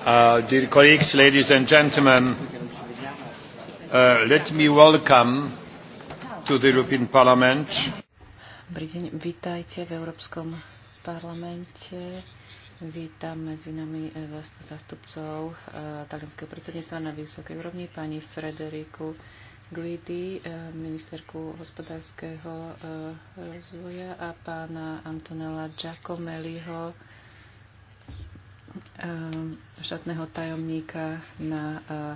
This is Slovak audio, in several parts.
Uh, dear colleagues, ladies and gentlemen, uh, let me welcome to the European Parliament. Dobrý deň, vítajte v Európskom parlamente. Vítam medzi nami eh, vlastne zastupcov eh, talianského predsedníctva na vysokej úrovni, pani Frederiku Guidi, eh, ministerku hospodárskeho rozvoja a pána Antonella Giacomelliho, Eh, štátneho tajomníka na eh,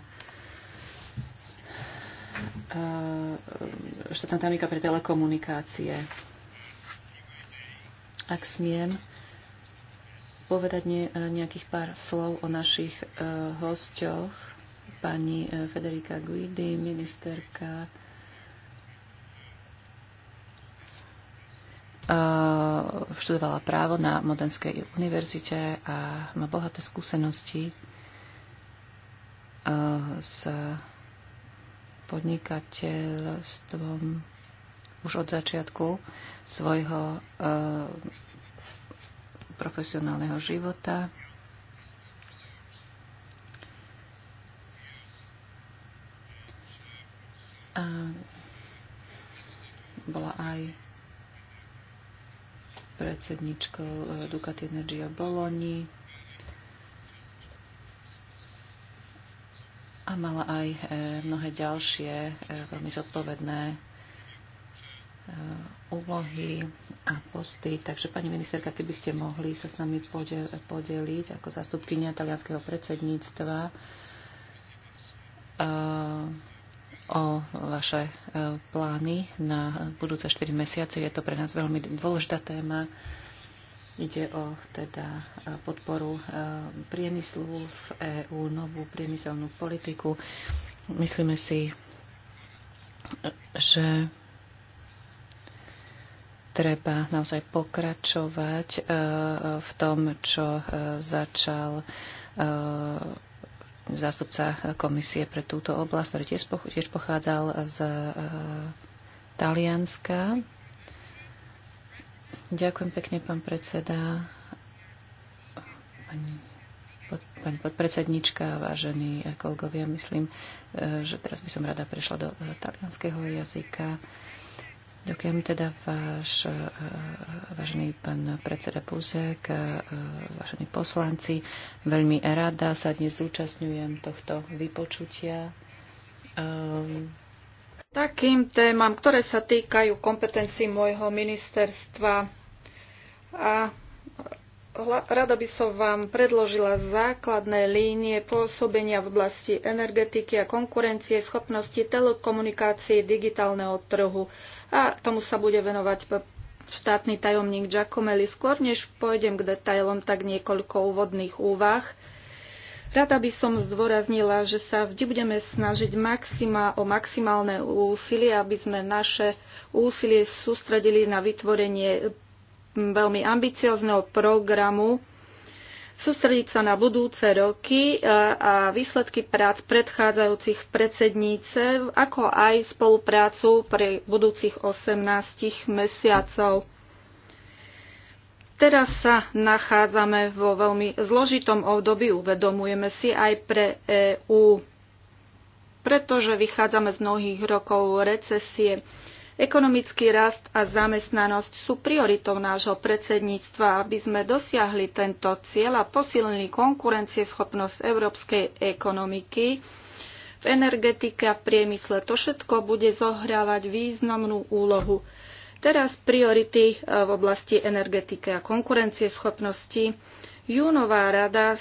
eh, štátneho tajomníka pre telekomunikácie. Ak smiem povedať ne, nejakých pár slov o našich hostiach, pani Federica Guidi, ministerka Eh, študovala právo na Modenskej univerzite a má bohaté skúsenosti eh, s podnikateľstvom už od začiatku svojho eh, profesionálneho života. Uh, bola aj predsedničkou eh, Ducati Energia Boloni a mala aj eh, mnohé ďalšie eh, veľmi zodpovedné úlohy a posty. Takže, pani ministerka, keby ste mohli sa s nami podeliť ako zastupkynia talianského predsedníctva, o vaše e, plány na budúce 4 mesiace. Je to pre nás veľmi dôležitá téma. Ide o teda e, podporu e, priemyslu v EÚ, novú priemyselnú politiku. Myslíme si, že treba naozaj pokračovať v tom, čo začal zástupca komisie pre túto oblasť, ktorý tiež, pochádzal z eh, Talianska. Ďakujem pekne, pán predseda, pani, pod, pani podpredsednička, vážení eh, kolegovia. Myslím, eh, že teraz by som rada prešla do talianského jazyka. Ďakujem teda váš, eh, vážený pán predseda Puzek, eh, vážení poslanci. Veľmi rada sa dnes zúčastňujem tohto vypočutia. Ehm, Takým témam, ktoré sa týkajú kompetencií môjho ministerstva. A rada by som vám predložila základné línie pôsobenia v oblasti energetiky a konkurencie, schopnosti telekomunikácií, digitálneho trhu a tomu sa bude venovať štátny tajomník Giacomelli. Skôr než pôjdem k detailom, tak niekoľko úvodných úvah. Rada by som zdôraznila, že sa vždy budeme snažiť maxima, o maximálne úsilie, aby sme naše úsilie sústredili na vytvorenie veľmi ambiciozného programu sústrediť sa na budúce roky e, a výsledky prác predchádzajúcich predsedníce, ako aj spoluprácu pre budúcich 18 mesiacov. Teraz sa nachádzame vo veľmi zložitom období, uvedomujeme si aj pre EÚ, pretože vychádzame z mnohých rokov recesie. Ekonomický rast a zamestnanosť sú prioritou nášho predsedníctva, aby sme dosiahli tento cieľ a posilnili konkurencieschopnosť európskej ekonomiky v energetike a v priemysle. To všetko bude zohrávať významnú úlohu. Teraz priority e, v oblasti energetiky a konkurencieschopnosti. Júnová rada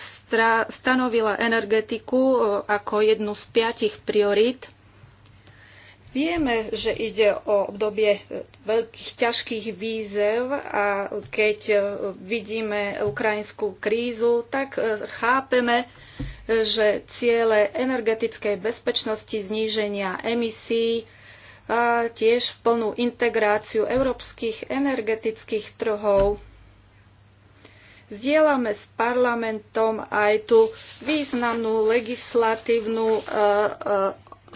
stanovila energetiku e, ako jednu z piatich priorit Vieme, že ide o obdobie e, veľkých ťažkých výzev a keď e, vidíme ukrajinskú krízu, tak e, chápeme, že ciele energetickej bezpečnosti, zníženia emisí, a tiež plnú integráciu európskych energetických trhov. Zdieľame s parlamentom aj tú významnú legislatívnu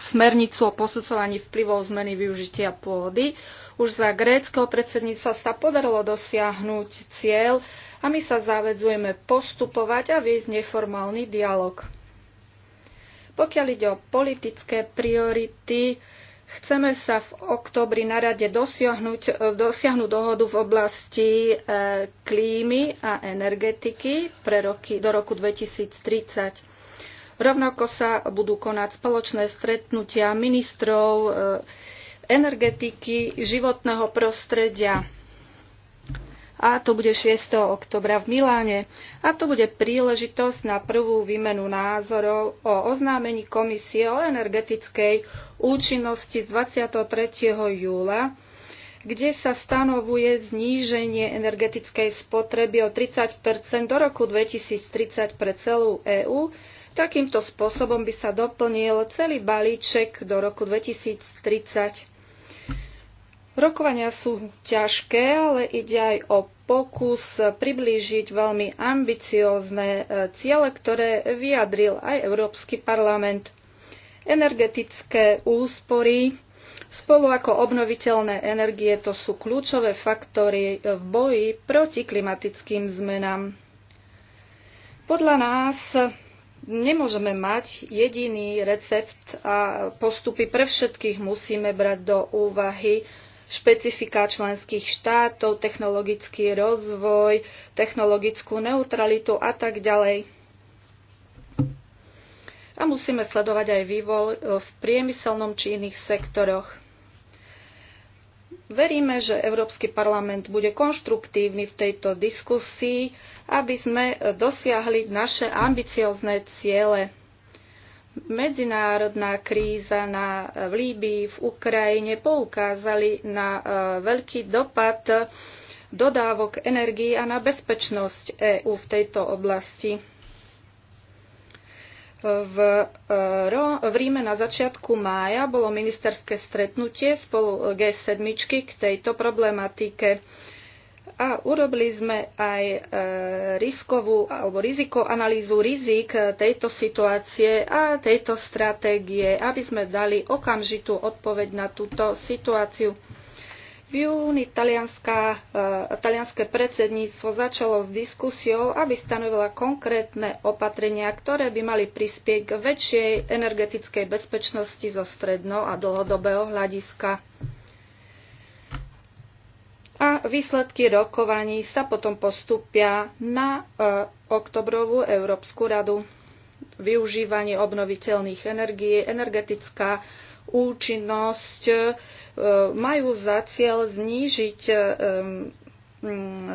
smernicu o posudzovaní vplyvov zmeny využitia pôdy. Už za gréckého predsedníctva sa podarilo dosiahnuť cieľ a my sa zavedzujeme postupovať a viesť neformálny dialog. Pokiaľ ide o politické priority, chceme sa v oktobri na rade dosiahnuť, dosiahnuť dohodu v oblasti e, klímy a energetiky pre roky, do roku 2030. Rovnako sa budú konať spoločné stretnutia ministrov e, energetiky, životného prostredia. A to bude 6. oktobra v Miláne. A to bude príležitosť na prvú výmenu názorov o oznámení komisie o energetickej účinnosti z 23. júla kde sa stanovuje zníženie energetickej spotreby o 30 do roku 2030 pre celú EÚ Takýmto spôsobom by sa doplnil celý balíček do roku 2030. Rokovania sú ťažké, ale ide aj o pokus priblížiť veľmi ambiciózne e, ciele, ktoré vyjadril aj Európsky parlament. Energetické úspory spolu ako obnoviteľné energie to sú kľúčové faktory v boji proti klimatickým zmenám. Podľa nás nemôžeme mať jediný recept a postupy pre všetkých musíme brať do úvahy špecifika členských štátov, technologický rozvoj, technologickú neutralitu a tak ďalej. A musíme sledovať aj vývoj v priemyselnom či iných sektoroch. Veríme, že Európsky parlament bude konštruktívny v tejto diskusii, aby sme dosiahli naše ambiciozne ciele. Medzinárodná kríza na, v Líbii, v Ukrajine poukázali na e, veľký dopad dodávok energií a na bezpečnosť EÚ v tejto oblasti. V, eh, v Ríme na začiatku mája bolo ministerské stretnutie spolu G7 k tejto problematike a urobili sme aj eh, riskovú alebo riziko analýzu rizik tejto situácie a tejto stratégie, aby sme dali okamžitú odpoveď na túto situáciu. V júni talianská, eh, talianské predsedníctvo začalo s diskusiou, aby stanovila konkrétne opatrenia, ktoré by mali prispieť k väčšej energetickej bezpečnosti zo stredno- a dlhodobého hľadiska. A výsledky rokovaní sa potom postupia na e, oktobrovú Európsku radu. Využívanie obnoviteľných energií, energetická účinnosť, e, E, majú za cieľ znížiť e,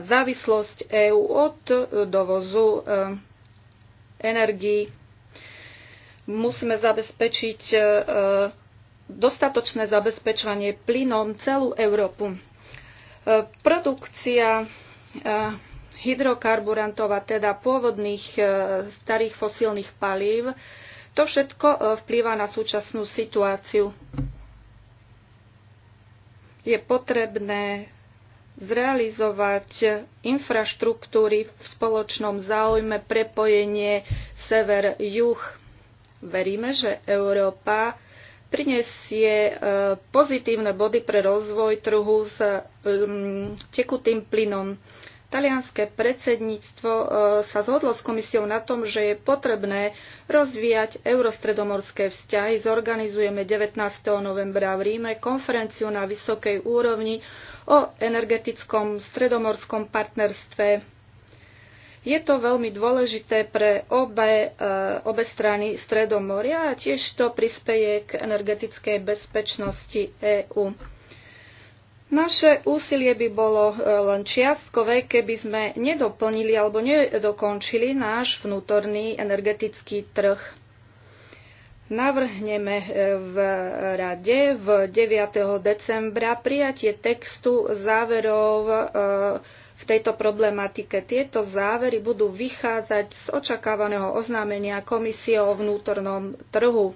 závislosť EÚ od dovozu e, energií. Musíme zabezpečiť dostatočné zabezpečovanie plynom celú Európu. Produkcia hydrokarburantov a teda pôvodných starých fosílnych palív, to všetko vplýva na súčasnú situáciu je potrebné zrealizovať infraštruktúry v spoločnom záujme prepojenie sever-juh. Veríme, že Európa prinesie e, pozitívne body pre rozvoj trhu s tekutým plynom. Talianské predsedníctvo e, sa zhodlo s komisiou na tom, že je potrebné rozvíjať eurostredomorské vzťahy. Zorganizujeme 19. novembra v Ríme konferenciu na vysokej úrovni o energetickom stredomorskom partnerstve. Je to veľmi dôležité pre obe, e, obe strany Stredomoria a tiež to prispeje k energetickej bezpečnosti EÚ. Naše úsilie by bolo e, len čiastkové, keby sme nedoplnili alebo nedokončili náš vnútorný energetický trh. Navrhneme e, v rade v 9. decembra prijatie textu záverov e, v tejto problematike. Tieto závery budú vychádzať z očakávaného oznámenia Komisie o vnútornom trhu.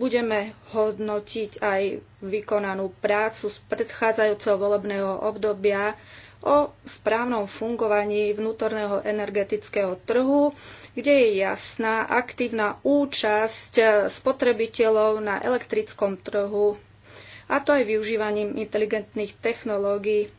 Budeme hodnotiť aj vykonanú prácu z predchádzajúceho volebného obdobia o správnom fungovaní vnútorného energetického trhu, kde je jasná aktívna účasť spotrebiteľov na elektrickom trhu, a to aj využívaním inteligentných technológií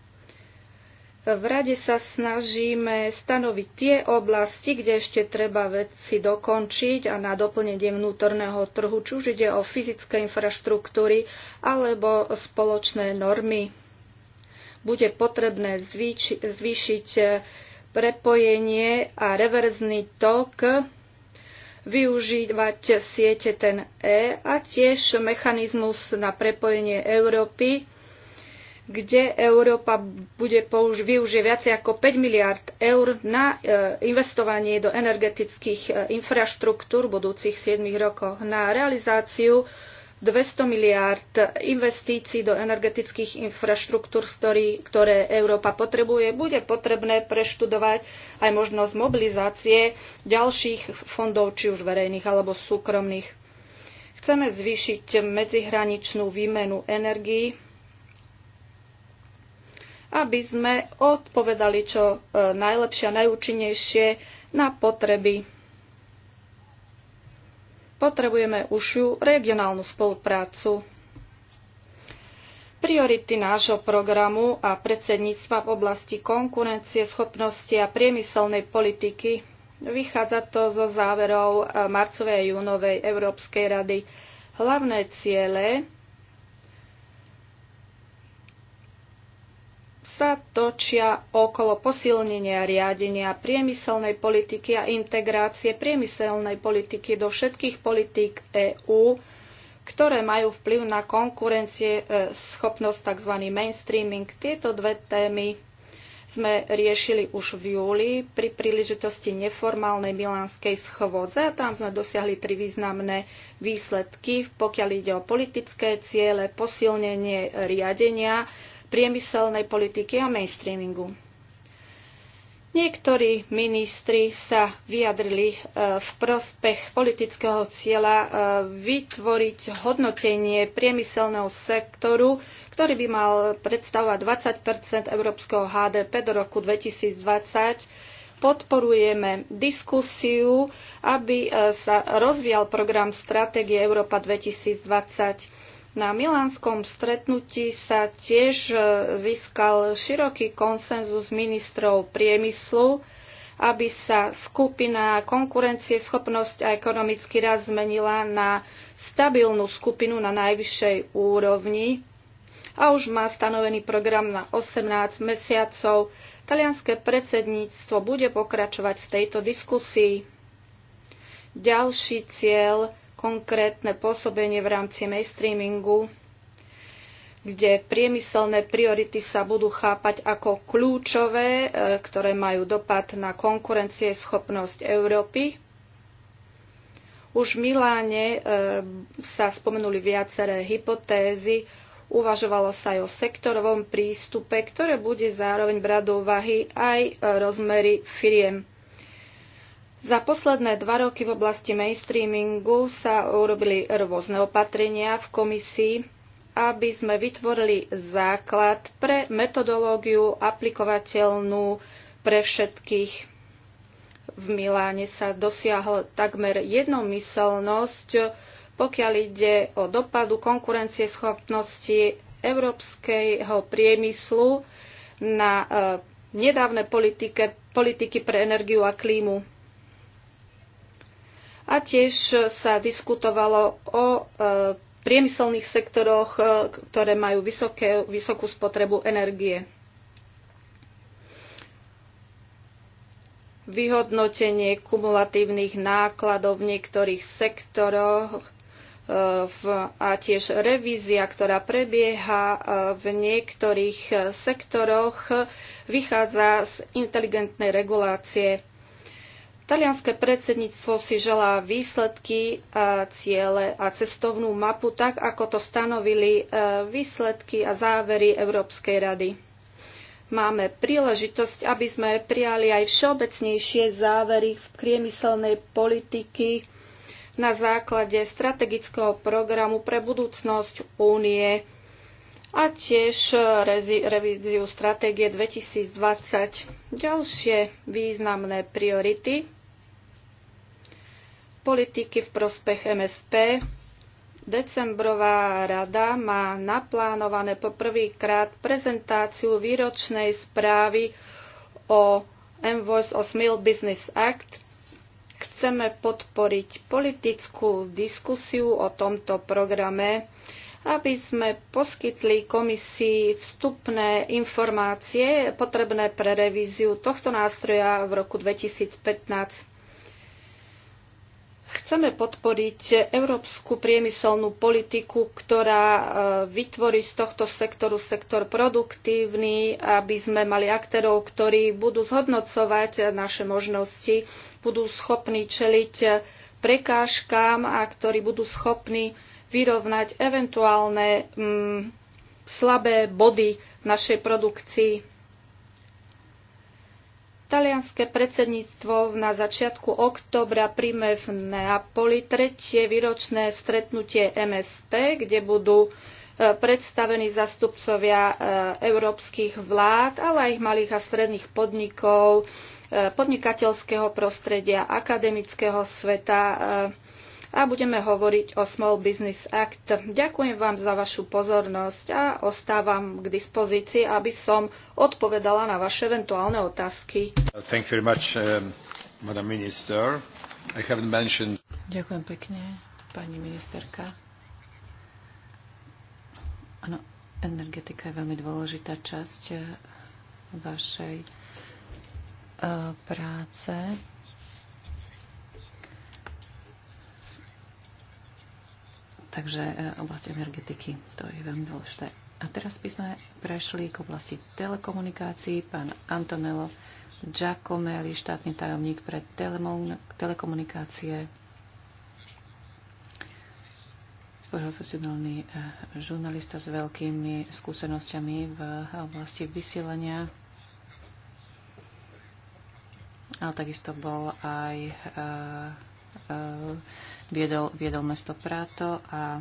v rade sa snažíme stanoviť tie oblasti, kde ešte treba veci dokončiť a na doplnenie vnútorného trhu, či už ide o fyzické infraštruktúry alebo spoločné normy. Bude potrebné zvýšiť e, prepojenie a reverzný tok, využívať siete ten E a tiež mechanizmus na prepojenie Európy kde Európa bude použ- využije viac ako 5 miliard eur na e, investovanie do energetických e, infraštruktúr v budúcich 7 rokoch, na realizáciu 200 miliard investícií do energetických infraštruktúr, ktoré Európa potrebuje, bude potrebné preštudovať aj možnosť mobilizácie ďalších fondov, či už verejných alebo súkromných. Chceme zvýšiť medzihraničnú výmenu energií aby sme odpovedali čo e, najlepšie a najúčinnejšie na potreby. Potrebujeme užšiu regionálnu spoluprácu. Priority nášho programu a predsedníctva v oblasti konkurencie, schopnosti a priemyselnej politiky vychádza to zo záverov e, marcovej a júnovej Európskej rady. Hlavné ciele sa točia okolo posilnenia riadenia priemyselnej politiky a integrácie priemyselnej politiky do všetkých politík EÚ, ktoré majú vplyv na konkurencie e, schopnosť tzv. mainstreaming. Tieto dve témy sme riešili už v júli pri príležitosti neformálnej milánskej schôdze a tam sme dosiahli tri významné výsledky, pokiaľ ide o politické ciele, posilnenie riadenia, priemyselnej politiky a mainstreamingu. Niektorí ministri sa vyjadrili e, v prospech politického cieľa e, vytvoriť hodnotenie priemyselného sektoru, ktorý by mal predstavovať 20 európskeho HDP do roku 2020. Podporujeme diskusiu, aby e, sa rozvíjal program Stratégie Európa 2020 na milánskom stretnutí sa tiež e, získal široký konsenzus ministrov priemyslu, aby sa skupina konkurencieschopnosť a ekonomický rast zmenila na stabilnú skupinu na najvyššej úrovni a už má stanovený program na 18 mesiacov. Talianské predsedníctvo bude pokračovať v tejto diskusii. Ďalší cieľ konkrétne pôsobenie v rámci mainstreamingu, kde priemyselné priority sa budú chápať ako kľúčové, e, ktoré majú dopad na konkurencieschopnosť Európy. Už v Miláne e, sa spomenuli viaceré hypotézy, uvažovalo sa aj o sektorovom prístupe, ktoré bude zároveň brať do úvahy aj e, rozmery firiem. Za posledné dva roky v oblasti mainstreamingu sa urobili rôzne opatrenia v komisii, aby sme vytvorili základ pre metodológiu aplikovateľnú pre všetkých. V Miláne sa dosiahla takmer jednomyselnosť, pokiaľ ide o dopadu konkurencieschopnosti európskeho priemyslu na eh, nedávne politike, politiky pre energiu a klímu a tiež sa diskutovalo o e, priemyselných sektoroch, e, ktoré majú vysoké, vysokú spotrebu energie. Vyhodnotenie kumulatívnych nákladov v niektorých sektoroch e, a tiež revízia, ktorá prebieha v niektorých sektoroch, vychádza z inteligentnej regulácie. Talianské predsedníctvo si želá výsledky, a ciele a cestovnú mapu tak, ako to stanovili e, výsledky a závery Európskej rady. Máme príležitosť, aby sme prijali aj všeobecnejšie závery v priemyselnej politiky na základe strategického programu pre budúcnosť únie a tiež e, revíziu stratégie 2020. Ďalšie významné priority politiky v prospech MSP. Decembrová rada má naplánované poprvýkrát prezentáciu výročnej správy o Envoys of Small Business Act. Chceme podporiť politickú diskusiu o tomto programe aby sme poskytli komisii vstupné informácie potrebné pre revíziu tohto nástroja v roku 2015 chceme podporiť európsku priemyselnú politiku, ktorá e, vytvorí z tohto sektoru sektor produktívny, aby sme mali aktérov, ktorí budú zhodnocovať naše možnosti, budú schopní čeliť prekážkám a ktorí budú schopní vyrovnať eventuálne mm, slabé body v našej produkcii. Talianské predsedníctvo na začiatku oktobra príjme v Neapoli tretie výročné stretnutie MSP, kde budú e, predstavení zastupcovia e, európskych vlád, ale aj malých a stredných podnikov, e, podnikateľského prostredia, akademického sveta, a budeme hovoriť o Small Business Act. Ďakujem vám za vašu pozornosť a ostávam k dispozícii, aby som odpovedala na vaše eventuálne otázky. Thank you very much, um, Madam Minister. I haven't mentioned... Ďakujem pekne, pani ministerka. Áno, energetika je veľmi dôležitá časť eh, vašej eh, práce Takže e, oblasť energetiky, to je veľmi dôležité. A teraz by sme prešli k oblasti telekomunikácií. Pán Antonello Giacomelli, štátny tajomník pre telekomunikácie, profesionálny e, žurnalista s veľkými skúsenosťami v oblasti vysielania, ale takisto bol aj e, viedol, viedol mesto Prato a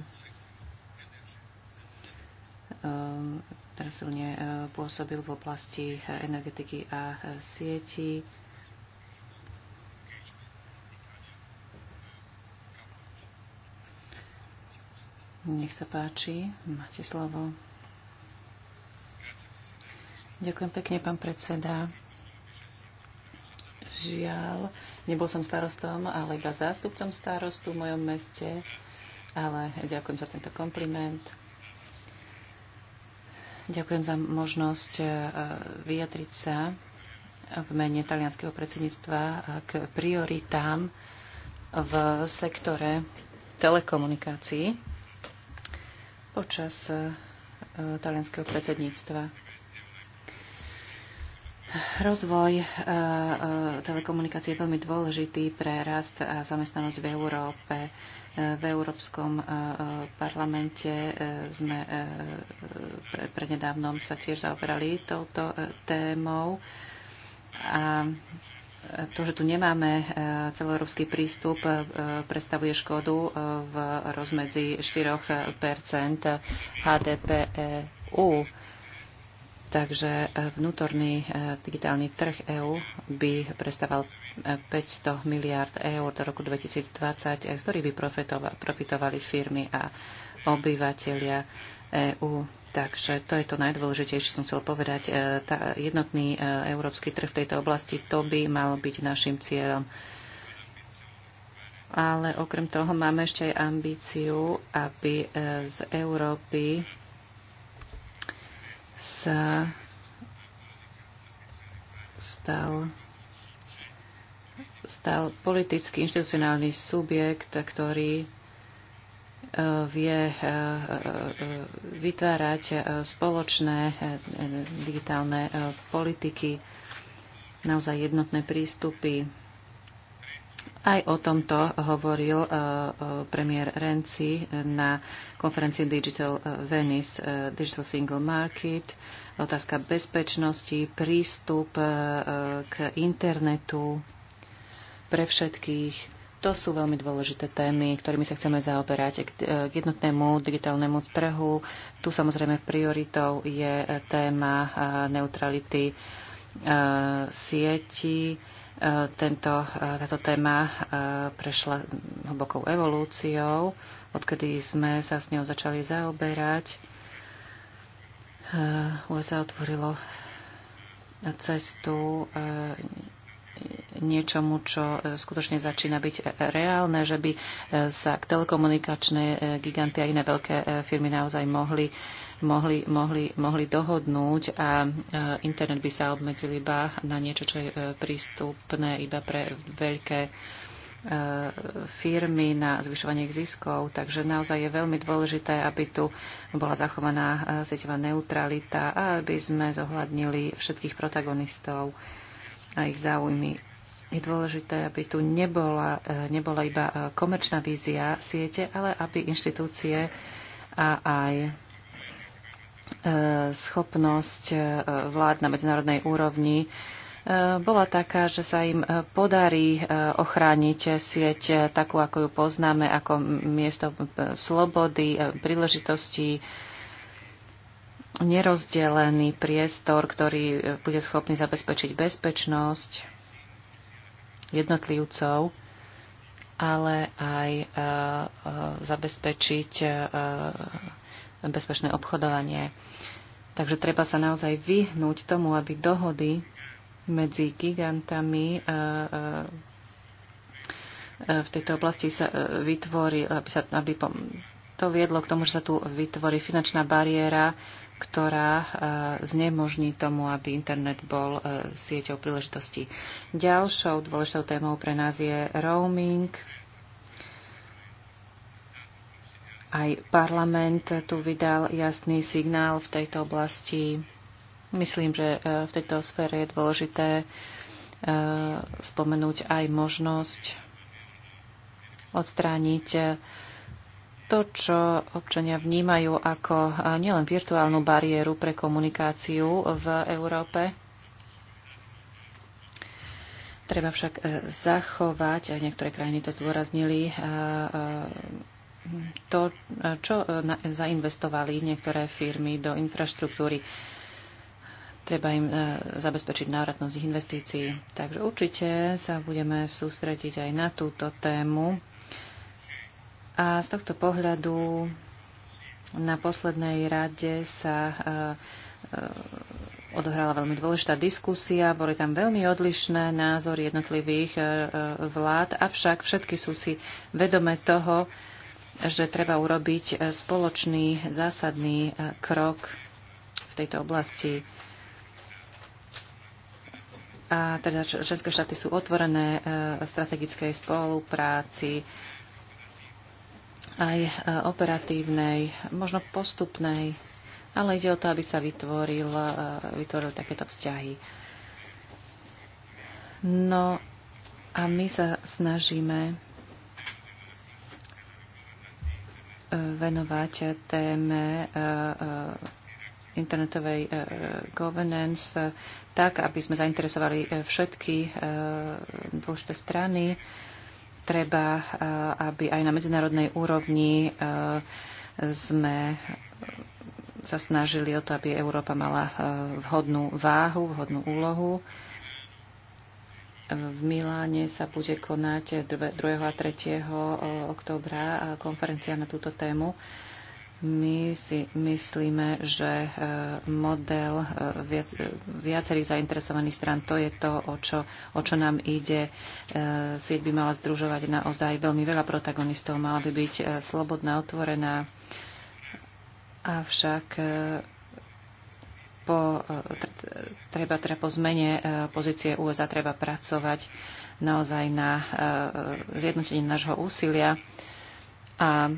ehm, teraz silne e, pôsobil v oblasti e, energetiky a e, sieti. Nech sa páči, máte slovo. Ďakujem pekne, pán predseda. Žiaľ, nebol som starostom, ale iba zástupcom starostu v mojom meste. Ale ďakujem za tento kompliment. Ďakujem za možnosť e, vyjadriť sa v mene talianského predsedníctva k prioritám v sektore telekomunikácií počas e, talianského predsedníctva. Rozvoj eh, eh, telekomunikácie je veľmi dôležitý pre rast a zamestnanosť v Európe. Eh, v Európskom parlamente sme prednedávnom sa tiež zaoberali touto témou. A to, že tu nemáme celoeurópsky prístup, predstavuje škodu v rozmedzi 4 HDP EU. Takže e, vnútorný e, digitálny trh EÚ by predstavoval 500 e, miliard eur do roku 2020, z ktorých by profitovali firmy a obyvateľia EÚ. Takže to je to najdôležitejšie, som chcel povedať. Tá jednotný európsky trh v tejto oblasti, to by mal byť našim cieľom. Ale okrem toho máme ešte aj ambíciu, aby z Európy sa stal stal politický inštitucionálny subjekt, ktorý e, vie e, e, vytvárať spoločné digitálne politiky, naozaj jednotné prístupy. Aj o tomto hovoril e, e, premiér Renzi na konferencii Digital e, Venice, Digital Single Market, otázka bezpečnosti, prístup k internetu pre všetkých. To sú veľmi dôležité témy, ktorými sa chceme zaoberať k jednotnému digitálnemu trhu. Tu samozrejme prioritou je téma neutrality sieti tento, táto téma e, prešla hlbokou evolúciou, odkedy sme sa s ňou začali zaoberať. E, USA otvorilo cestu e, niečomu, čo e, skutočne začína byť e, reálne, že by e, sa telekomunikačné giganty a iné veľké firmy naozaj mohli, mohli, mohli, mohli dohodnúť a internet by sa obmedzil iba na niečo, čo je prístupné iba pre veľké firmy na zvyšovanie ich ziskov. Takže naozaj je veľmi dôležité, aby tu bola zachovaná sieťová neutralita a aby sme zohľadnili všetkých protagonistov a ich záujmy. Je dôležité, aby tu nebola, e, nebola iba e, komerčná vízia siete, ale aby inštitúcie a aj e, schopnosť vlád na medzinárodnej úrovni bola taká, že sa im podarí ochrániť sieť takú, ako ju poznáme, ako miesto slobody, príležitosti, nerozdelený priestor, ktorý e, bude schopný zabezpečiť bezpečnosť jednotlivcov, ale aj e, e, zabezpečiť bezpečné obchodovanie. Takže treba sa naozaj vyhnúť tomu, aby dohody medzi gigantami v tejto oblasti sa vytvorí, aby, sa, aby to viedlo k tomu, že sa tu vytvorí finančná bariéra ktorá e, znemožní tomu, aby internet bol e, sieťou príležitostí. Ďalšou dôležitou témou pre nás je roaming. Aj parlament tu vydal jasný signál v tejto oblasti. Myslím, že e, v tejto sfére je dôležité spomenúť aj možnosť odstrániť to, čo občania vnímajú ako nielen virtuálnu bariéru pre komunikáciu v Európe. Treba však e, zachovať, aj niektoré krajiny to zdôraznili, e, e, to, čo zainvestovali niektoré firmy do infraštruktúry. Treba im zabezpečiť návratnosť ich investícií. Takže určite sa budeme sústrediť aj na túto tému a z tohto pohľadu na poslednej rade sa e, e, odohrala veľmi dôležitá diskusia, boli tam veľmi odlišné názory jednotlivých e, vlád, avšak všetky sú si vedome toho, že treba urobiť spoločný zásadný krok v tejto oblasti. A teda členské štáty sú otvorené strategickej spolupráci, aj e, operatívnej, možno postupnej, ale ide o to, aby sa vytvoril, e, vytvoril takéto vzťahy. No a my sa snažíme e, venovať téme internetovej governance tak, aby sme zainteresovali všetky dôležité strany treba, eh, aby aj na medzinárodnej úrovni eh, sme sa snažili o to, aby Európa mala eh, vhodnú váhu, vhodnú úlohu. V Miláne sa bude konať 2. a 3. októbra konferencia na túto tému. My si myslíme, že e, model e, e, viacerých zainteresovaných stran, to je to, o čo, o čo nám ide. Sieť by mala združovať naozaj veľmi veľa protagonistov, mala by byť slobodná, otvorená. Avšak po, treba, treba po zmene pozície USA treba pracovať naozaj na zjednotení nášho úsilia. A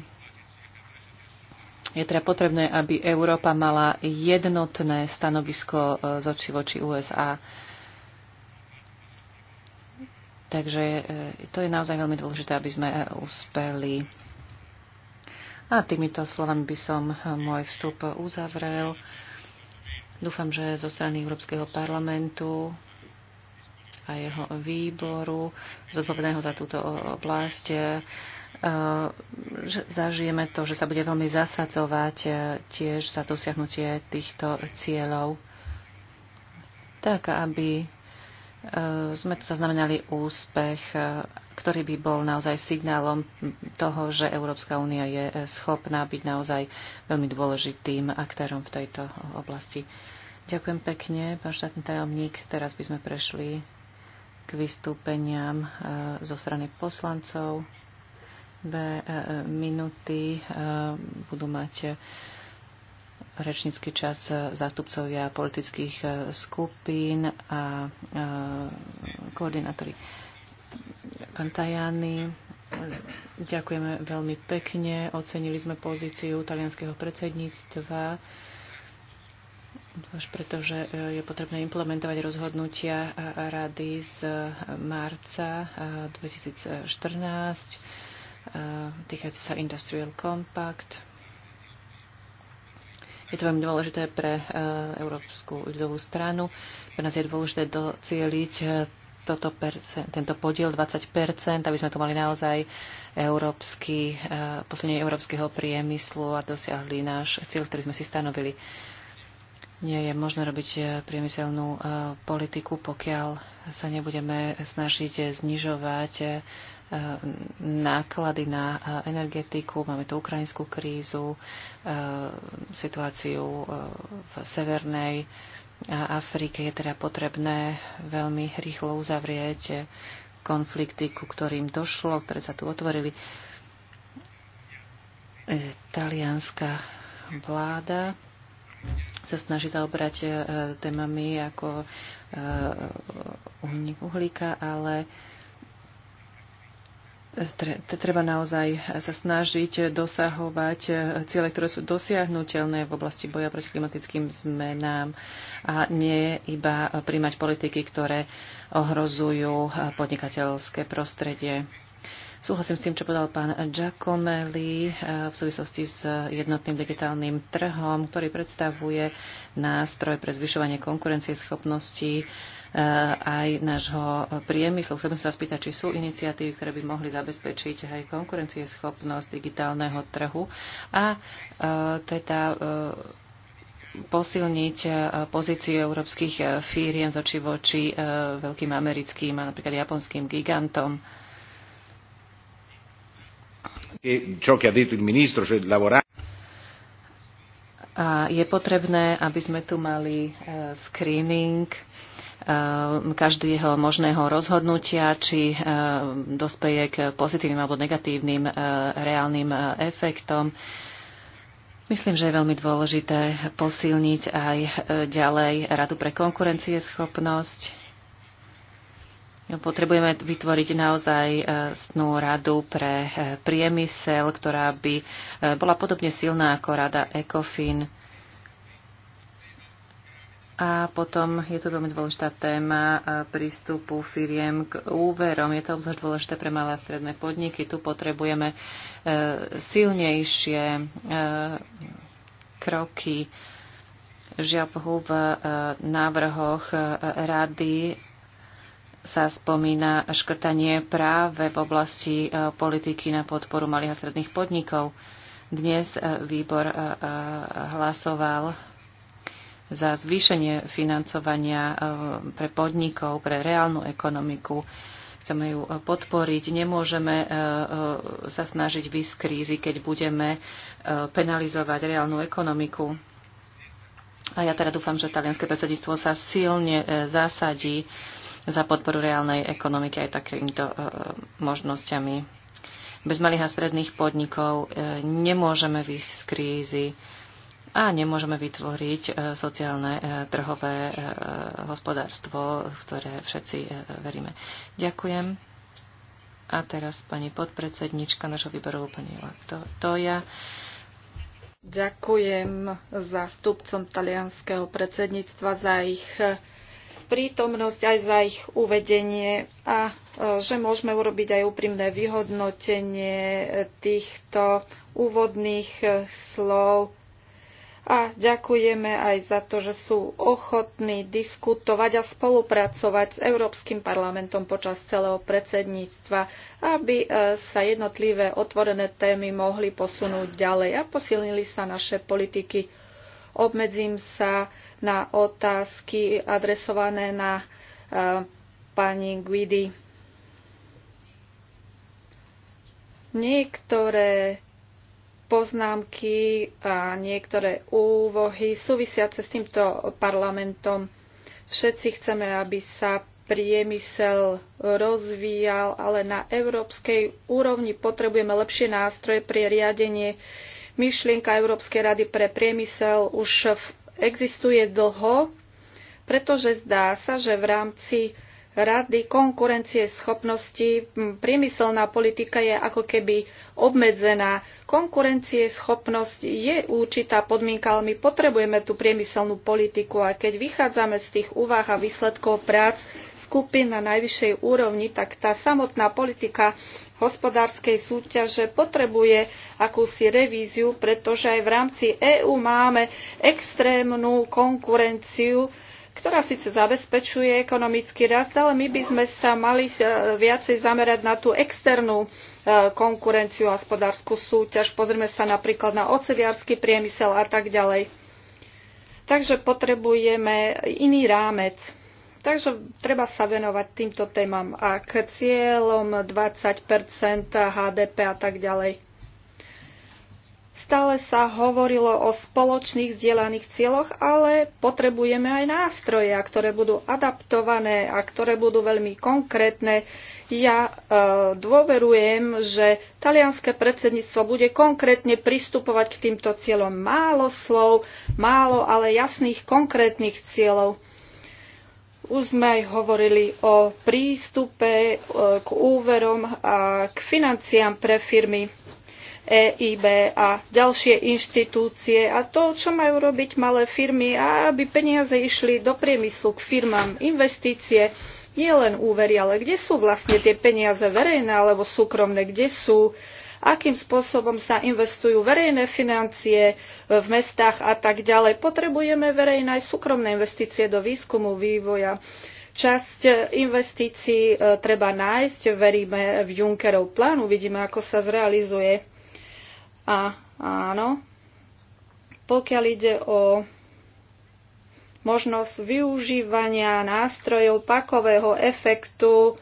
je teda potrebné, aby Európa mala jednotné stanovisko e, z oči voči USA. Takže e, to je naozaj veľmi dôležité, aby sme e, uspeli. A týmito slovami by som môj vstup uzavrel. Dúfam, že zo strany Európskeho parlamentu a jeho výboru zodpovedného za túto oblasť Eh, zažijeme to, že sa bude veľmi zasadzovať eh, tiež za dosiahnutie týchto cieľov, tak aby eh, sme to zaznamenali úspech, ktorý by bol naozaj signálom toho, že Európska únia je schopná byť naozaj veľmi dôležitým aktérom v tejto oblasti. Ďakujem pekne, pán štátny tajomník. Teraz by sme prešli k vystúpeniam zo strany poslancov dve e, e, minúty e, budú mať rečnícky čas zástupcovia politických skupín a koordinátori. Pán Tajani, ďakujeme veľmi pekne. Ocenili sme pozíciu talianského predsedníctva, zvlášť pretože je potrebné implementovať rozhodnutia rady z marca 2014 Eh, týkajúce sa Industrial Compact. Je to veľmi dôležité pre eh, Európsku ľudovú stranu. Pre nás je dôležité docieliť eh, toto percent, tento podiel 20%, aby sme tu mali naozaj európsky, posledne európskeho priemyslu a dosiahli náš cieľ, ktorý sme si stanovili. Nie je možné robiť priemyselnú politiku, pokiaľ sa nebudeme snažiť znižovať náklady na e, energetiku, máme tu ukrajinskú krízu, e, situáciu e, v severnej Afrike. Je teda potrebné veľmi rýchlo uzavrieť konflikty, ku ktorým došlo, ktoré sa tu otvorili. Talianská vláda sa snaží zaobrať témami ako uhlíka, ale treba naozaj sa snažiť dosahovať ciele, ktoré sú dosiahnutelné v oblasti boja proti klimatickým zmenám a nie iba príjmať politiky, ktoré ohrozujú podnikateľské prostredie. Súhlasím s tým, čo povedal pán Giacomelli eh, v súvislosti s jednotným digitálnym trhom, ktorý predstavuje nástroj pre zvyšovanie konkurencieschopnosti schopnosti Eh, aj nášho priemyslu. Chcem sa spýtať, či sú iniciatívy, ktoré by mohli zabezpečiť aj konkurencieschopnosť digitálneho trhu a eh, teda eh, posilniť pozíciu európskych firiem z oči voči veľkým americkým a napríklad japonským gigantom. A je potrebné, aby sme tu mali screening Um, každého možného rozhodnutia, či uh, dospeje k pozitívnym alebo negatívnym uh, reálnym uh, efektom. Myslím, že je veľmi dôležité posilniť aj ďalej Radu pre konkurencieschopnosť. Potrebujeme vytvoriť naozaj snú radu pre priemysel, ktorá by bola podobne silná ako rada ECOFIN a potom je to veľmi dôležitá téma prístupu firiem k úverom. Je to obzvlášť dôležité pre malé a stredné podniky. Tu potrebujeme e, silnejšie e, kroky. Žiaľ Bohu, v e, návrhoch rady sa spomína škrtanie práve v oblasti politiky na podporu malých a stredných podnikov. Dnes výbor hlasoval za zvýšenie financovania eh, pre podnikov, pre reálnu ekonomiku. Chceme ju eh, podporiť. Nemôžeme eh, sa snažiť vysť krízy, keď budeme penalizovať reálnu ekonomiku. A ja teda dúfam, že talianské predsedníctvo sa silne zasadí za podporu reálnej ekonomiky aj takýmito možnosťami. Bez malých a stredných podnikov nemôžeme výsť z krízy a nemôžeme vytvoriť e, sociálne e, trhové e, hospodárstvo, v ktoré všetci veríme. Ďakujem. A teraz pani podpredsednička našho výboru, pani to, ja. Ďakujem zástupcom talianského predsedníctva za ich prítomnosť, aj za ich uvedenie a že môžeme urobiť aj úprimné vyhodnotenie týchto úvodných slov a ďakujeme aj za to, že sú ochotní diskutovať a spolupracovať s Európskym parlamentom počas celého predsedníctva, aby e, sa jednotlivé otvorené témy mohli posunúť ďalej a posilnili sa naše politiky. Obmedzím sa na otázky adresované na e, pani Guidi. Niektoré poznámky a niektoré úvohy súvisiace s týmto parlamentom. Všetci chceme, aby sa priemysel rozvíjal, ale na európskej úrovni potrebujeme lepšie nástroje pre riadenie. Myšlienka Európskej rady pre priemysel už existuje dlho, pretože zdá sa, že v rámci rady konkurencie schopnosti priemyselná politika je ako keby obmedzená. Konkurencie schopnosť je určitá podmienka, ale my potrebujeme tú priemyselnú politiku a keď vychádzame z tých úvah a výsledkov prác skupín na najvyššej úrovni, tak tá samotná politika hospodárskej súťaže potrebuje akúsi revíziu, pretože aj v rámci EÚ máme extrémnu konkurenciu, ktorá síce zabezpečuje ekonomický rast, ale my by sme sa mali eh, viacej zamerať na tú externú eh, konkurenciu a hospodárskú súťaž. Pozrieme sa napríklad na oceliarský priemysel a tak ďalej. Takže potrebujeme iný rámec. Takže treba sa venovať týmto témam a k cieľom 20 HDP a tak ďalej. Stále sa hovorilo o spoločných zdieľaných cieľoch, ale potrebujeme aj nástroje, ktoré budú adaptované a ktoré budú veľmi konkrétne. Ja e, dôverujem, že talianské predsedníctvo bude konkrétne pristupovať k týmto cieľom. Málo slov, málo, ale jasných konkrétnych cieľov. Už sme aj hovorili o prístupe e, k úverom a k financiám pre firmy EIB a ďalšie inštitúcie a to, čo majú robiť malé firmy, a aby peniaze išli do priemyslu k firmám, investície, nie len úvery, ale kde sú vlastne tie peniaze verejné alebo súkromné, kde sú, akým spôsobom sa investujú verejné financie v mestách a tak ďalej. Potrebujeme verejné aj súkromné investície do výskumu, vývoja. Časť investícií e, treba nájsť, veríme v Junckerov plán, uvidíme, ako sa zrealizuje. A áno, pokiaľ ide o možnosť využívania nástrojov pakového efektu,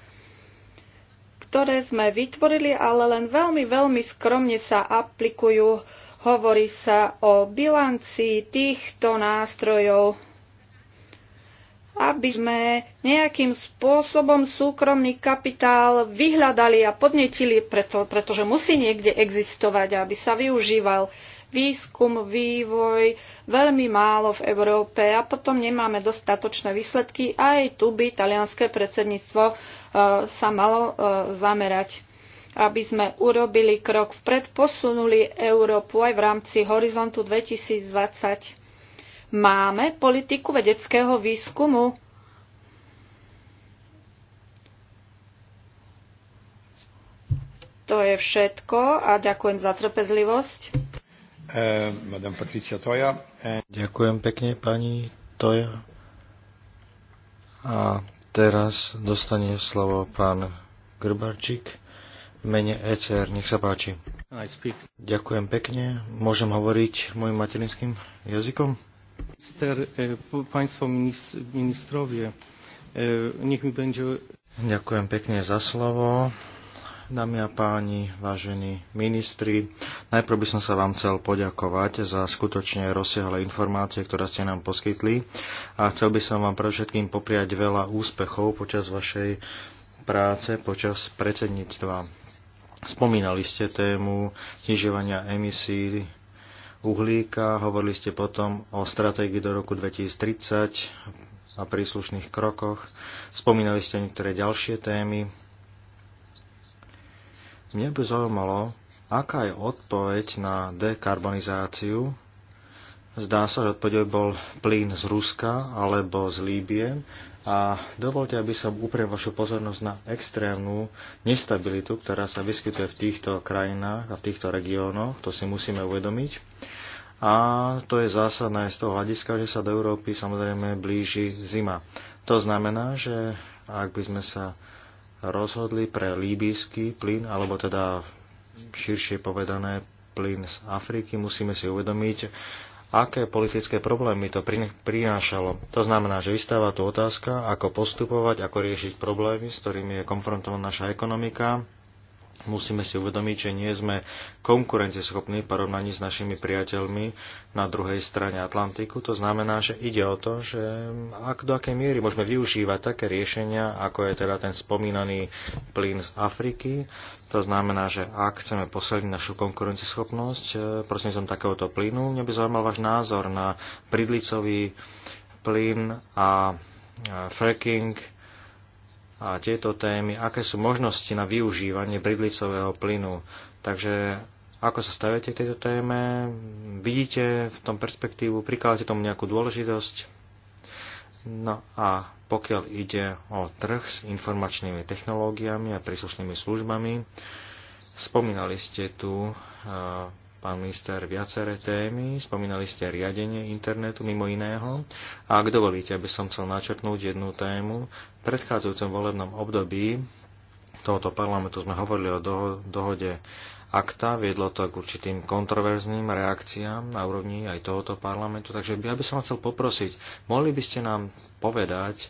ktoré sme vytvorili, ale len veľmi, veľmi skromne sa aplikujú. Hovorí sa o bilancii týchto nástrojov aby sme nejakým spôsobom súkromný kapitál vyhľadali a podnetili, preto, pretože musí niekde existovať, aby sa využíval výskum, vývoj, veľmi málo v Európe a potom nemáme dostatočné výsledky. Aj tu by talianské predsedníctvo e, sa malo e, zamerať aby sme urobili krok vpred, posunuli Európu aj v rámci horizontu 2020 Máme politiku vedeckého výskumu. To je všetko a ďakujem za trpezlivosť. Eh, Madame Patricia Toja. Eh, ďakujem pekne, pani Toja. A teraz dostane slovo pán Grbarčík v mene ECR. Nech sa páči. Ďakujem pekne. Môžem hovoriť môjim materinským jazykom? E, e, Ďakujem pekne za slovo. Dámy a páni, vážení ministri, najprv by som sa vám chcel poďakovať za skutočne rozsiahle informácie, ktoré ste nám poskytli a chcel by som vám pre všetkým popriať veľa úspechov počas vašej práce, počas predsedníctva. Spomínali ste tému znižovania emisí uhlíka. Hovorili ste potom o stratégii do roku 2030 a príslušných krokoch. Spomínali ste niektoré ďalšie témy. Mne by zaujímalo, aká je odpoveď na dekarbonizáciu Zdá sa, že odpovedou bol plyn z Ruska alebo z Líbie. A dovolte, aby som uprel vašu pozornosť na extrémnu nestabilitu, ktorá sa vyskytuje v týchto krajinách a v týchto regiónoch. To si musíme uvedomiť. A to je zásadné z toho hľadiska, že sa do Európy samozrejme blíži zima. To znamená, že ak by sme sa rozhodli pre líbísky plyn, alebo teda širšie povedané plyn z Afriky, musíme si uvedomiť, aké politické problémy to prinášalo. To znamená, že vystáva tu otázka, ako postupovať, ako riešiť problémy, s ktorými je konfrontovaná naša ekonomika, musíme si uvedomiť, že nie sme konkurencieschopní v porovnaní s našimi priateľmi na druhej strane Atlantiku. To znamená, že ide o to, že ak do akej miery môžeme využívať také riešenia, ako je teda ten spomínaný plyn z Afriky. To znamená, že ak chceme posilniť našu konkurencieschopnosť e, prosím som takéhoto plynu, mňa by zaujímal váš názor na pridlicový plyn a fracking a tieto témy, aké sú možnosti na využívanie bridlicového plynu. Takže ako sa stavíte k tejto téme? Vidíte v tom perspektívu? Prikladáte tomu nejakú dôležitosť? No a pokiaľ ide o trh s informačnými technológiami a príslušnými službami, spomínali ste tu eh, pán minister, viaceré témy. Spomínali ste riadenie internetu mimo iného. A ak dovolíte, aby som chcel načrtnúť jednu tému. V predchádzajúcom volebnom období tohoto parlamentu sme hovorili o doho- dohode akta. Viedlo to k určitým kontroverzným reakciám na úrovni aj tohoto parlamentu. Takže ja by som chcel poprosiť, mohli by ste nám povedať,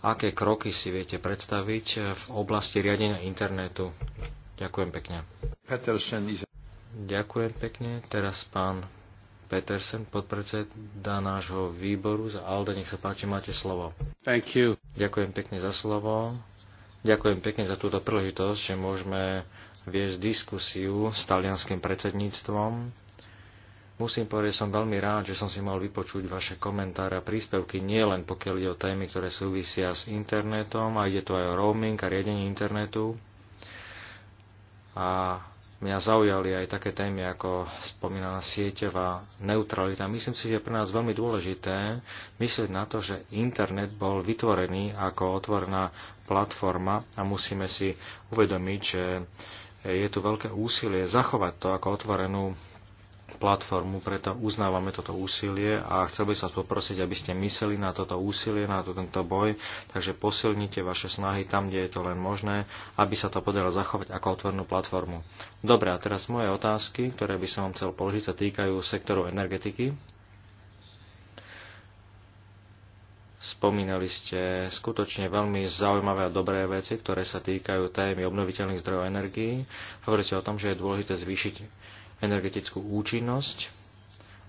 aké kroky si viete predstaviť v oblasti riadenia internetu. Ďakujem pekne. Ďakujem pekne. Teraz pán Petersen, podpredseda nášho výboru za ALDE. Nech sa páči, máte slovo. Thank you. Ďakujem pekne za slovo. Ďakujem pekne za túto príležitosť, že môžeme viesť diskusiu s talianským predsedníctvom. Musím povedať, že som veľmi rád, že som si mal vypočuť vaše komentáre a príspevky, nie len pokiaľ ide o témy, ktoré súvisia s internetom, a ide tu aj o roaming a riadenie internetu. A Mňa zaujali aj také témy, ako spomínaná sieťová neutralita. Myslím si, že je pre nás veľmi dôležité myslieť na to, že internet bol vytvorený ako otvorená platforma a musíme si uvedomiť, že je tu veľké úsilie zachovať to ako otvorenú platformu, preto uznávame toto úsilie a chcel by sa poprosiť, aby ste mysleli na toto úsilie, na to, tento boj, takže posilnite vaše snahy tam, kde je to len možné, aby sa to podarilo zachovať ako otvornú platformu. Dobre, a teraz moje otázky, ktoré by som vám chcel položiť, sa týkajú sektoru energetiky. Spomínali ste skutočne veľmi zaujímavé a dobré veci, ktoré sa týkajú témy obnoviteľných zdrojov energií. Hovoríte o tom, že je dôležité zvýšiť energetickú účinnosť.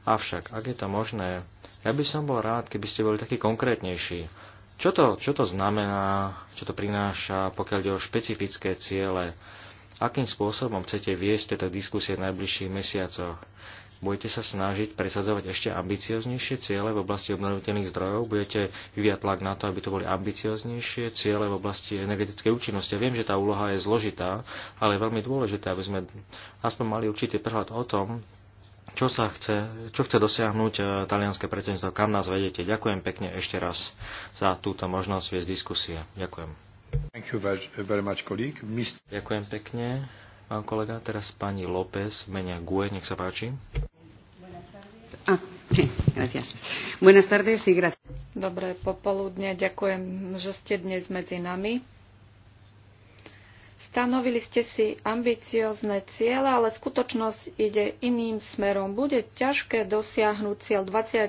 Avšak, ak je to možné, ja by som bol rád, keby ste boli takí konkrétnejší. Čo to, čo to znamená, čo to prináša, pokiaľ ide o špecifické ciele? Akým spôsobom chcete viesť tieto diskusie v najbližších mesiacoch? budete sa snažiť presadzovať ešte ambicioznejšie ciele v oblasti obnoviteľných zdrojov, budete vyviať tlak na to, aby to boli ambicioznejšie ciele v oblasti energetickej účinnosti. Ja viem, že tá úloha je zložitá, ale je veľmi dôležité, aby sme aspoň mali určitý prehľad o tom, čo sa chce, čo chce dosiahnuť e, talianské predsedníctvo, kam nás vedete. Ďakujem pekne ešte raz za túto možnosť viesť diskusie. Ďakujem. Thank you very much, colleague. Ďakujem pekne pán kolega. Teraz pani López menia GUE, nech sa páči. Ah, Dobré popoludne, ďakujem, že ste dnes medzi nami. Stanovili ste si ambiciozne ciele, ale skutočnosť ide iným smerom. Bude ťažké dosiahnuť cieľ 20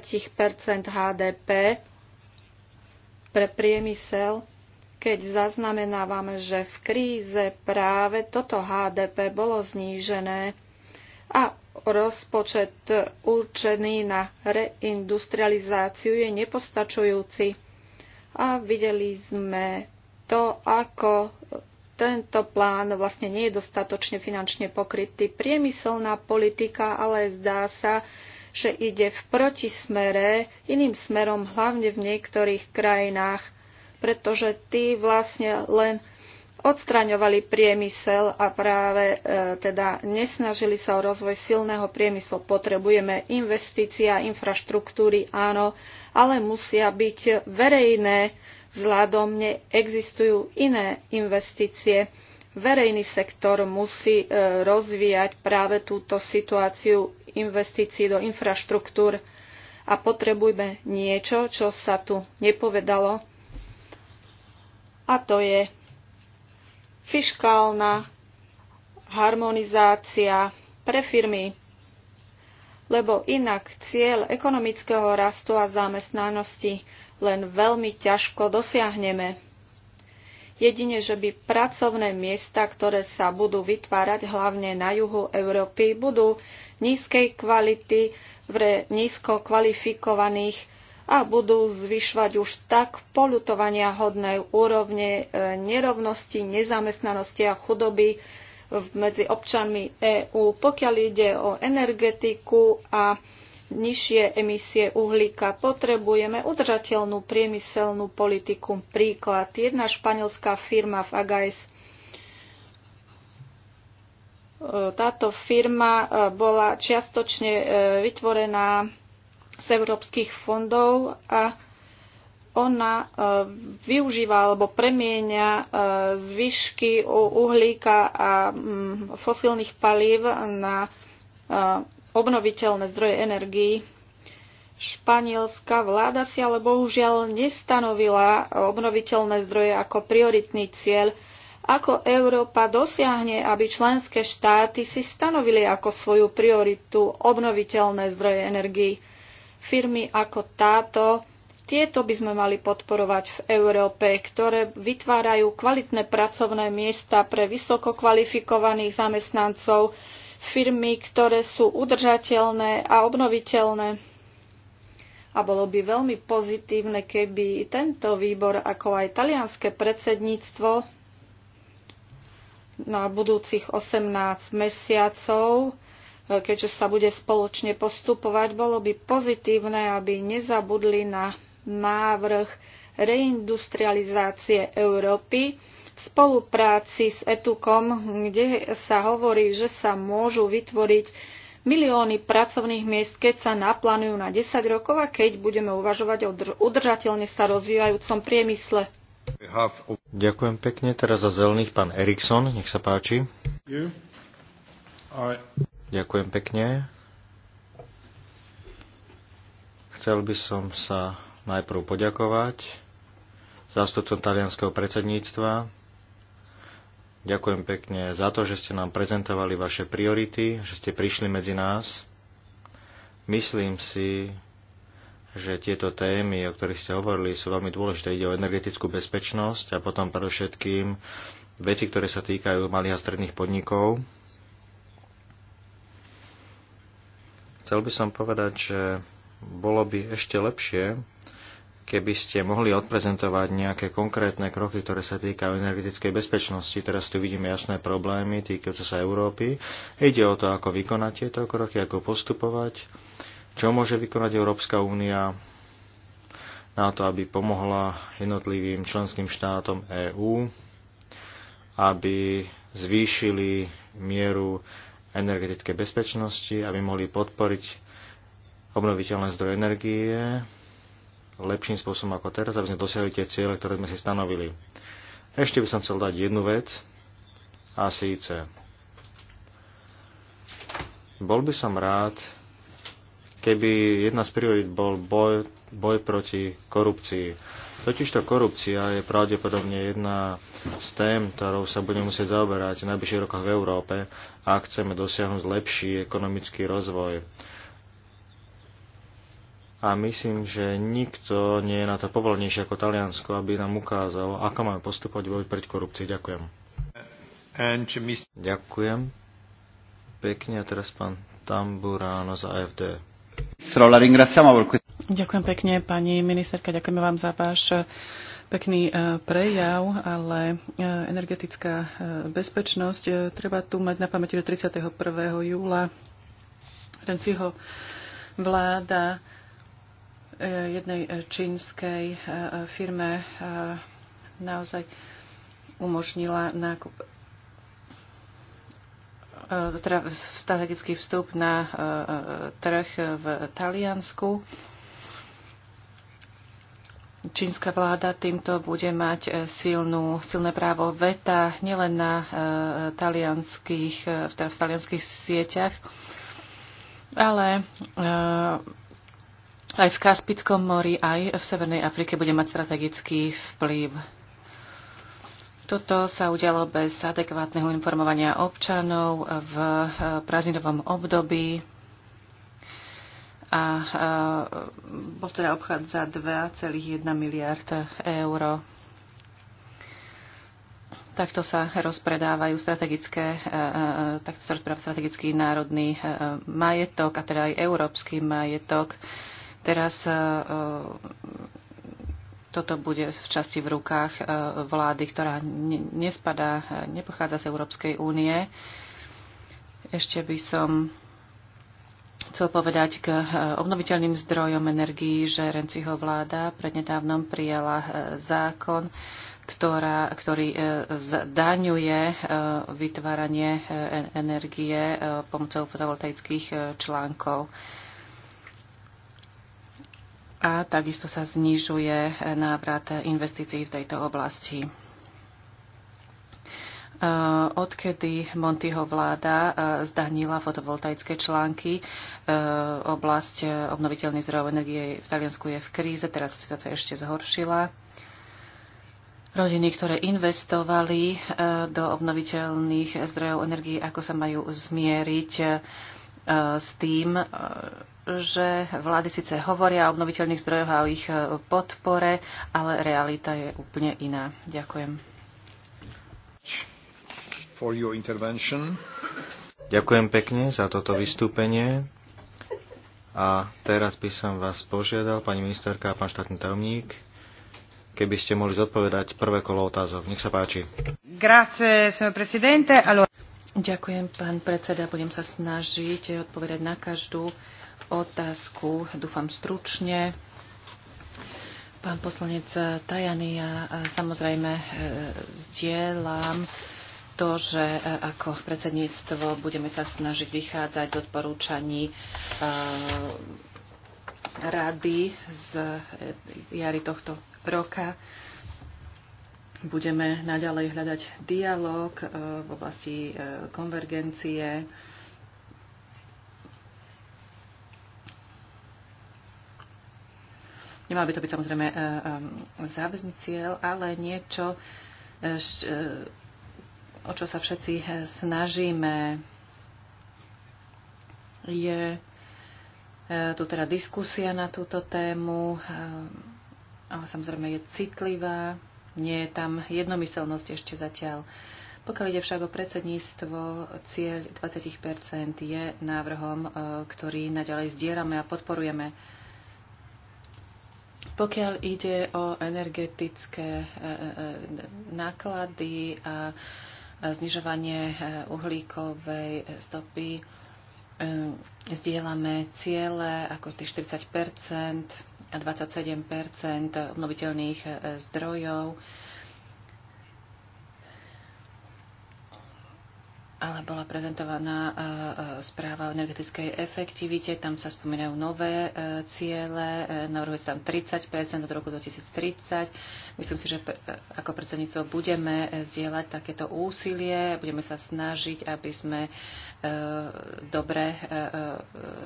HDP pre priemysel keď zaznamenávam, že v kríze práve toto HDP bolo znížené a rozpočet určený na reindustrializáciu je nepostačujúci. A videli sme to, ako tento plán vlastne nie je dostatočne finančne pokrytý. Priemyselná politika, ale zdá sa, že ide v protismere, iným smerom hlavne v niektorých krajinách – pretože tí vlastne len odstraňovali priemysel a práve e, teda nesnažili sa o rozvoj silného priemyslu. Potrebujeme investícia, infraštruktúry, áno, ale musia byť verejné, vzhľadom neexistujú iné investície. Verejný sektor musí e, rozvíjať práve túto situáciu investícií do infraštruktúr a potrebujeme niečo, čo sa tu nepovedalo a to je fiškálna harmonizácia pre firmy, lebo inak cieľ ekonomického rastu a zamestnanosti len veľmi ťažko dosiahneme. Jedine, že by pracovné miesta, ktoré sa budú vytvárať hlavne na juhu Európy, budú nízkej kvality pre nízko kvalifikovaných a budú zvyšovať už tak polutovania hodnej úrovne e, nerovnosti, nezamestnanosti a chudoby medzi občanmi EÚ. Pokiaľ ide o energetiku a nižšie emisie uhlíka, potrebujeme udržateľnú priemyselnú politiku. Príklad. Jedna španielská firma v Agais e, táto firma e, bola čiastočne vytvorená z európskych fondov a ona e, využíva alebo premienia e, zvyšky uhlíka a mm, fosílnych palív na e, obnoviteľné zdroje energií. Španielská vláda si ale bohužiaľ nestanovila obnoviteľné zdroje ako prioritný cieľ. Ako Európa dosiahne, aby členské štáty si stanovili ako svoju prioritu obnoviteľné zdroje energii. Firmy ako táto, tieto by sme mali podporovať v Európe, ktoré vytvárajú kvalitné pracovné miesta pre vysoko kvalifikovaných zamestnancov, firmy, ktoré sú udržateľné a obnoviteľné. A bolo by veľmi pozitívne, keby tento výbor, ako aj talianské predsedníctvo, na budúcich 18 mesiacov E, keďže sa bude spoločne postupovať, bolo by pozitívne, aby nezabudli na návrh reindustrializácie Európy v spolupráci s Etukom, kde sa hovorí, že sa môžu vytvoriť milióny pracovných miest, keď sa naplánujú na 10 rokov a keď budeme uvažovať o udržateľne sa rozvíjajúcom priemysle. Ďakujem pekne. Teraz za zelených pán Eriksson. nech sa páči. Ďakujem pekne. Chcel by som sa najprv poďakovať zástupcom talianského predsedníctva. Ďakujem pekne za to, že ste nám prezentovali vaše priority, že ste prišli medzi nás. Myslím si, že tieto témy, o ktorých ste hovorili, sú veľmi dôležité. Ide o energetickú bezpečnosť a potom predovšetkým veci, ktoré sa týkajú malých a stredných podnikov, Chcel by som povedať, že bolo by ešte lepšie, keby ste mohli odprezentovať nejaké konkrétne kroky, ktoré sa týkajú energetickej bezpečnosti. Teraz tu vidíme jasné problémy týkajúce sa Európy. Ide o to, ako vykonať tieto kroky, ako postupovať, čo môže vykonať Európska únia na to, aby pomohla jednotlivým členským štátom EÚ, aby zvýšili mieru energetickej bezpečnosti, aby mohli podporiť obnoviteľné zdroje energie lepším spôsobom ako teraz, aby sme dosiahli tie ciele, ktoré sme si stanovili. Ešte by som chcel dať jednu vec a síce bol by som rád, keby jedna z priorít bol boj, boj proti korupcii. Totižto korupcia je pravdepodobne jedna z tém, ktorou sa budeme musieť zaoberať v najbližších rokoch v Európe, ak chceme dosiahnuť lepší ekonomický rozvoj. A myslím, že nikto nie je na to povolnejšie ako Taliansko, aby nám ukázalo, ako máme postupovať boj proti korupcii. Ďakujem. Ďakujem. Pekne a teraz pán Tamburáno za AFD. Ďakujem pekne, pani ministerka, ďakujeme vám za váš eh, pekný eh, prejav, ale eh, energetická bezpečnosť treba tu mať na pamäti do 31. júla. Renciho vláda jednej čínskej firme naozaj umožnila nákup E, teda strategický vstup na e, e, trh v Taliansku. Čínska vláda týmto bude mať silnú, silné právo veta nielen na talianských, teda v talianských sieťach, ale aj v Kaspickom mori, aj v Severnej Afrike bude mať strategický vplyv. Toto sa udialo bez adekvátneho informovania občanov v eh, prázdninovom období a eh, bol teda obchádza 2,1 miliard eur. Takto sa rozpredávajú strategické, eh, takto sa rozpredáva strategický národný majetok a teda aj európsky majetok. Teraz toto bude v časti v rukách e, vlády, ktorá nespadá, e, nepochádza z Európskej únie. Ešte by som chcel povedať k e, obnoviteľným zdrojom energií, že Renciho vláda prednedávnom prijala zákon, ktorá, ktorý zdaňuje vytváranie energie pomocou fotovoltaických článkov a takisto sa znižuje návrat investícií v tejto oblasti. E, odkedy Montyho vláda e, zdanila fotovoltaické články, e, oblasť obnoviteľných zdrojov energie v Taliansku je v kríze, teraz sa situácia ešte zhoršila. Rodiny, ktoré investovali do obnoviteľných zdrojov energie, ako sa majú zmieriť s tým, že vlády síce hovoria o obnoviteľných zdrojoch a o ich e, podpore, ale realita je úplne iná. Ďakujem. For your intervention. Ďakujem pekne za toto vystúpenie. A teraz by som vás požiadal, pani ministerka a pán štátny tajomník, keby ste mohli zodpovedať prvé kolo otázov. Nech sa páči. Grazie, signor presidente. Allora... Ďakujem, pán predseda. Budem sa snažiť odpovedať na každú otázku, dúfam stručne. Pán poslanec Tajany, ja e, samozrejme e, zdieľam to, že e, ako predsedníctvo budeme sa snažiť vychádzať z odporúčaní rady z jary tohto roka. Budeme naďalej hľadať dialog v oblasti konvergencie Nemal by to byť samozrejme eh, eh, záväzný cieľ, ale niečo, eh, o čo sa všetci snažíme, je tu teda diskusia na túto tému, ale samozrejme je citlivá, nie je tam jednomyselnosť ešte zatiaľ. Pokiaľ ide však o predsedníctvo, cieľ 20 je návrhom, ktorý naďalej zdieľame a podporujeme. Pokiaľ ide o energetické e, e, e, náklady a znižovanie uhlíkovej stopy, zdieľame ciele ako tých 40 a 27 obnoviteľných zdrojov ale bola prezentovaná e, e, správa o energetickej efektivite. Tam sa spomínajú nové e, ciele, navrhuje sa tam 30 od roku 2030. Myslím si, že ako predsedníctvo budeme zdieľať takéto úsilie, budeme sa snažiť, aby sme dobre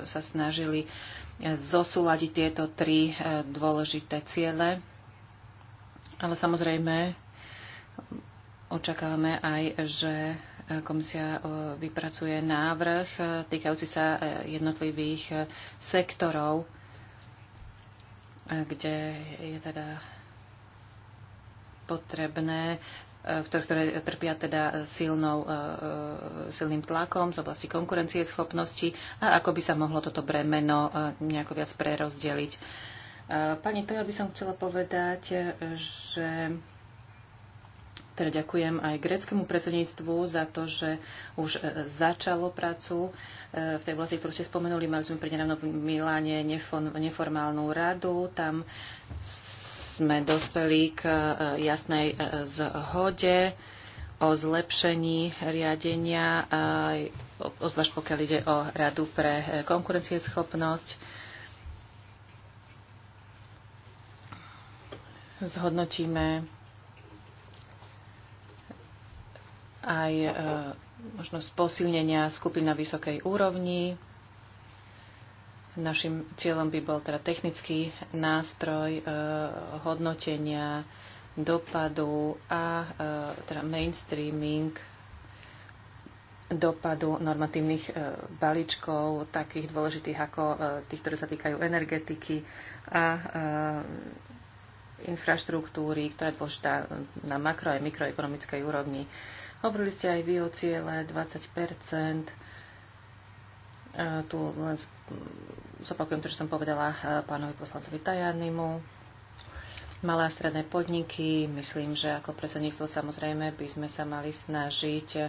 sa snažili zosúľadiť tieto tri dôležité ciele. Ale samozrejme, očakávame aj, že Komisia e, vypracuje návrh e, týkajúci sa e, jednotlivých sektorov, kde je teda potrebné ktoré trpia teda silnou, silným tlakom z oblasti konkurencie schopnosti a ako by sa mohlo toto bremeno nejako viac prerozdeliť. Pani ja by som chcela povedať, že teda ďakujem aj greckému predsedníctvu za to, že už e, začalo prácu e, v tej oblasti, ktorú ste spomenuli. Mali sme pri v Miláne neformálnu radu. Tam sme dospeli k e, jasnej zhode o zlepšení riadenia, odvlášť pokiaľ ide o radu pre konkurencieschopnosť. Zhodnotíme aj e, možnosť posilnenia skupín na vysokej úrovni. Našim cieľom by bol teda technický nástroj e, hodnotenia dopadu a e, teda mainstreaming dopadu normatívnych balíčkov, takých dôležitých ako tých, ktoré sa týkajú energetiky a infraštruktúry, ktorá je dôležitá na makro- a mikroekonomickej úrovni. Hovorili ste aj vy o ciele 20 e, Tu len zopakujem to, čo som povedala e, pánovi poslancovi Tajanimu. Malé a stredné podniky, myslím, že ako predsedníctvo samozrejme by sme sa mali snažiť e,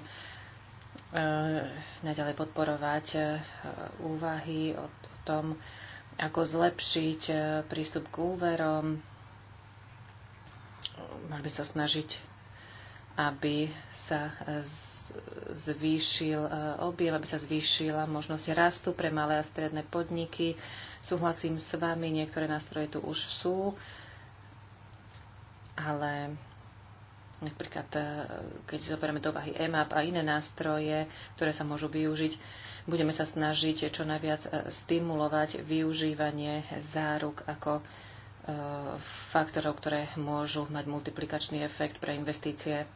naďalej podporovať úvahy o tom, ako zlepšiť prístup k úverom. Mali by sa snažiť aby sa e, zvýšil e, objem, aby sa zvýšila možnosť rastu pre malé a stredné podniky. Súhlasím s vami, niektoré nástroje tu už sú, ale napríklad e, keď zoberieme do váhy EMAP a iné nástroje, ktoré sa môžu využiť, budeme sa snažiť čo najviac stimulovať využívanie záruk ako faktorov, ktoré môžu mať multiplikačný efekt pre investície.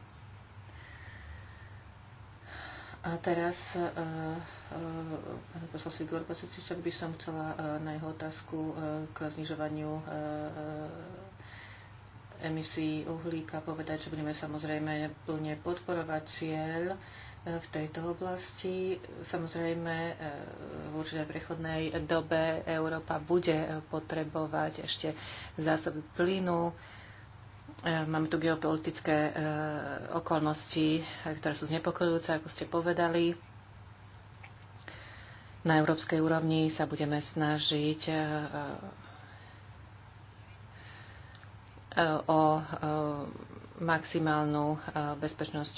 A teraz e, e, poslanec Igor, Gorbacetičovi by som chcela e, na jeho otázku k znižovaniu emisí uhlíka povedať, že budeme samozrejme plne podporovať cieľ v tejto oblasti. Samozrejme, v určitej prechodnej dobe Európa bude potrebovať ešte zásoby plynu Eh, máme tu geopolitické eh, okolnosti, eh, ktoré sú znepokojujúce, ako ste povedali. Na európskej úrovni sa budeme snažiť o maximálnu bezpečnosť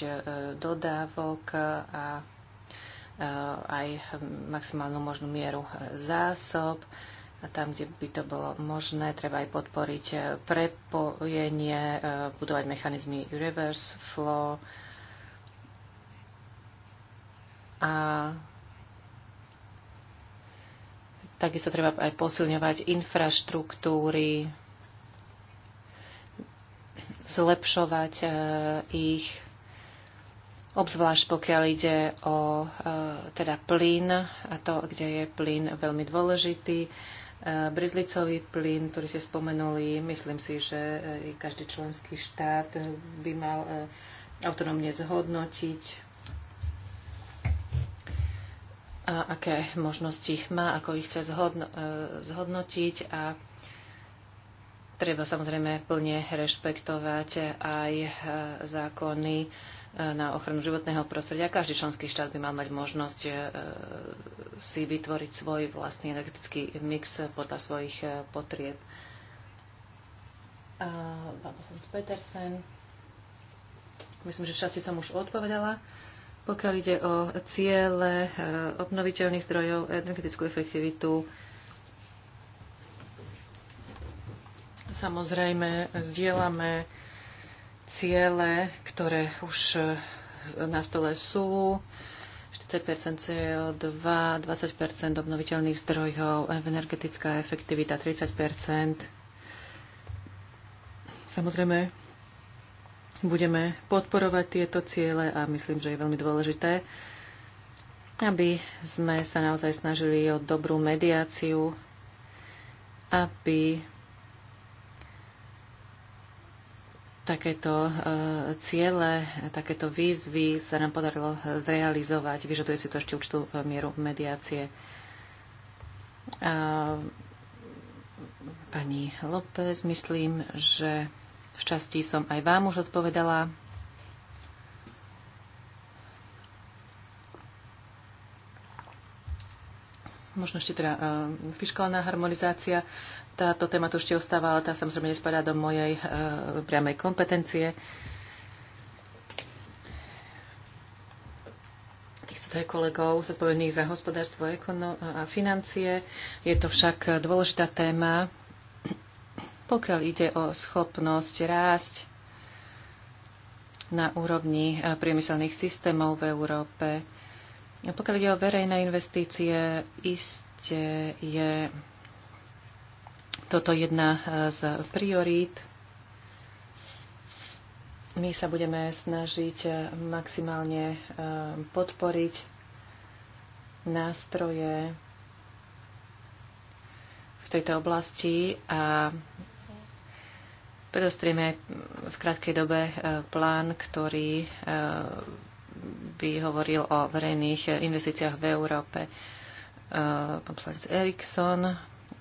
dodávok a aj maximálnu možnú mieru zásob a tam, kde by to bolo možné, treba aj podporiť e, prepojenie, e, budovať mechanizmy reverse flow a takisto treba aj posilňovať infraštruktúry, zlepšovať e, ich, obzvlášť pokiaľ ide o teda plyn, a to, kde je plyn veľmi dôležitý Bridlicový plyn, ktorý ste spomenuli, myslím si, že e, každý členský štát e, by mal e, autonómne zhodnotiť, a aké možnosti má, ako ich chce zhodno, zhodnotiť a treba samozrejme plne rešpektovať aj zákony na ochranu životného prostredia. Každý členský štát by mal mať možnosť e, si vytvoriť svoj vlastný energetický mix podľa svojich e, potrieb. Pán poslanec Petersen. Myslím, že v časti som už odpovedala. Pokiaľ ide o ciele e, obnoviteľných zdrojov, energetickú efektivitu, samozrejme zdieľame ciele, ktoré už e, na stole sú, 40 CO2, 20 obnoviteľných zdrojov, e, energetická efektivita 30 Samozrejme, budeme podporovať tieto ciele a myslím, že je veľmi dôležité, aby sme sa naozaj snažili o dobrú mediáciu, aby takéto e, ciele, takéto výzvy sa nám podarilo zrealizovať. Vyžaduje si to ešte určitú e, mieru mediácie. A pani López, myslím, že v časti som aj vám už odpovedala Možno ešte teda eh, fiskálna harmonizácia. Táto téma tu ešte ostáva, ale tá samozrejme nespadá do mojej eh, priamej kompetencie. aj kolegov zodpovedných za hospodárstvo a financie. Je to však dôležitá téma, pokiaľ ide o schopnosť rásť na úrovni eh, priemyselných systémov v Európe. Pokiaľ ide o verejné investície, iste je toto jedna eh, z priorít. My sa budeme snažiť eh, maximálne eh, podporiť nástroje v tejto oblasti a predostrieme v krátkej dobe plán, ktorý by hovoril o verejných investíciách v Európe. E, pán poslanec Eriksson,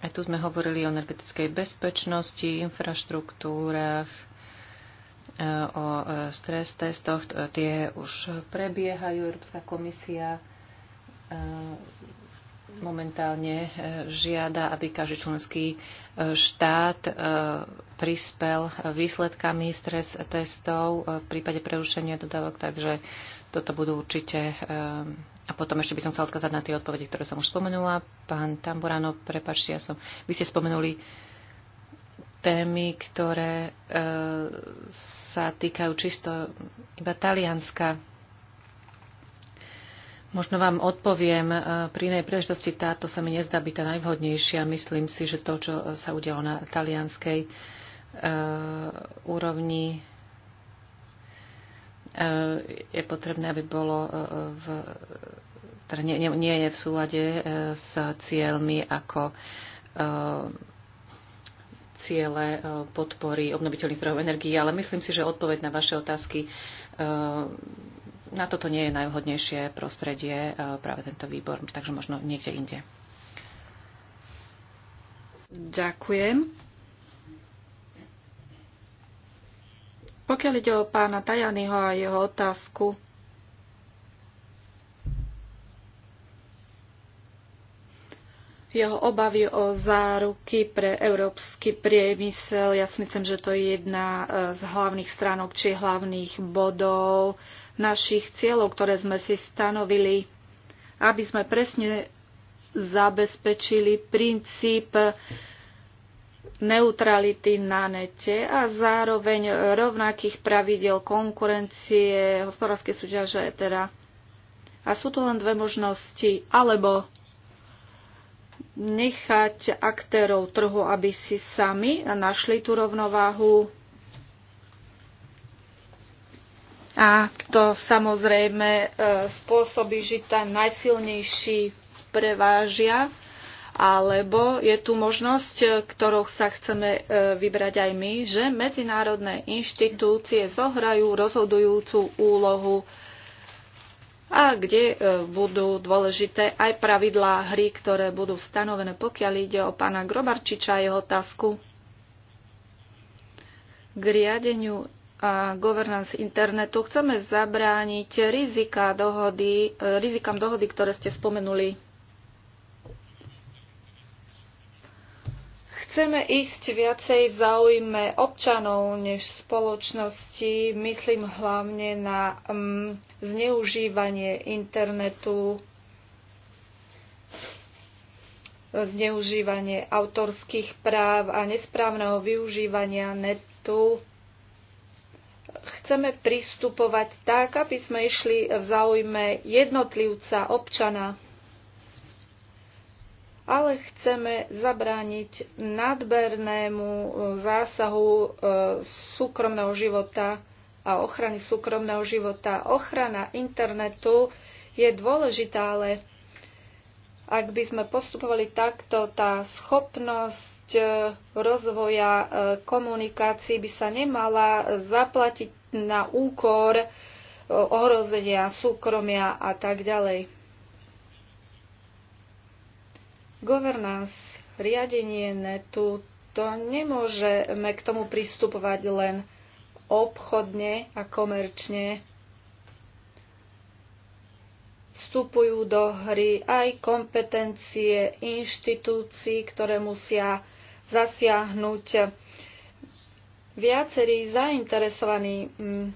aj tu sme hovorili o energetickej bezpečnosti, infraštruktúrach, e, o e, stres testoch. Tie už prebiehajú. Európska komisia momentálne žiada, aby každý členský štát prispel výsledkami stres testov v prípade prerušenia dodávok, takže toto budú určite. Eh, a potom ešte by som chcela odkázať na tie odpovede, ktoré som už spomenula. Pán Tamburano, prepačte, ja som... Vy ste spomenuli témy, ktoré e, sa týkajú čisto iba Talianska. Možno vám odpoviem, eh, pri inej príležitosti táto sa mi nezdá byť tá najvhodnejšia. Myslím si, že to, čo sa udialo na talianskej e, úrovni, Eh, je potrebné, aby bolo eh, v, teda nie, nie je v súlade eh, s cieľmi ako ciele podpory obnoviteľných zdrojov energii, ale myslím si, že odpoveď na vaše otázky na toto nie je najvhodnejšie prostredie práve tento výbor, takže možno niekde inde. Ďakujem. Pokiaľ ide o pána Tajanyho a jeho otázku, jeho obavy o záruky pre európsky priemysel. Ja si myslím, že to je jedna e, z hlavných stránok či hlavných bodov našich cieľov, ktoré sme si stanovili, aby sme presne zabezpečili princíp neutrality na nete a zároveň rovnakých pravidel konkurencie, hospodárskej súťaže, teda. A sú tu len dve možnosti. Alebo nechať aktérov trhu, aby si sami našli tú rovnováhu. A to samozrejme e, spôsobí, že ten najsilnejší prevážia alebo je tu možnosť, e, ktorou sa chceme e, vybrať aj my, že medzinárodné inštitúcie zohrajú rozhodujúcu úlohu a kde e, budú dôležité aj pravidlá hry, ktoré budú stanovené, pokiaľ ide o pána Grobarčiča a jeho otázku k riadeniu a governance internetu chceme zabrániť rizika dohody, rizikám dohody, ktoré ste spomenuli. Chceme ísť viacej v záujme občanov než spoločnosti. Myslím hlavne na um, zneužívanie internetu, zneužívanie autorských práv a nesprávneho využívania netu. Chceme pristupovať tak, aby sme išli v záujme jednotlivca, občana ale chceme zabrániť nadbernému e, zásahu e, súkromného života a ochrany súkromného života. Ochrana internetu je dôležitá, ale ak by sme postupovali takto, tá schopnosť e, rozvoja komunikácií by sa nemala zaplatiť na úkor ohrozenia súkromia a tak ďalej. Governance, riadenie netu, to nemôžeme k tomu pristupovať len obchodne a komerčne. Vstupujú do hry aj kompetencie inštitúcií, ktoré musia zasiahnuť viacerí zainteresovaní mm,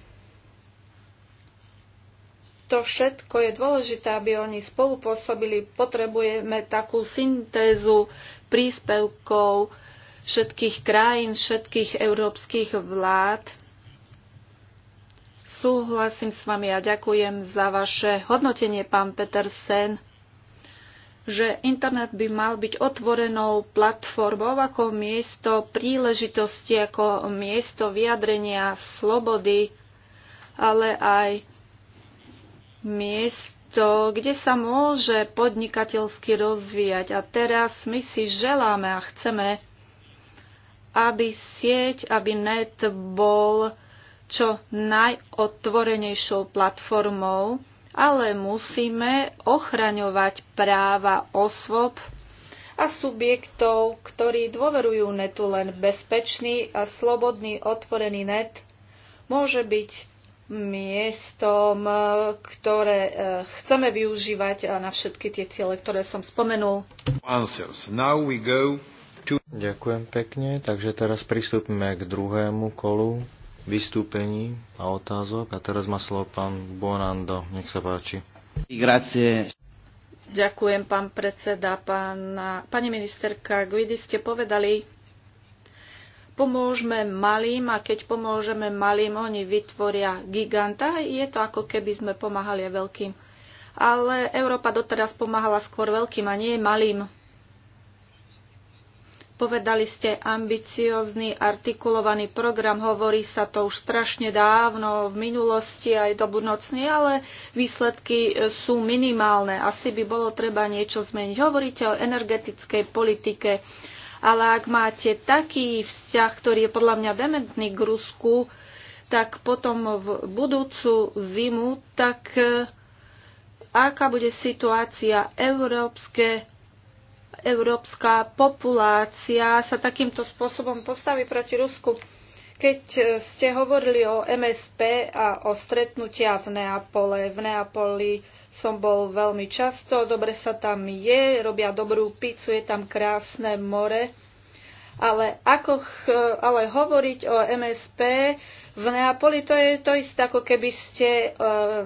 to všetko je dôležité, aby oni spolupôsobili. Potrebujeme takú syntézu príspevkov všetkých krajín, všetkých európskych vlád. Súhlasím s vami a ďakujem za vaše hodnotenie, pán Petersen že internet by mal byť otvorenou platformou ako miesto príležitosti, ako miesto vyjadrenia slobody, ale aj miesto, kde sa môže podnikateľsky rozvíjať. A teraz my si želáme a chceme, aby sieť, aby net bol čo najotvorenejšou platformou, ale musíme ochraňovať práva osôb a subjektov, ktorí dôverujú netu len bezpečný a slobodný otvorený net môže byť miestom, e, ktoré e, chceme využívať e, na všetky tie ciele, ktoré som spomenul. To... Ďakujem pekne, takže teraz pristúpime k druhému kolu vystúpení a otázok. A teraz má slovo pán Bonando, nech sa páči. Grazie. Ďakujem, pán predseda. Pána, pani ministerka Guidi, ste povedali, Pomôžeme malým a keď pomôžeme malým, oni vytvoria giganta. Je to ako keby sme pomáhali aj veľkým. Ale Európa doteraz pomáhala skôr veľkým a nie malým. Povedali ste ambiciózny, artikulovaný program, hovorí sa to už strašne dávno, v minulosti aj do budúcnosti, ale výsledky e, sú minimálne. Asi by bolo treba niečo zmeniť. Hovoríte o energetickej politike, ale ak máte taký vzťah, ktorý je podľa mňa dementný k Rusku, tak potom v budúcu zimu, tak eh, aká bude situácia európske, európska populácia sa takýmto spôsobom postaví proti Rusku. Keď eh, ste hovorili o MSP a o stretnutia v Neapole, v Neapoli som bol veľmi často, dobre sa tam je, robia dobrú pizzu, je tam krásne more. Ale, ako ch, ale hovoriť o MSP v Neapoli, to je to isté, ako keby ste e,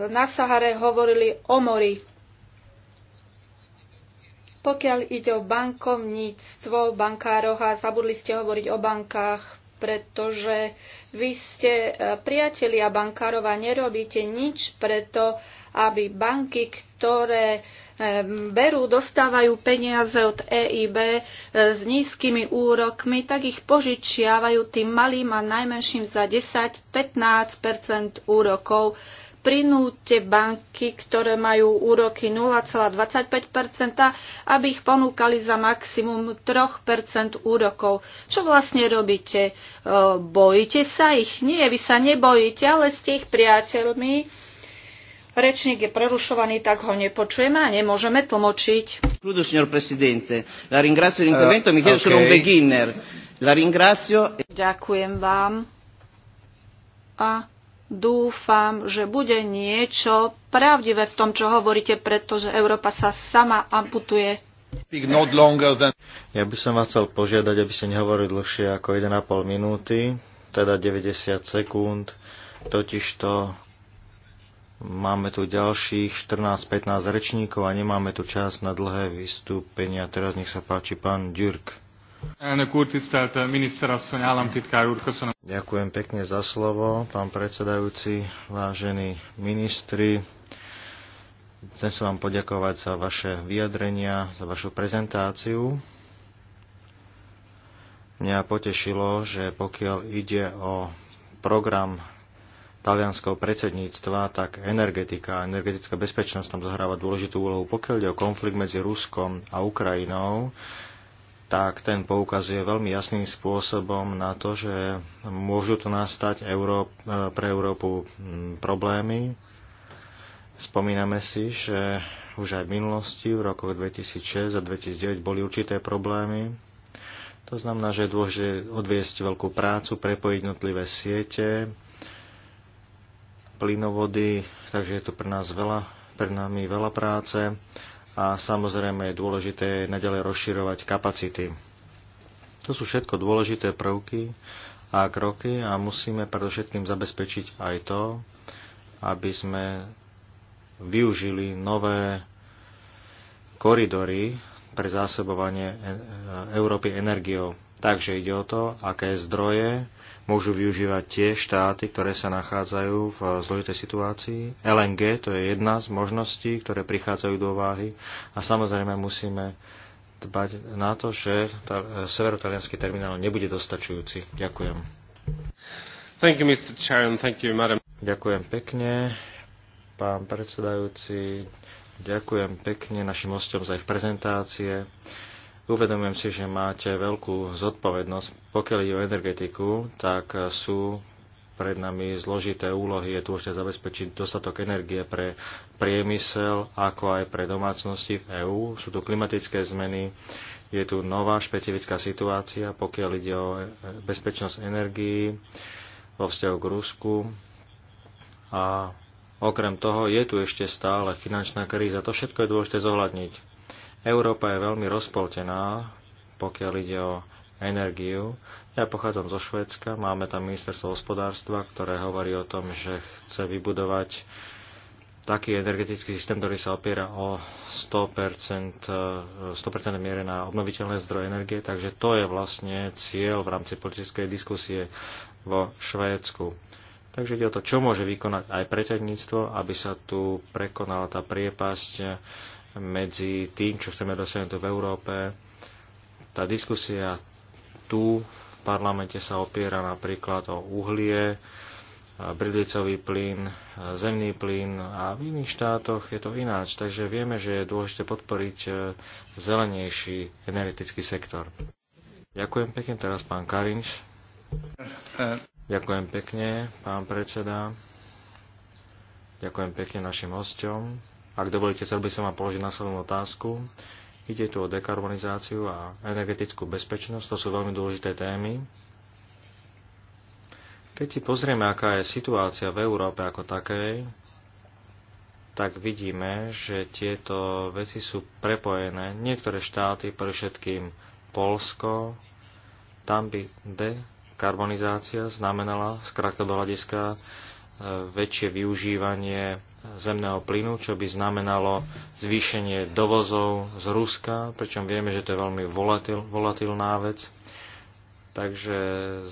na Sahare hovorili o mori. Pokiaľ ide o bankovníctvo, bankároch a zabudli ste hovoriť o bankách, pretože vy ste e, priatelia bankárov a nerobíte nič preto, aby banky, ktoré berú, dostávajú peniaze od EIB eh, s nízkymi úrokmi, tak ich požičiavajú tým malým a najmenším za 10-15 úrokov. Prinúte banky, ktoré majú úroky 0,25 aby ich ponúkali za maximum 3 úrokov. Čo vlastne robíte? Eh, bojíte sa ich? Nie, vy sa nebojíte, ale ste ich priateľmi Rečník je prerušovaný, tak ho nepočujeme a nemôžeme tlmočiť. Kľudu, signor presidente. La ringrazio l'intervento, eh, mi chiedo okay. un beginner. La ringrazio. E- Ďakujem vám a dúfam, že bude niečo pravdivé v tom, čo hovoríte, pretože Európa sa sama amputuje. Ja by som vás chcel požiadať, aby ste nehovorili dlhšie ako 1,5 minúty, teda 90 sekúnd, totižto Máme tu ďalších 14-15 rečníkov a nemáme tu čas na dlhé vystúpenia. Teraz nech sa páči pán Ďurk. Eh, Ďakujem pekne za slovo, pán predsedajúci, vážení ministri. Chcem sa vám poďakovať za vaše vyjadrenia, za vašu prezentáciu. Mňa potešilo, že pokiaľ ide o program talianského predsedníctva, tak energetika a energetická bezpečnosť tam zohráva dôležitú úlohu. Pokiaľ ide o konflikt medzi Ruskom a Ukrajinou, tak ten poukazuje veľmi jasným spôsobom na to, že môžu tu nastať Euró- e, pre Európu problémy. Spomíname si, že už aj v minulosti, v rokoch 2006 a 2009, boli určité problémy. To znamená, že je dôležité odviesť veľkú prácu, prepojiť jednotlivé siete, plynovody, takže je tu pre nás veľa, pre nami veľa práce a samozrejme je dôležité naďalej rozširovať kapacity. To sú všetko dôležité prvky a kroky a musíme predovšetkým zabezpečiť aj to, aby sme využili nové koridory pre zásobovanie e- e- Európy energiou. Takže ide o to, aké zdroje môžu využívať tie štáty, ktoré sa nachádzajú v zložitej situácii. LNG to je jedna z možností, ktoré prichádzajú do váhy a samozrejme musíme dbať na to, že e, severotalianský terminál nebude dostačujúci. Ďakujem. Thank you, Mr. Chairman. Thank you, madam. Ďakujem pekne, pán predsedajúci. Ďakujem pekne našim hostom za ich prezentácie. Uvedomujem si, že máte veľkú zodpovednosť. Pokiaľ ide o energetiku, tak sú pred nami zložité úlohy. Je tu ešte zabezpečiť dostatok energie pre priemysel, ako aj pre domácnosti v EÚ. Sú tu klimatické zmeny, je tu nová špecifická situácia, pokiaľ ide o bezpečnosť energií vo vzťahu k Rusku. A okrem toho je tu ešte stále finančná kríza. To všetko je dôležité zohľadniť. Európa je veľmi rozpoltená, pokiaľ ide o energiu. Ja pochádzam zo Švédska, máme tam ministerstvo hospodárstva, ktoré hovorí o tom, že chce vybudovať taký energetický systém, ktorý sa opiera o 100%, 100% e, miere na obnoviteľné zdroje energie, takže to je vlastne cieľ v rámci politickej diskusie vo Švédsku. Takže ide o to, čo môže vykonať aj preťadníctvo, aby sa tu prekonala tá priepasť medzi tým, čo chceme dosiahnuť v Európe. Tá diskusia tu v parlamente sa opiera napríklad o uhlie, bridlicový plyn, zemný plyn a v iných štátoch je to ináč. Takže vieme, že je dôležité podporiť e, zelenejší energetický sektor. Ďakujem pekne teraz pán Karinš. Ďakujem pekne, pán predseda. Ďakujem pekne našim hostom. Ak dovolíte, chcel by som vám položiť následnú otázku. Ide tu o dekarbonizáciu a energetickú bezpečnosť, to sú veľmi dôležité témy. Keď si pozrieme, aká je situácia v Európe ako takej, tak vidíme, že tieto veci sú prepojené. Niektoré štáty, pre všetkým Polsko, tam by dekarbonizácia znamenala z krátkodobého hľadiska väčšie využívanie zemného plynu, čo by znamenalo zvýšenie dovozov z Ruska, pričom vieme, že to je veľmi volatil, volatilná vec. Takže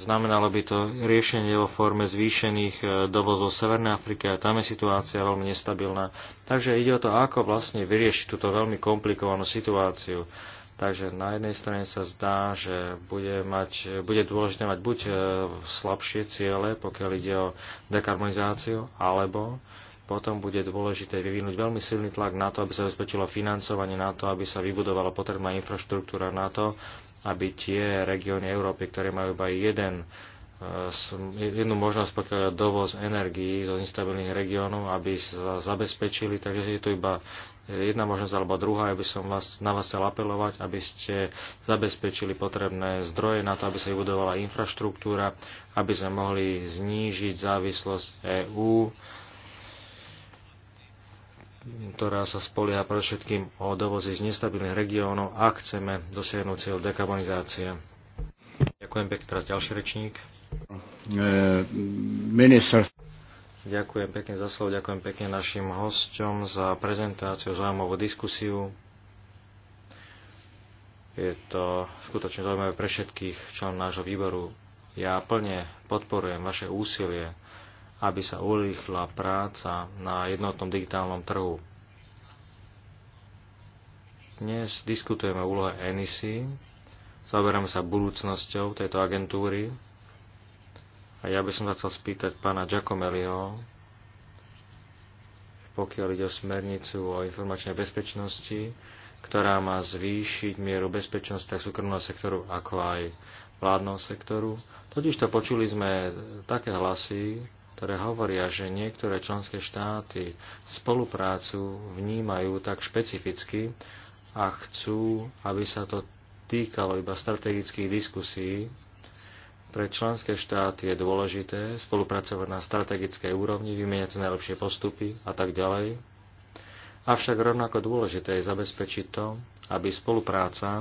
znamenalo by to riešenie vo forme zvýšených e, dovozov Severnej Afriky a tam je situácia veľmi nestabilná. Takže ide o to, ako vlastne vyriešiť túto veľmi komplikovanú situáciu. Takže na jednej strane sa zdá, že bude, mať, bude dôležité mať buď e, slabšie ciele, pokiaľ ide o dekarbonizáciu, alebo potom bude dôležité vyvinúť veľmi silný tlak na to, aby sa zabezpečilo financovanie, na to, aby sa vybudovala potrebná infraštruktúra, na to, aby tie regióny Európy, ktoré majú iba jeden, e, jednu možnosť, pokiaľ dovoz energií zo nestabilných regiónov, aby sa zabezpečili. Takže je to iba jedna možnosť alebo druhá, aby som vás, na vás chcel apelovať, aby ste zabezpečili potrebné zdroje na to, aby sa vybudovala infraštruktúra, aby sme mohli znížiť závislosť EÚ, ktorá sa spolieha predovšetkým o dovozy z nestabilných regiónov, ak chceme dosiahnuť cieľ dekarbonizácie. Ďakujem pekne. Teraz ďalší rečník. E, minister. Ďakujem pekne za slovo, ďakujem pekne našim hosťom za prezentáciu, zaujímavú diskusiu. Je to skutočne zaujímavé pre všetkých členov nášho výboru. Ja plne podporujem vaše úsilie, aby sa urýchla práca na jednotnom digitálnom trhu. Dnes diskutujeme úlohe ENISI, zaoberáme sa budúcnosťou tejto agentúry, a ja by som sa chcel spýtať pána Giacomelliho, pokiaľ ide o smernicu o informačnej bezpečnosti, ktorá má zvýšiť mieru bezpečnosti tak súkromného sektoru, ako aj vládneho sektoru. Totižto počuli sme také hlasy, ktoré hovoria, že niektoré členské štáty spoluprácu vnímajú tak špecificky a chcú, aby sa to týkalo iba strategických diskusí pre členské štáty je dôležité spolupracovať na strategickej úrovni, vymieňať najlepšie postupy a tak ďalej. Avšak rovnako dôležité je zabezpečiť to, aby spolupráca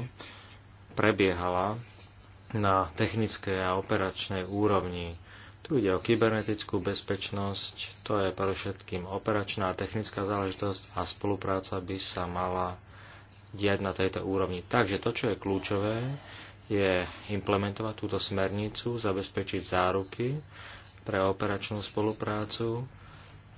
prebiehala na technickej a operačnej úrovni. Tu ide o kybernetickú bezpečnosť, to je pre všetkým operačná a technická záležitosť a spolupráca by sa mala diať na tejto úrovni. Takže to, čo je kľúčové, je implementovať túto smernicu, zabezpečiť záruky pre operačnú spoluprácu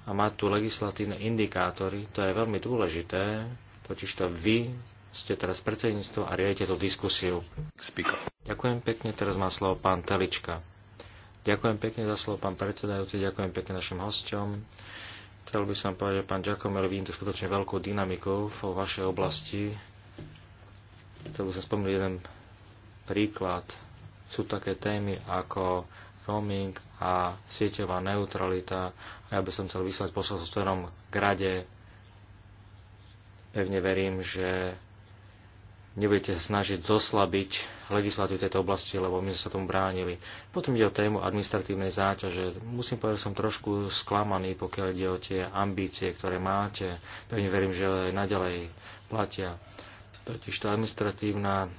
a mať tu legislatívne indikátory. To je veľmi dôležité, totiž to vy ste teraz predsedníctvo a riadite tú diskusiu. Speaker. Ďakujem pekne, teraz má slovo pán Telička. Ďakujem pekne za slovo, pán predsedajúci, ďakujem pekne našim hosťom. Chcel by som povedať, že pán Giacomel, vidím tu skutočne veľkú dynamiku vo vašej oblasti. Chcel by som spomenúť jeden príklad sú také témy ako roaming a sieťová neutralita. Ja by som chcel vyslať posolstvo, v ktorom grade pevne verím, že nebudete snažiť zoslabiť legislatívu tejto oblasti, lebo my sme sa tomu bránili. Potom ide o tému administratívnej záťaže. Musím povedať, že som trošku sklamaný, pokiaľ ide o tie ambície, ktoré máte. Pevne verím, že aj naďalej platia. Totiž tá administratívna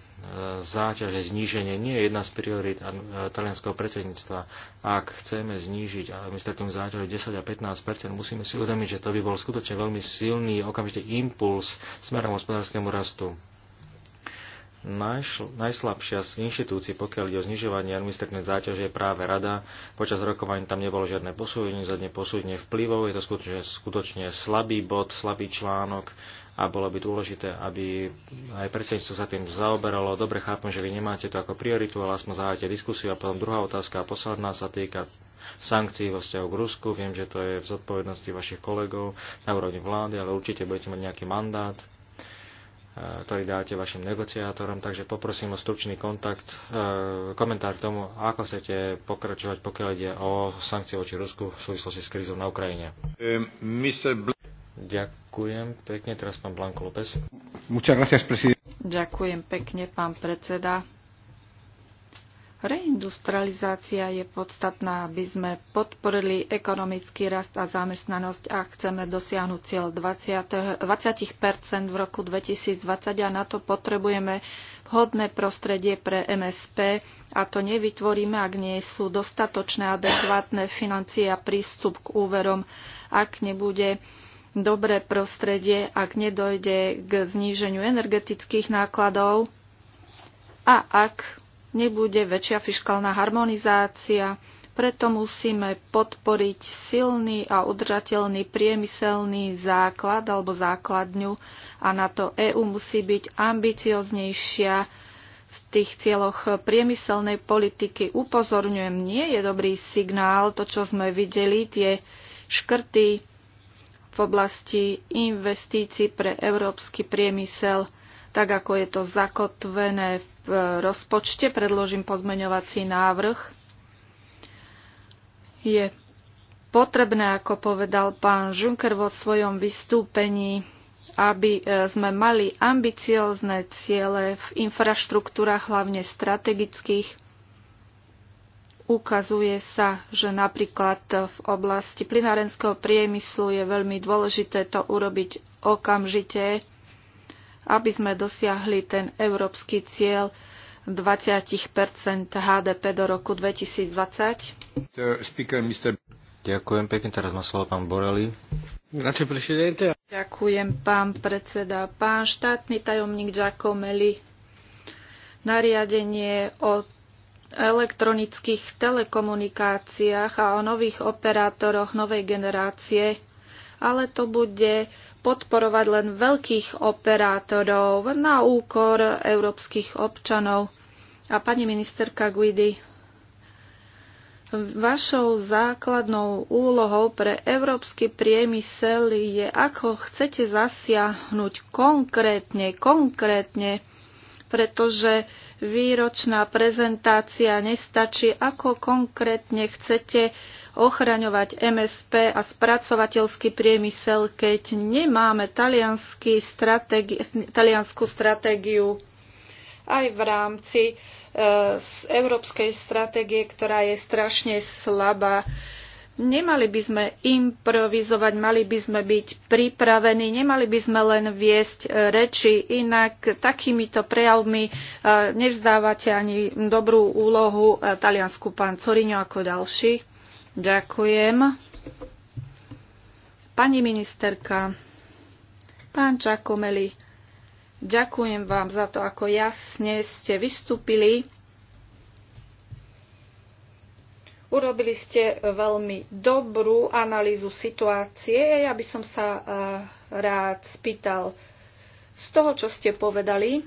záťaže zníženie nie je jedna z priorít e, talianského predsedníctva. Ak chceme znížiť administratívnu záťaž 10 a 15 musíme si uvedomiť, že to by bol skutočne veľmi silný okamžitý impuls smerom hospodárskému rastu. Najšl, najslabšia z inštitúcií, pokiaľ ide o znižovanie administratívnej záťaže, je práve rada. Počas rokovania tam nebolo žiadne posúdenie, žiadne posúdenie vplyvov. Je to skutočne, skutočne slabý bod, slabý článok a bolo by dôležité, aby aj predsedníctvo sa tým zaoberalo. Dobre chápem, že vy nemáte to ako prioritu, ale aspoň zahájate diskusiu. A potom druhá otázka a posledná sa týka sankcií vo vzťahu k Rusku. Viem, že to je v zodpovednosti vašich kolegov na úrovni vlády, ale určite budete mať nejaký mandát e, ktorý dáte vašim negociátorom, takže poprosím o stručný kontakt, e, komentár k tomu, ako chcete pokračovať, pokiaľ ide o sankcie voči Rusku v súvislosti s krízou na Ukrajine. E, Mr. Ďakujem pekne. Teraz pán Blanko López. Ďakujem pekne, pán predseda. Reindustrializácia je podstatná, aby sme podporili ekonomický rast a zamestnanosť a chceme dosiahnuť cieľ 20, 20 v roku 2020 a na to potrebujeme vhodné prostredie pre MSP a to nevytvoríme, ak nie sú dostatočné adekvátne financie a prístup k úverom, ak nebude dobré prostredie, ak nedojde k zníženiu energetických nákladov a ak nebude väčšia fiskálna harmonizácia. Preto musíme podporiť silný a udržateľný priemyselný základ alebo základňu a na to EÚ musí byť ambicioznejšia v tých cieľoch priemyselnej politiky. Upozorňujem, nie je dobrý signál to, čo sme videli, tie škrty oblasti investícií pre európsky priemysel, tak ako je to zakotvené v e, rozpočte. Predložím pozmeňovací návrh. Je potrebné, ako povedal pán Juncker vo svojom vystúpení, aby e, sme mali ambiciózne ciele v infraštruktúrach, hlavne strategických Ukazuje sa, že napríklad v oblasti plinárenského priemyslu je veľmi dôležité to urobiť okamžite, aby sme dosiahli ten európsky cieľ 20 HDP do roku 2020. Ďakujem pekne, teraz má slovo pán Borelli. Ďakujem, pán predseda. Pán štátny tajomník Giacomelli, nariadenie o elektronických telekomunikáciách a o nových operátoroch novej generácie, ale to bude podporovať len veľkých operátorov na úkor európskych občanov. A pani ministerka Guidi, vašou základnou úlohou pre európsky priemysel je, ako chcete zasiahnuť konkrétne, konkrétne, pretože výročná prezentácia nestačí. Ako konkrétne chcete ochraňovať MSP a spracovateľský priemysel, keď nemáme stratégi taliansku stratégiu aj v rámci e, z európskej stratégie, ktorá je strašne slabá. E, Nemali by sme improvizovať, mali by sme byť pripravení, nemali by sme len viesť e, reči, inak takýmito prejavmi e, nevzdávate ani dobrú úlohu e, taliansku pán Corino ako ďalší. Ďakujem. Pani ministerka, pán Čakomeli, ďakujem vám za to, ako jasne ste vystúpili Urobili ste veľmi dobrú analýzu situácie. Ja by som sa eh, rád spýtal z toho, čo ste povedali,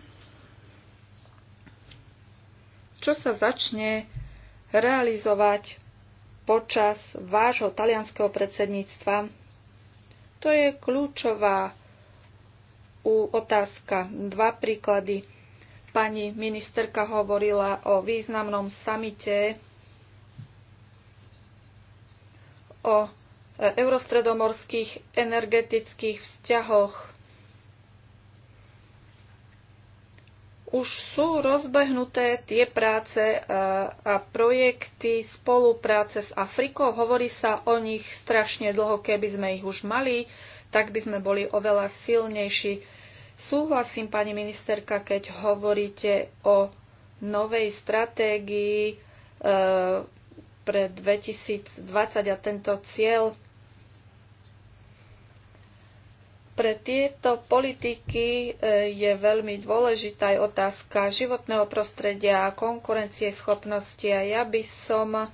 čo sa začne realizovať počas vášho talianského predsedníctva. To je kľúčová otázka. Dva príklady. Pani ministerka hovorila o významnom samite o e, eurostredomorských energetických vzťahoch. Už sú rozbehnuté tie práce e, a projekty spolupráce s Afrikou. Hovorí sa o nich strašne dlho, keby sme ich už mali, tak by sme boli oveľa silnejší. Súhlasím, pani ministerka, keď hovoríte o novej stratégii e, pre 2020 a tento cieľ. Pre tieto politiky e, je veľmi dôležitá aj otázka životného prostredia a konkurencie schopnosti. A ja by som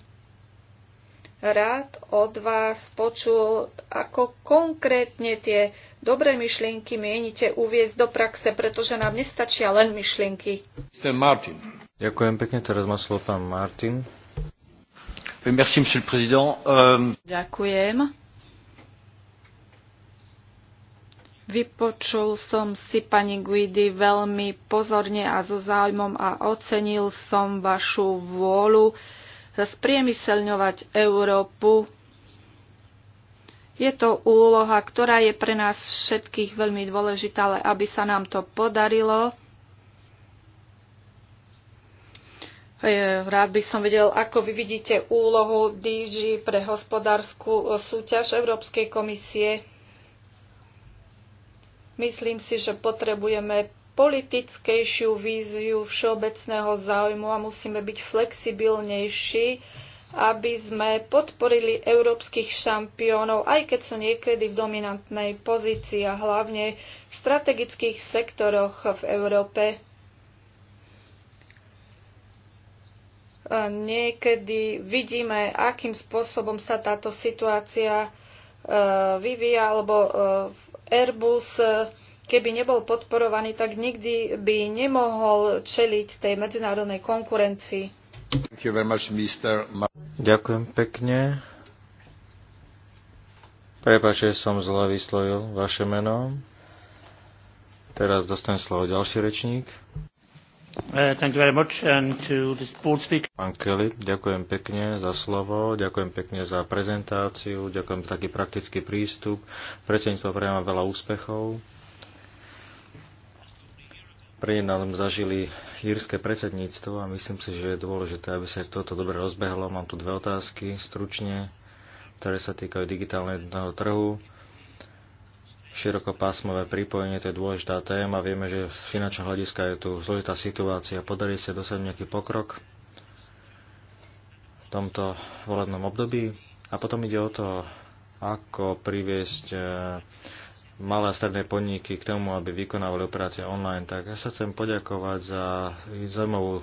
rád od vás počul, ako konkrétne tie dobré myšlienky mienite uviezť do praxe, pretože nám nestačia len myšlienky. Ďakujem pekne, teraz má slovo pán Martin monsieur le président. Euh, Ďakujem. Vypočul som si pani Guidi veľmi pozorne a so záujmom a ocenil som vašu vôľu spriemyselňovať Európu. Je to úloha, ktorá je pre nás všetkých veľmi dôležitá, ale aby sa nám to podarilo, E, rád by som vedel, ako vy vidíte úlohu DG pre hospodárskú e, súťaž Európskej komisie. Myslím si, že potrebujeme politickejšiu víziu všeobecného záujmu a musíme byť flexibilnejší, aby sme podporili európskych šampiónov, aj keď sú niekedy v dominantnej pozícii a hlavne v strategických sektoroch v Európe niekedy vidíme, akým spôsobom sa táto situácia e, vyvíja, alebo e, Airbus, e, keby nebol podporovaný, tak nikdy by nemohol čeliť tej medzinárodnej konkurencii. Much, Ďakujem pekne. Prepačte, že som zle vyslovil vaše meno. Teraz dostanem slovo ďalší rečník. Uh, Pán Kelly, ďakujem pekne za slovo, ďakujem pekne za prezentáciu, ďakujem za taký praktický prístup. Predsedníctvo prejem vám veľa úspechov. Pri nám zažili írske predsedníctvo a myslím si, že je dôležité, aby sa toto dobre rozbehlo. Mám tu dve otázky stručne, ktoré sa týkajú digitálneho trhu širokopásmové pripojenie, to je dôležitá téma. Vieme, že z finančného hľadiska je tu zložitá situácia. Podarí sa dosať nejaký pokrok v tomto volebnom období. A potom ide o to, ako priviesť e, malé a stredné podniky k tomu, aby vykonávali operácie online. Tak ja sa chcem poďakovať za zaujímavú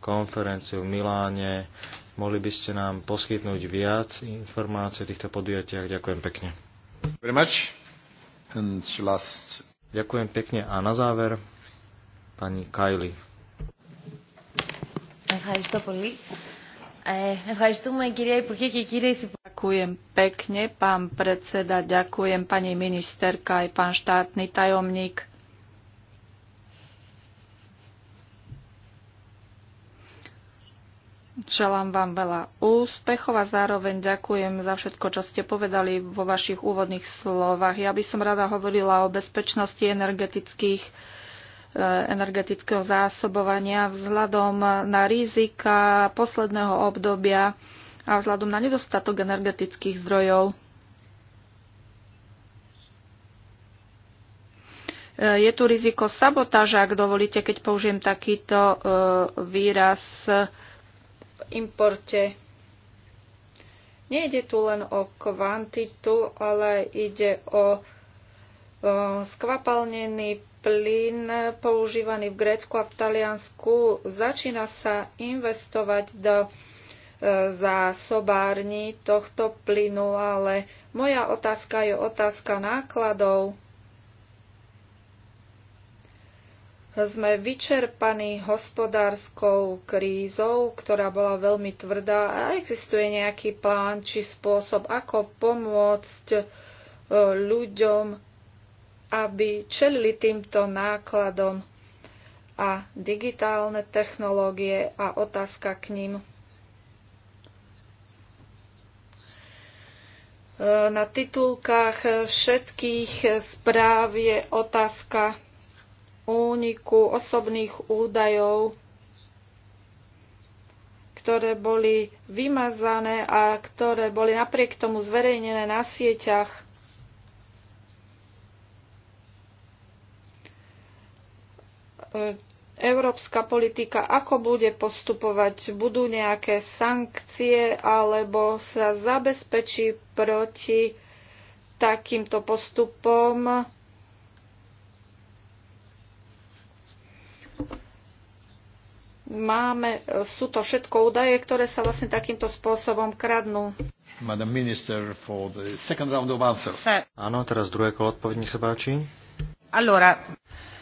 konferenciu v Miláne. Mohli by ste nám poskytnúť viac informácií o týchto podujatiach. Ďakujem pekne. Very much. Ďakujem pekne a na záver pani Kajli. Ďakujem pekne, pán predseda, ďakujem pani ministerka aj pán štátny tajomník. Želám vám veľa úspechov a zároveň ďakujem za všetko, čo ste povedali vo vašich úvodných slovách. Ja by som rada hovorila o bezpečnosti energetických eh, energetického zásobovania vzhľadom na rizika posledného obdobia a vzhľadom na nedostatok energetických zdrojov. Eh, je tu riziko sabotáža, ak dovolíte, keď použijem takýto eh, výraz importe. Nejde tu len o kvantitu, ale ide o, o skvapalnený plyn používaný v Grécku a v Taliansku. Začína sa investovať do e, zásobárni tohto plynu, ale moja otázka je otázka nákladov. sme vyčerpaní hospodárskou krízou, ktorá bola veľmi tvrdá a existuje nejaký plán či spôsob, ako pomôcť e, ľuďom, aby čelili týmto nákladom a digitálne technológie a otázka k ním. E, na titulkách všetkých správ je otázka úniku osobných údajov, ktoré boli vymazané a ktoré boli napriek tomu zverejnené na sieťach. Európska politika, ako bude postupovať? Budú nejaké sankcie alebo sa zabezpečí proti takýmto postupom? máme, e, sú to všetko údaje, ktoré sa vlastne takýmto spôsobom kradnú. Madam Minister, for the second round of answers. Áno, teraz druhé kolo odpoveď, nech sa páči. Allora.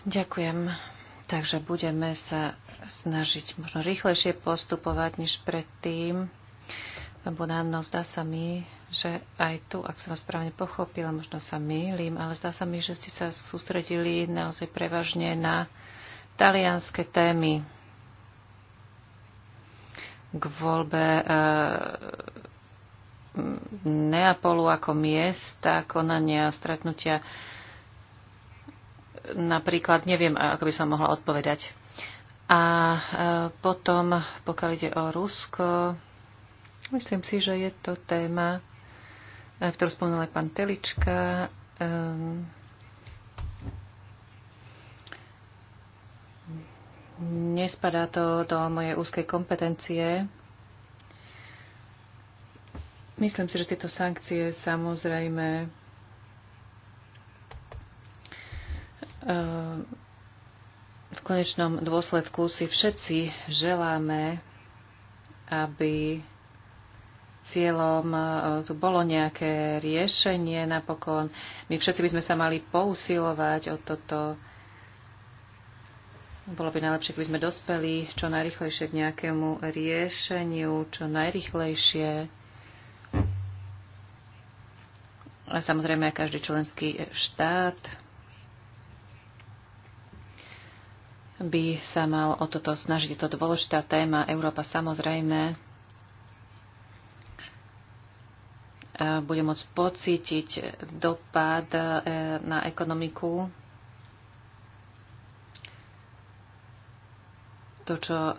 Ďakujem. Takže budeme sa snažiť možno rýchlejšie postupovať než predtým. na no, zdá sa mi, že aj tu, ak som vás správne pochopila, možno sa mýlim, ale zdá sa mi, že ste sa sústredili naozaj prevažne na talianské témy k voľbe eh, Neapolu ako miesta konania stretnutia napríklad neviem, ako by som mohla odpovedať. A eh, potom, pokiaľ ide o Rusko, myslím si, že je to téma, eh, ktorú spomínal aj pán Telička. Nespadá to do mojej úzkej kompetencie. Myslím si, že tieto sankcie samozrejme eh, v konečnom dôsledku si všetci želáme, aby cieľom eh, tu bolo nejaké riešenie napokon. My všetci by sme sa mali pousilovať o toto bolo by najlepšie, keby sme dospeli čo najrychlejšie k nejakému riešeniu, čo najrychlejšie. A samozrejme aj každý členský štát by sa mal o toto snažiť. Je to dôležitá téma. Európa samozrejme bude môcť pocítiť dopad e, na ekonomiku to, čo e,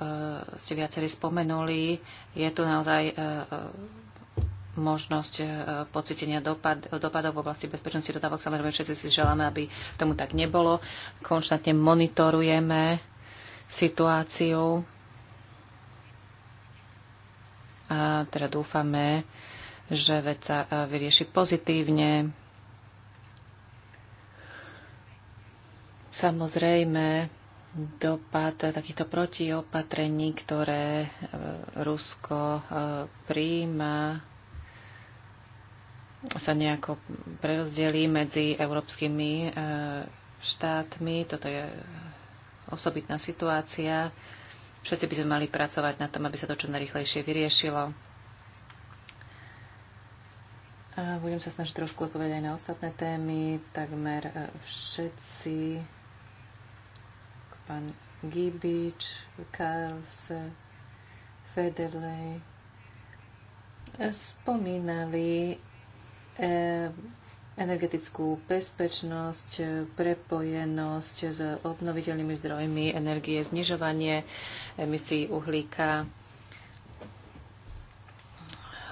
ste viacerí spomenuli, je tu naozaj e, e, možnosť pocitenia dopad, dopadov v oblasti bezpečnosti dodávok. Samozrejme, všetci si želáme, aby tomu tak nebolo. Konštantne monitorujeme situáciu a teda dúfame, že vec sa vyrieši pozitívne. Samozrejme, dopad takýchto protiopatrení, ktoré e, Rusko e, príjma, sa nejako prerozdelí medzi európskymi e, štátmi. Toto je osobitná situácia. Všetci by sme mali pracovať na tom, aby sa to čo najrychlejšie vyriešilo. A budem sa snažiť trošku odpovedať aj na ostatné témy. Takmer všetci pán Gibič, Karls, Federley spomínali eh, energetickú bezpečnosť, prepojenosť s obnoviteľnými zdrojmi energie, znižovanie emisí uhlíka.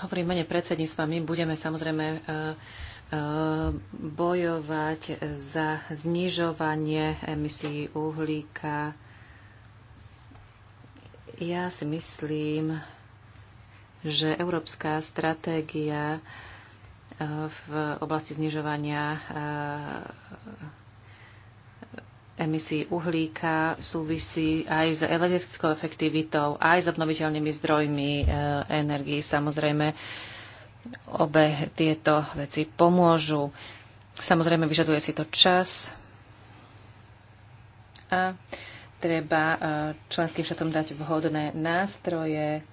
Hovorím mene predsedníctva, my budeme samozrejme eh, E, bojovať za znižovanie emisí uhlíka. Ja si myslím, že európska stratégia e, v oblasti znižovania e, emisí uhlíka súvisí aj s elektrickou efektivitou, aj s obnoviteľnými zdrojmi energii. Samozrejme, Obe tieto veci pomôžu. Samozrejme, vyžaduje si to čas a treba e, členským štátom dať vhodné nástroje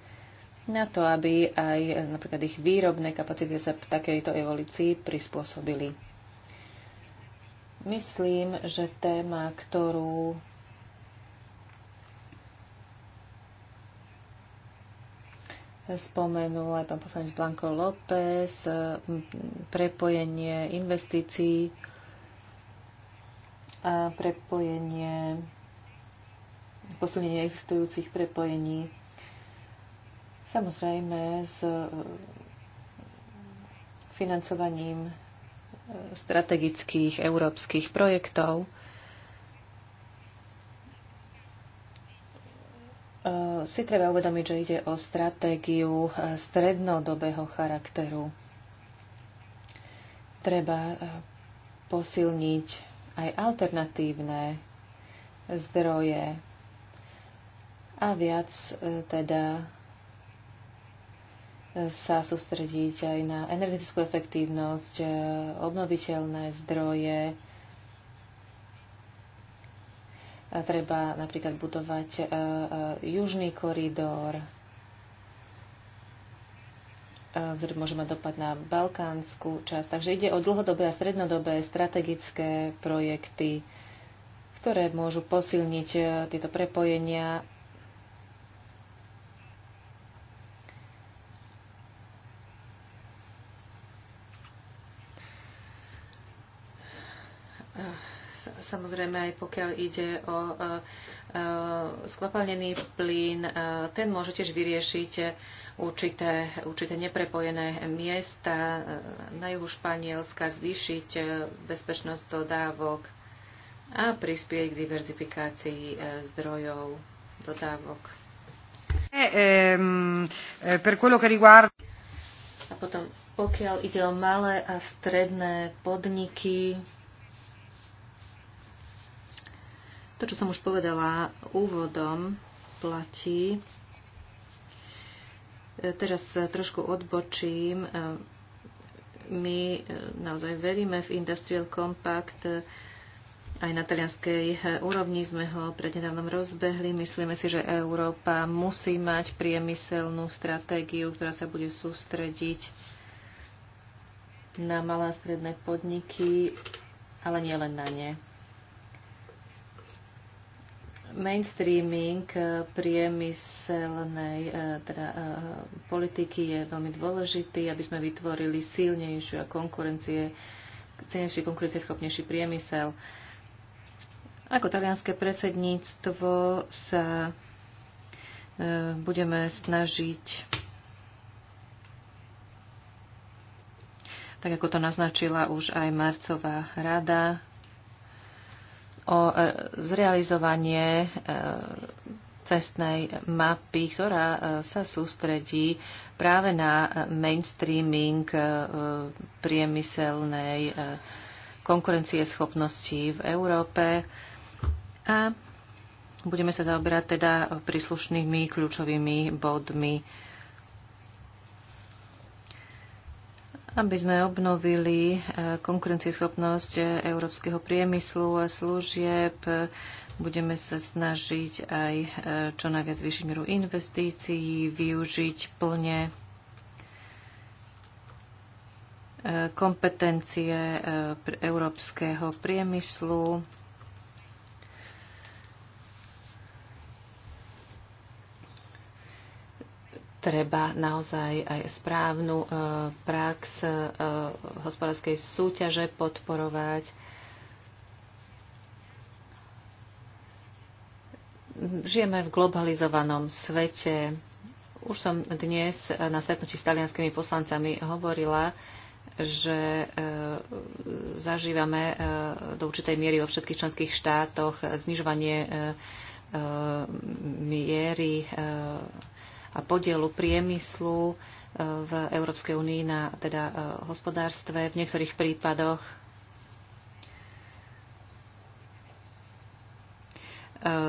na to, aby aj e, napríklad ich výrobné kapacity sa takejto evolúcii prispôsobili. Myslím, že téma, ktorú spomenul aj pán poslanec Blanko López, eh, prepojenie investícií a prepojenie, posunenie existujúcich prepojení. Samozrejme s eh, financovaním eh, strategických európskych projektov si treba uvedomiť, že ide o stratégiu e, strednodobého charakteru. Treba e, posilniť aj alternatívne zdroje a viac e, teda sa sústrediť aj na energetickú efektívnosť, obnoviteľné zdroje, treba napríklad budovať e, e, južný koridor, e, ktorý môže mať dopad na balkánsku časť. Takže ide o dlhodobé a strednodobé strategické projekty, ktoré môžu posilniť tieto prepojenia samozrejme aj pokiaľ ide o e, e, skvapalnený plyn, e, ten môže tiež vyriešiť určité, určité neprepojené miesta na juhu Španielska, zvýšiť bezpečnosť dodávok a prispieť k diverzifikácii zdrojov dodávok. A potom, pokiaľ ide o malé a stredné podniky, To, čo som už povedala úvodom, platí. E, teraz trošku odbočím. E, my e, naozaj veríme v Industrial Compact. Aj na talianskej úrovni sme ho prednedávnom rozbehli. Myslíme si, že Európa musí mať priemyselnú stratégiu, ktorá sa bude sústrediť na malé a stredné podniky, ale nielen na ne. Mainstreaming eh, priemyselnej eh, teda, eh, politiky je veľmi dôležitý, aby sme vytvorili silnejšiu a konkurencie, cenejší konkurencieschopnejší priemysel. Ako talianské predsedníctvo sa budeme snažiť tak ako to naznačila už aj Marcová rada, o e, zrealizovanie e, cestnej mapy, ktorá e, sa sústredí práve na mainstreaming priemyselnej konkurencieschopnosti v Európe a budeme sa zaoberať teda príslušnými kľúčovými bodmi aby sme obnovili eh, konkurencieschopnosť eh, európskeho priemyslu a služieb. Eh, budeme sa snažiť aj čo najviac vyšší mieru investícií, využiť plne kompetencie európskeho priemyslu treba naozaj aj správnu e, prax e, hospodárskej súťaže podporovať. Žijeme v globalizovanom svete. Už som dnes na stretnutí s talianskými poslancami hovorila, že e, zažívame do určitej miery vo všetkých členských štátoch znižovanie miery a podielu priemyslu e, v Európskej únii na teda e, hospodárstve. V niektorých prípadoch e,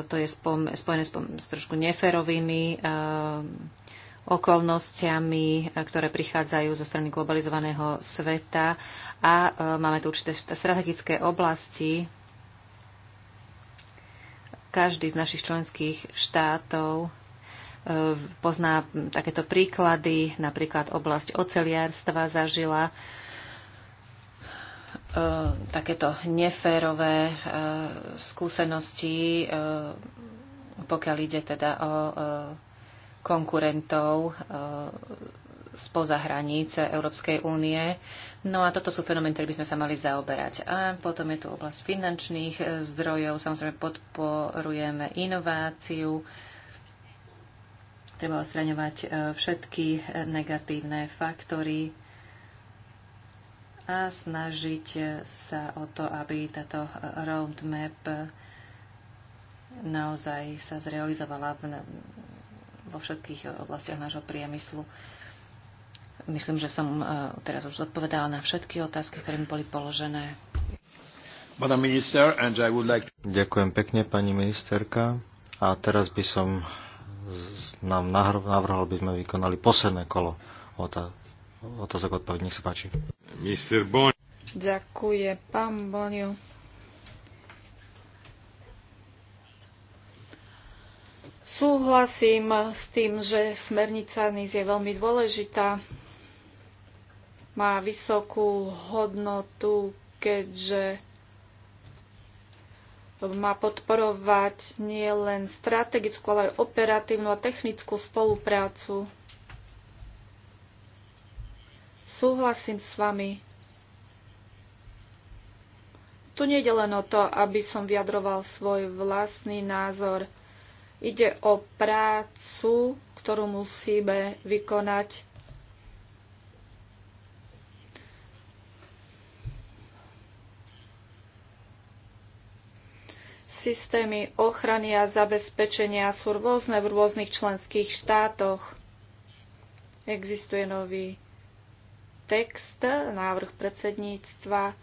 to je spojené s, s trošku neférovými okolnostiami, ktoré prichádzajú zo strany globalizovaného sveta a máme tu určité strategické oblasti. Každý z našich členských štátov pozná takéto príklady, napríklad oblasť oceliarstva zažila e, takéto neférové e, skúsenosti, e, pokiaľ ide teda o konkurentov spoza hranice Európskej únie. No a toto sú fenomény, ktoré by sme sa mali zaoberať. A potom je tu oblasť finančných zdrojov. Samozrejme podporujeme inováciu, Treba ostraňovať e, všetky e, negatívne faktory a snažiť e, sa o to, aby táto roadmap naozaj sa zrealizovala vo všetkých oblastiach nášho priemyslu. Myslím, že som teraz už odpovedala na všetky otázky, ktoré mi boli položené. Minister, like... Ďakujem pekne, pani ministerka. A teraz by som nám navrhol, aby sme vykonali posledné kolo otázok odpovedí. Nech sa páči. Mr. Bon. Ďakujem, pán Boniu. Súhlasím s tým, že smernica NIS je veľmi dôležitá. Má vysokú hodnotu, keďže má podporovať nie len strategickú, ale aj operatívnu a technickú spoluprácu. Súhlasím s vami. Tu je len o to, aby som vyjadroval svoj vlastný názor. Ide o prácu, ktorú musíme vykonať Systémy ochrany a zabezpečenia sú rôzne v rôznych členských štátoch. Existuje nový text, návrh predsedníctva,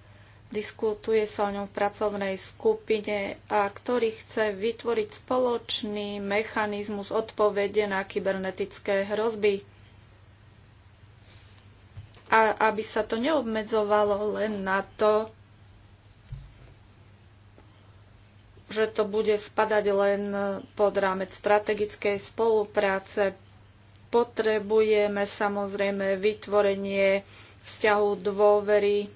diskutuje sa o ňom v pracovnej skupine, a ktorý chce vytvoriť spoločný mechanizmus odpovede na kybernetické hrozby. A aby sa to neobmedzovalo len na to, že to bude spadať len pod rámec strategickej spolupráce. Potrebujeme samozrejme vytvorenie vzťahu dôvery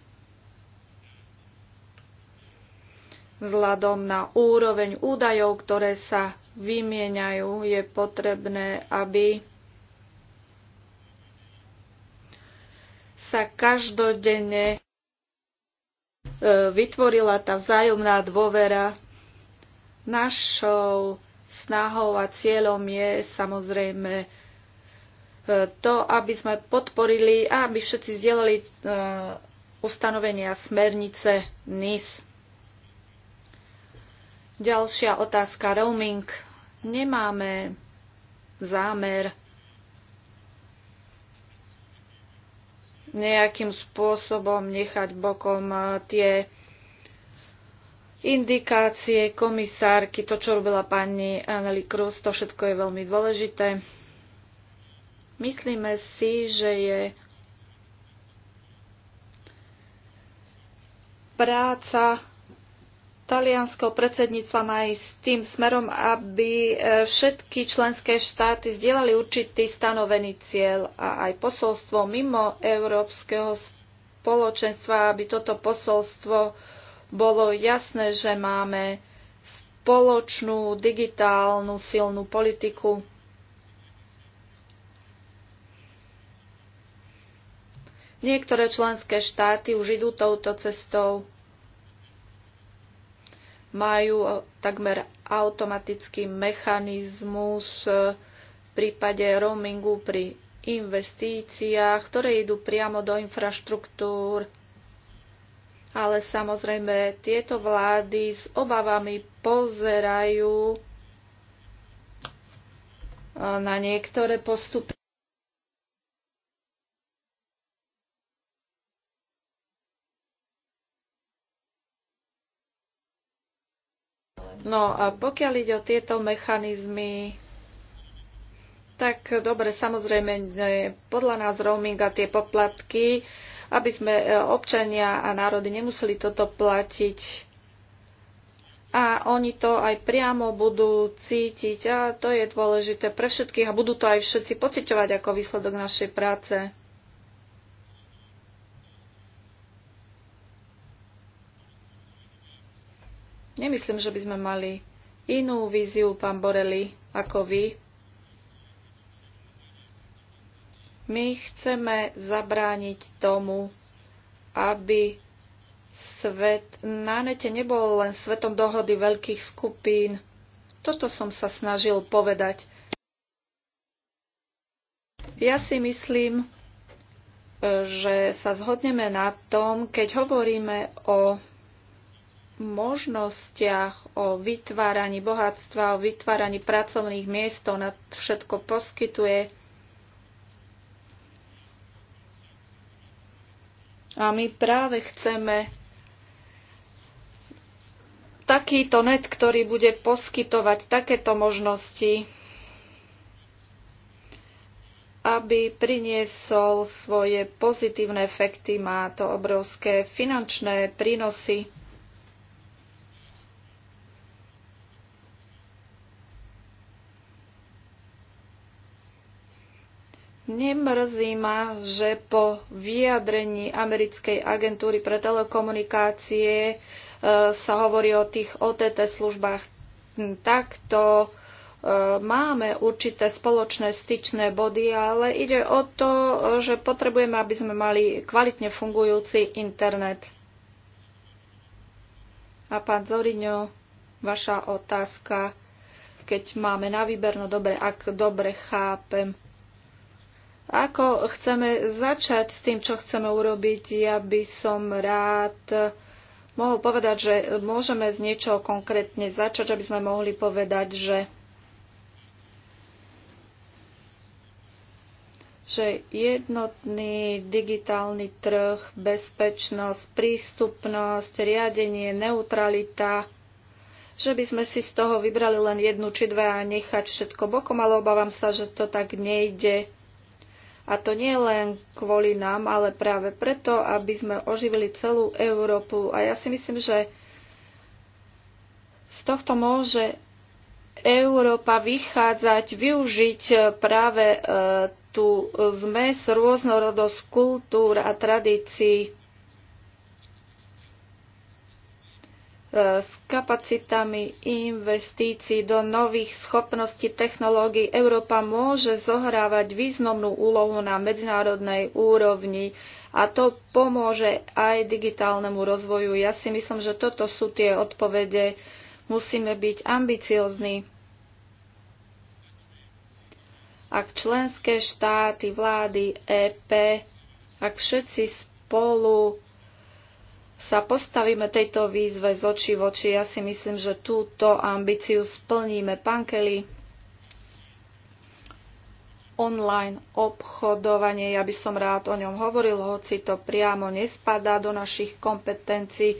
vzhľadom na úroveň údajov, ktoré sa vymieňajú, je potrebné, aby sa každodenne e, vytvorila tá vzájomná dôvera Našou snahou a cieľom je samozrejme e, to, aby sme podporili a aby všetci zdieľali e, ustanovenia smernice NIS. Ďalšia otázka, roaming. Nemáme zámer nejakým spôsobom nechať bokom e, tie indikácie komisárky, to, čo robila pani Anneli Cruz, to všetko je veľmi dôležité. Myslíme si, že je práca talianského predsedníctva má s tým smerom, aby e, všetky členské štáty zdieľali určitý stanovený cieľ a aj posolstvo mimo Európskeho spoločenstva, aby toto posolstvo bolo jasné, že máme spoločnú digitálnu silnú politiku. Niektoré členské štáty už idú touto cestou. Majú takmer automatický mechanizmus e, v prípade roamingu pri investíciách, ktoré idú priamo do infraštruktúr ale samozrejme tieto vlády s obavami pozerajú eh, na niektoré postupy. No a pokiaľ ide o tieto mechanizmy, tak dobre, samozrejme, eh, podľa nás roaming a tie poplatky, aby sme e, občania a národy nemuseli toto platiť. A oni to aj priamo budú cítiť a to je dôležité pre všetkých a budú to aj všetci pociťovať ako výsledok našej práce. Nemyslím, že by sme mali inú víziu, pán Borelli, ako vy. My chceme zabrániť tomu, aby svet na nete nebol len svetom dohody veľkých skupín. Toto som sa snažil povedať. Ja si myslím, že sa zhodneme na tom, keď hovoríme o možnostiach, o vytváraní bohatstva, o vytváraní pracovných miest, to všetko poskytuje A my práve chceme takýto net, ktorý bude poskytovať takéto možnosti, aby priniesol svoje pozitívne efekty. Má to obrovské finančné prínosy Nemrzí ma, že po vyjadrení americkej agentúry pre telekomunikácie e, sa hovorí o tých OTT službách hm, takto. E, máme určité spoločné styčné body, ale ide o to, že potrebujeme, aby sme mali kvalitne fungujúci internet. A pán Zoriňo, vaša otázka, keď máme na výber, no dobre, ak dobre chápem, ako chceme začať s tým, čo chceme urobiť? Ja by som rád mohol povedať, že môžeme z niečoho konkrétne začať, aby sme mohli povedať, že, že jednotný digitálny trh, bezpečnosť, prístupnosť, riadenie, neutralita, že by sme si z toho vybrali len jednu či dve a nechať všetko bokom, ale obávam sa, že to tak nejde a to nie len kvôli nám, ale práve preto, aby sme oživili celú Európu. A ja si myslím, že z tohto môže Európa vychádzať, využiť e, práve e, tú zmes rôznorodosť kultúr a tradícií. E, s kapacitami investícií do nových schopností technológií Európa môže zohrávať významnú úlohu na medzinárodnej úrovni a to pomôže aj digitálnemu rozvoju. Ja si myslím, že toto sú tie odpovede. Musíme byť ambiciozní. Ak členské štáty, vlády, EP, ak všetci spolu sa postavíme tejto výzve z očí v oči. Ja si myslím, že túto ambíciu splníme. Pán Kelly, online obchodovanie, ja by som rád o ňom hovoril, hoci to priamo nespadá do našich kompetencií. E,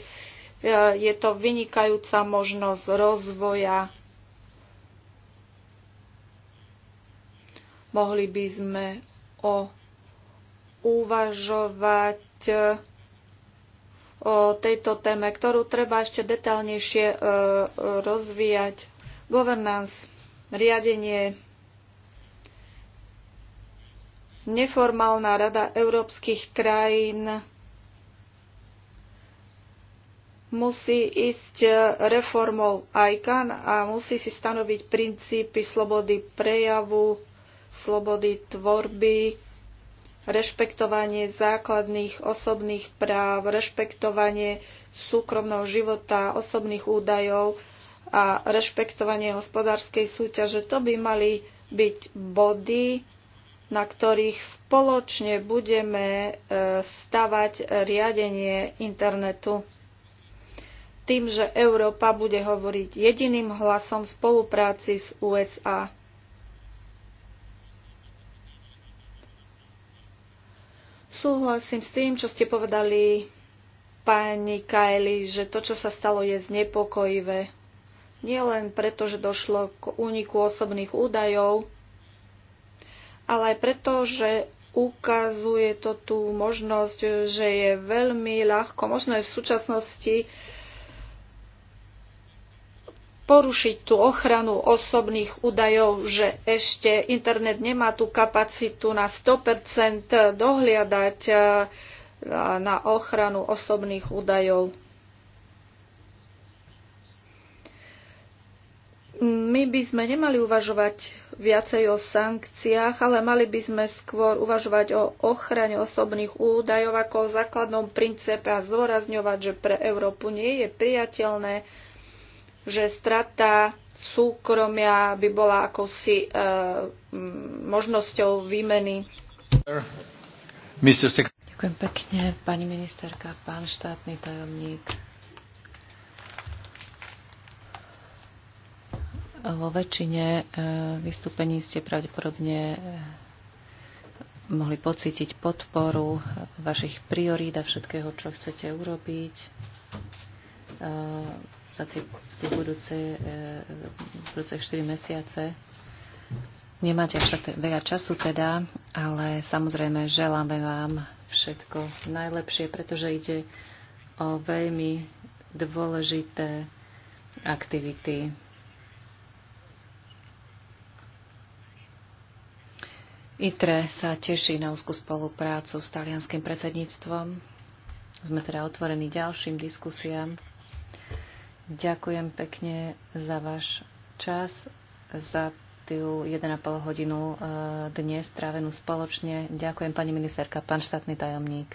je to vynikajúca možnosť rozvoja. Mohli by sme o uvažovať o tejto téme, ktorú treba ešte detaľnejšie e, e, rozvíjať. Governance, riadenie, neformálna rada európskych krajín musí ísť e, reformou ICAN a musí si stanoviť princípy slobody prejavu, slobody tvorby, rešpektovanie základných osobných práv, rešpektovanie súkromného života, osobných údajov a rešpektovanie hospodárskej súťaže. To by mali byť body, na ktorých spoločne budeme e, stavať riadenie internetu. Tým, že Európa bude hovoriť jediným hlasom spolupráci s USA. Súhlasím s tým, čo ste povedali, pani Kajli, že to, čo sa stalo, je znepokojivé. Nielen preto, že došlo k úniku osobných údajov, ale aj preto, že ukazuje to tú možnosť, že je veľmi ľahko, možno aj v súčasnosti, porušiť tú ochranu osobných údajov, že ešte internet nemá tú kapacitu na 100% dohliadať e, na ochranu osobných údajov. My by sme nemali uvažovať viacej o sankciách, ale mali by sme skôr uvažovať o ochrane osobných údajov ako o základnom princípe a zdôrazňovať, že pre Európu nie je priateľné že strata súkromia by bola akousi uh, možnosťou výmeny. Ďakujem pekne, pani ministerka, pán štátny tajomník. Vo väčšine e, vystúpení ste pravdepodobne e, mohli pocítiť podporu vašich priorít a všetkého, čo chcete urobiť za tie, tie budúce, e, budúce 4 mesiace. Nemáte však veľa času teda, ale samozrejme želáme vám všetko najlepšie, pretože ide o veľmi dôležité aktivity. ITRE sa teší na úzku spoluprácu s talianským predsedníctvom. Sme teda otvorení ďalším diskusiám Ďakujem pekne za váš čas, za tú 1,5 hodinu eh, dnes strávenú spoločne. Ďakujem pani ministerka, pán štátny tajomník.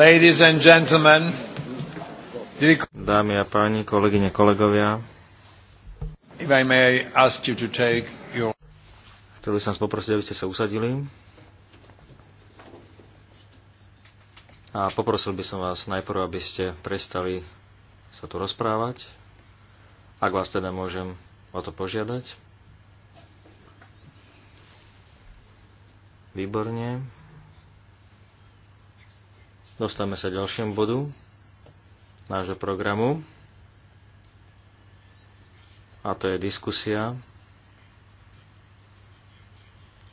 Ladies and gentlemen, Dámy a páni, kolegyne, kolegovia, If I may ask you to take your... Chcel by som vás poprosiť, aby ste sa usadili. A poprosil by som vás najprv, aby ste prestali sa tu rozprávať. Ak vás teda môžem o to požiadať. Výborne. Dostávame sa ďalšiemu bodu nášho programu. A to je diskusia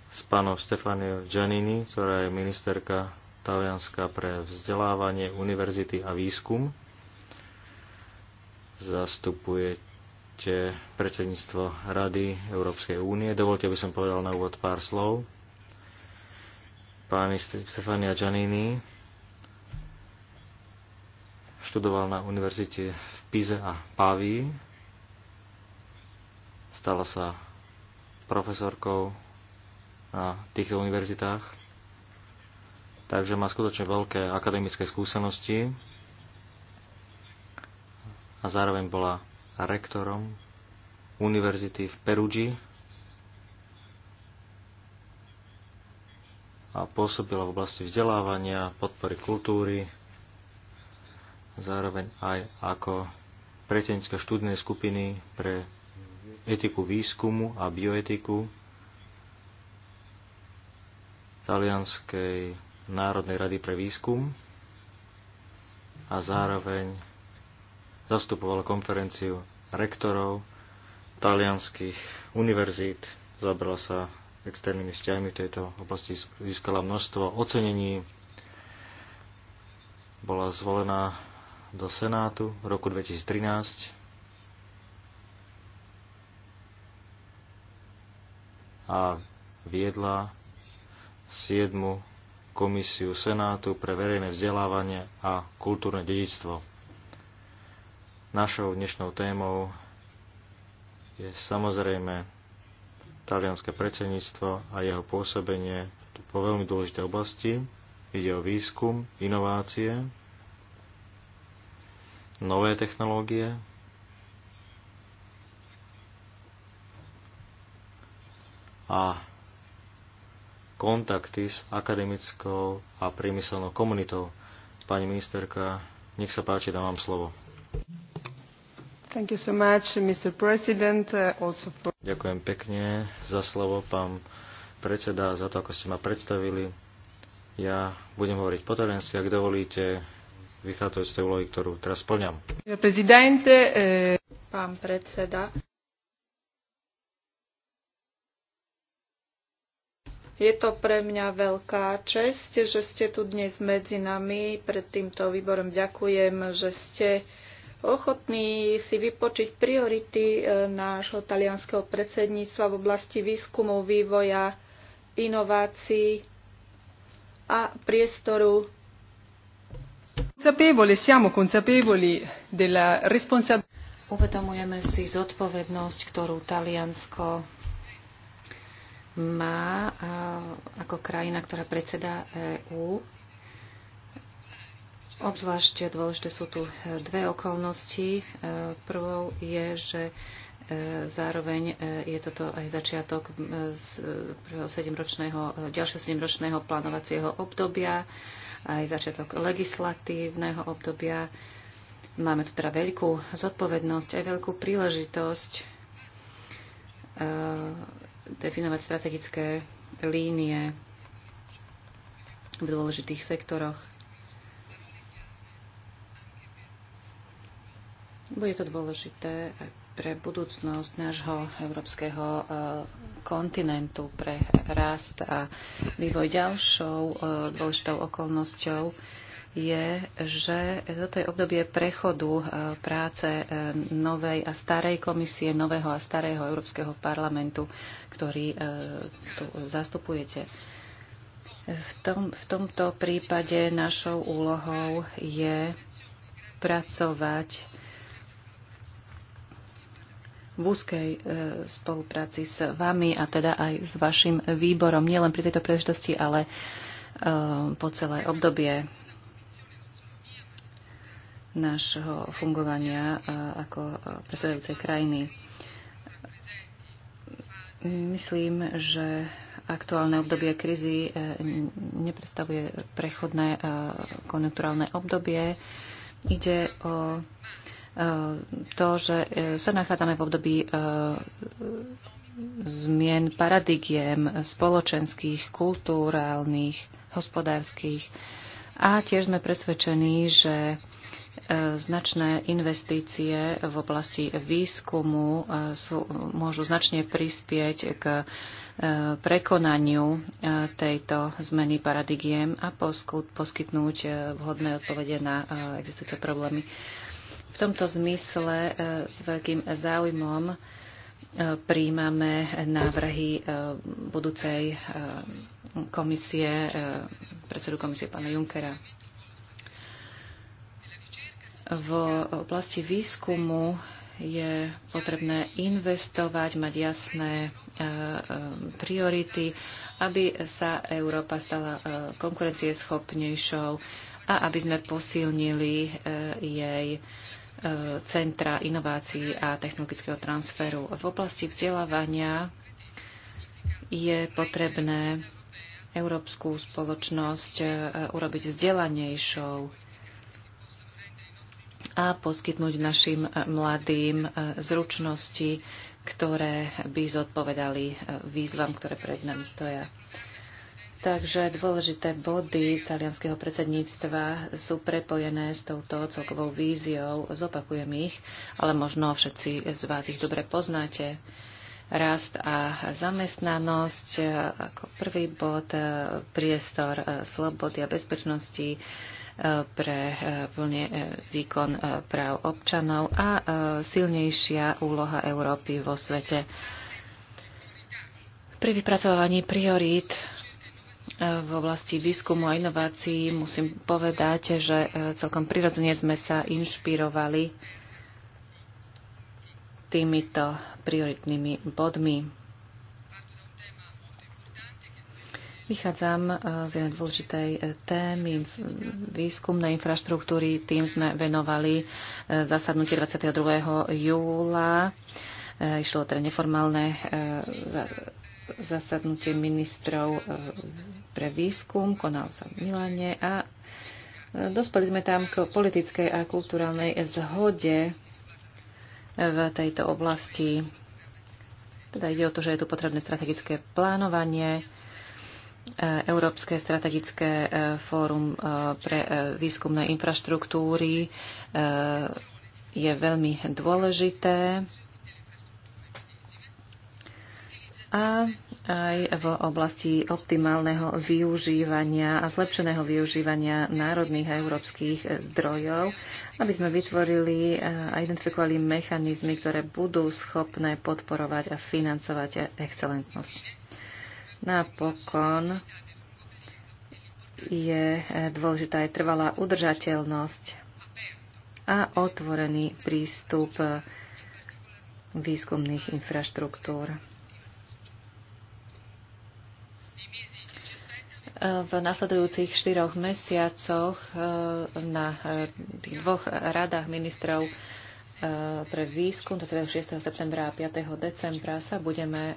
s pánom Stefanio Giannini, ktorá je ministerka Talianska pre vzdelávanie, univerzity a výskum. Zastupujete predsedníctvo Rady Európskej únie. Dovolte, aby som povedal na úvod pár slov. Páni Stefania Giannini, Študoval na univerzite v Pize a Pavii. Stala sa profesorkou na týchto univerzitách. Takže má skutočne veľké akademické skúsenosti a zároveň bola rektorom univerzity v Perugii a pôsobila v oblasti vzdelávania, podpory kultúry zároveň aj ako predsednícka študnej skupiny pre etiku výskumu a bioetiku Talianskej Národnej rady pre výskum a zároveň zastupovala konferenciu rektorov talianských univerzít, zabrala sa externými vzťahmi v tejto oblasti, získala množstvo ocenení, bola zvolená do Senátu v roku 2013 a viedla 7. komisiu Senátu pre verejné vzdelávanie a kultúrne dedičstvo. Našou dnešnou témou je samozrejme talianské predsedníctvo a jeho pôsobenie po veľmi dôležité oblasti. Ide o výskum, inovácie, nové technológie. a kontakty s akademickou a priemyselnou komunitou. Pani ministerka, nech sa páči, dám vám slovo. Thank you so much, Mr. President, uh, also for... Ďakujem pekne za slovo, pán predseda, za to, ako ste ma predstavili. Ja budem hovoriť po taliansky, ak dovolíte, vychádzajú z tej úlohy, ktorú teraz splňam. Prezidente, e, pán predseda. Je to pre mňa veľká čest, že ste tu dnes medzi nami. Pred týmto výborom ďakujem, že ste ochotní si vypočiť priority e, nášho talianského predsedníctva v oblasti výskumu, vývoja, inovácií a priestoru Uvedomujeme si zodpovednosť, ktorú Taliansko má ako krajina, ktorá predseda EÚ. Obzvlášť dôležité sú tu dve okolnosti. E, prvou je, že e, Zároveň e, je toto aj začiatok z prvého 7 ďalšieho 7-ročného plánovacieho obdobia aj začiatok legislatívneho obdobia. Máme tu teda veľkú zodpovednosť, aj veľkú príležitosť e, definovať strategické línie v dôležitých sektoroch. Bude to dôležité aj pre budúcnosť nášho európskeho e, kontinentu, pre rast a vývoj. Ďalšou e, dôležitou okolnosťou je, že toto je obdobie prechodu e, práce novej a starej komisie, nového a starého Európskeho parlamentu, ktorý tu zastupujete. V, tom, v tomto prípade našou úlohou je pracovať v úzkej e, spolupráci s vami a teda aj s vašim výborom, nielen pri tejto príležitosti, ale e, po celé obdobie nášho fungovania e, ako predsedajúcej krajiny. Myslím, že aktuálne obdobie krízy nepredstavuje prechodné konjunkturálne obdobie. Ide o to, že e, sa nachádzame v období e, zmien paradigiem spoločenských, kulturálnych, hospodárskych. A tiež sme presvedčení, že e, značné investície v oblasti výskumu sú, môžu značne prispieť k prekonaniu tejto zmeny paradigiem a poskytnúť vhodné odpovede na existujúce problémy. V tomto zmysle e, s veľkým záujmom e, príjmame návrhy e, budúcej komisie, predsedu komisie pána Junkera. V oblasti výskumu je potrebné investovať, mať jasné priority, aby sa Európa stala konkurencieschopnejšou, a aby sme posilnili e, jej e, centra inovácií a technologického transferu. V oblasti vzdelávania je potrebné európsku spoločnosť e, urobiť vzdelanejšou, a poskytnúť našim mladým zručnosti, ktoré by zodpovedali výzvam, ktoré pred nami stoja. Takže dôležité body talianského predsedníctva sú prepojené s touto celkovou víziou. Zopakujem ich, ale možno všetci z vás ich dobre poznáte. Rast a zamestnanosť ako prvý bod, e, priestor e, slobody a bezpečnosti e, pre plne výkon práv občanov a silnejšia úloha Európy vo svete. Pri vypracovaní priorít v oblasti výskumu a inovácií musím povedať, že e, celkom prirodzene sme sa inšpirovali týmito prioritnými bodmi. Vychádzam e, z jednej dôležitej e, témy výskumnej infraštruktúry. Tým sme venovali zasadnutie 22. júla. Išlo teda neformálne zasadnutie ministrov e, pre výskum, konal sa v Milane a e, dospeli sme tam k politickej a kulturálnej zhode e, v tejto oblasti. Teda ide o to, že je tu potrebné strategické plánovanie, Európske strategické fórum pre výskumné infraštruktúry je veľmi dôležité a aj v oblasti optimálneho využívania a zlepšeného využívania národných a európskych zdrojov, aby sme vytvorili a identifikovali mechanizmy, ktoré budú schopné podporovať a financovať excelentnosť. Napokon je dôležitá aj trvalá udržateľnosť a otvorený prístup výskumných infraštruktúr. v nasledujúcich štyroch mesiacoch e, na tých dvoch radách ministrov e, pre výskum, teda 6. septembra a 5. decembra, sa budeme e,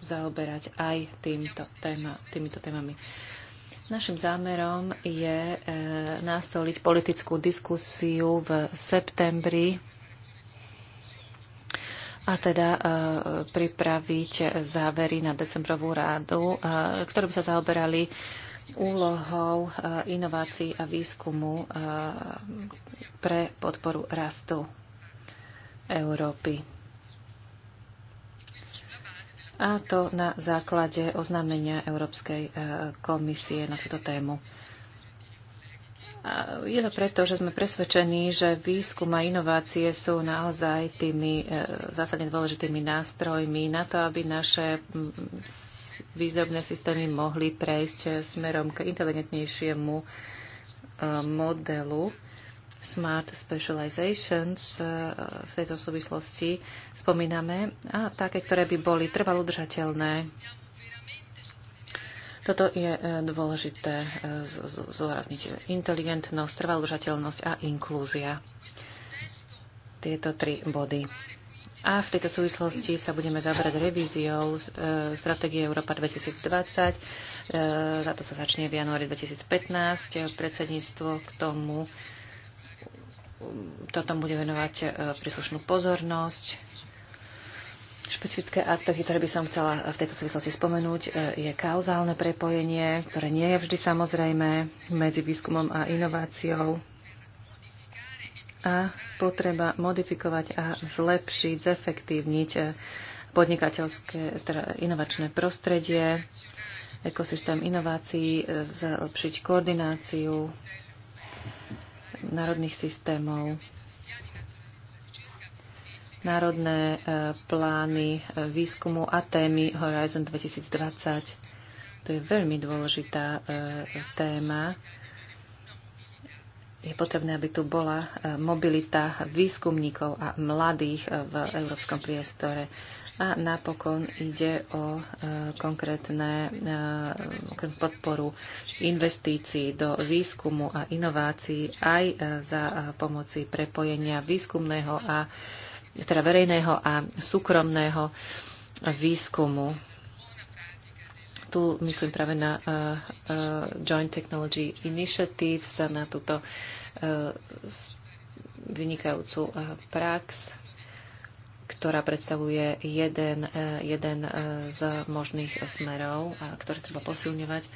zaoberať aj týmto téma, týmito témami. Našim zámerom je nastoliť politickú diskusiu v septembri a teda e, pripraviť závery na decembrovú rádu, e, ktoré by sa zaoberali úlohou e, inovácií a výskumu pre podporu rastu Európy. A to na základe oznámenia Európskej komisie na túto tému. Je to preto, že sme presvedčení, že výskum a inovácie sú naozaj tými e, zásadne dôležitými nástrojmi na to, aby naše výzdobné systémy mohli prejsť smerom k inteligentnejšiemu e, modelu Smart Specializations e, v tejto súvislosti spomíname a také, ktoré by boli trvalo udržateľné toto je e, dôležité e, zúrazniť. Inteligentnosť, trvalúžateľnosť a inklúzia. Tieto tri body. A v tejto súvislosti sa budeme zabrať revíziou e, stratégie Európa 2020. E, to sa začne v januári 2015. Predsedníctvo k tomu toto bude venovať e, príslušnú pozornosť špecifické aspekty, ktoré by som chcela v tejto súvislosti spomenúť, e, je kauzálne prepojenie, ktoré nie je vždy samozrejme medzi výskumom a inováciou a potreba modifikovať a zlepšiť, zefektívniť e, podnikateľské, teda inovačné prostredie, ekosystém inovácií, e, zlepšiť koordináciu národných systémov národné e, plány e, výskumu a témy Horizon 2020. To je veľmi dôležitá e, téma. Je potrebné, aby tu bola mobilita výskumníkov a mladých v európskom priestore. A napokon ide o konkrétne podporu investícií do výskumu a inovácií aj za pomoci prepojenia výskumného a teda verejného a súkromného výskumu. Tu myslím práve na uh, uh, Joint Technology Initiatives, na túto uh, vynikajúcu uh, prax, ktorá predstavuje jeden, uh, jeden uh, z možných smerov, uh, ktoré treba posilňovať. Uh,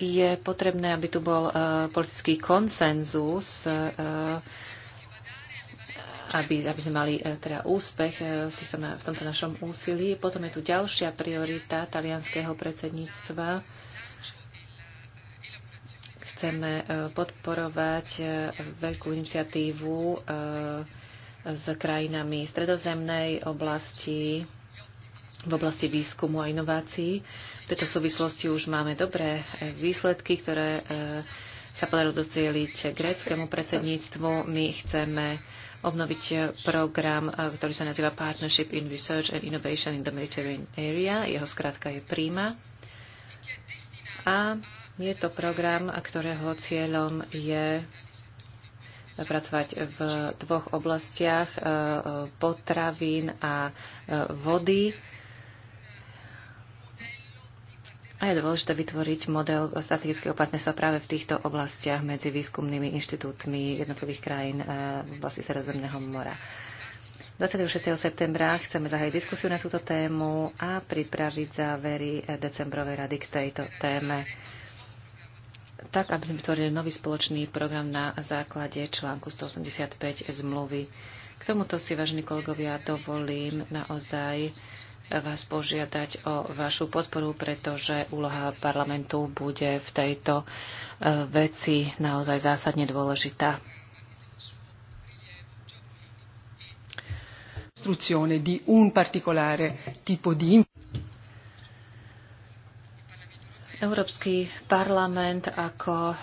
je potrebné, aby tu bol e, politický konsenzus, e, e, aby, aby sme mali teda úspech v, týchto, v tomto našom úsilí. Potom je tu ďalšia priorita talianského predsedníctva. Chceme podporovať veľkú iniciatívu s krajinami stredozemnej oblasti v oblasti výskumu a inovácií. V tejto súvislosti už máme dobré eh, výsledky, ktoré eh, sa podarilo docieliť gréckému predsedníctvu. My chceme obnoviť eh, program, ktorý sa nazýva Partnership in Research and Innovation in the Mediterranean Area. Jeho skratka je PRIMA. A je to program, ktorého cieľom je pracovať v dvoch oblastiach potravín a vody a je dôležité vytvoriť model strategického partnerstva práve v týchto oblastiach medzi výskumnými inštitútmi jednotlivých krajín eh, v oblasti Sredozemného mora. 26. septembra chceme zahájiť diskusiu na túto tému a pripraviť závery eh, decembrovej rady k tejto téme tak, aby sme vytvorili nový spoločný program na základe článku 185 zmluvy. K tomuto si, vážení kolegovia, dovolím naozaj vás požiadať o vašu podporu, pretože úloha parlamentu bude v tejto e, veci naozaj zásadne dôležitá. di un particolare tipo di Európsky parlament ako e,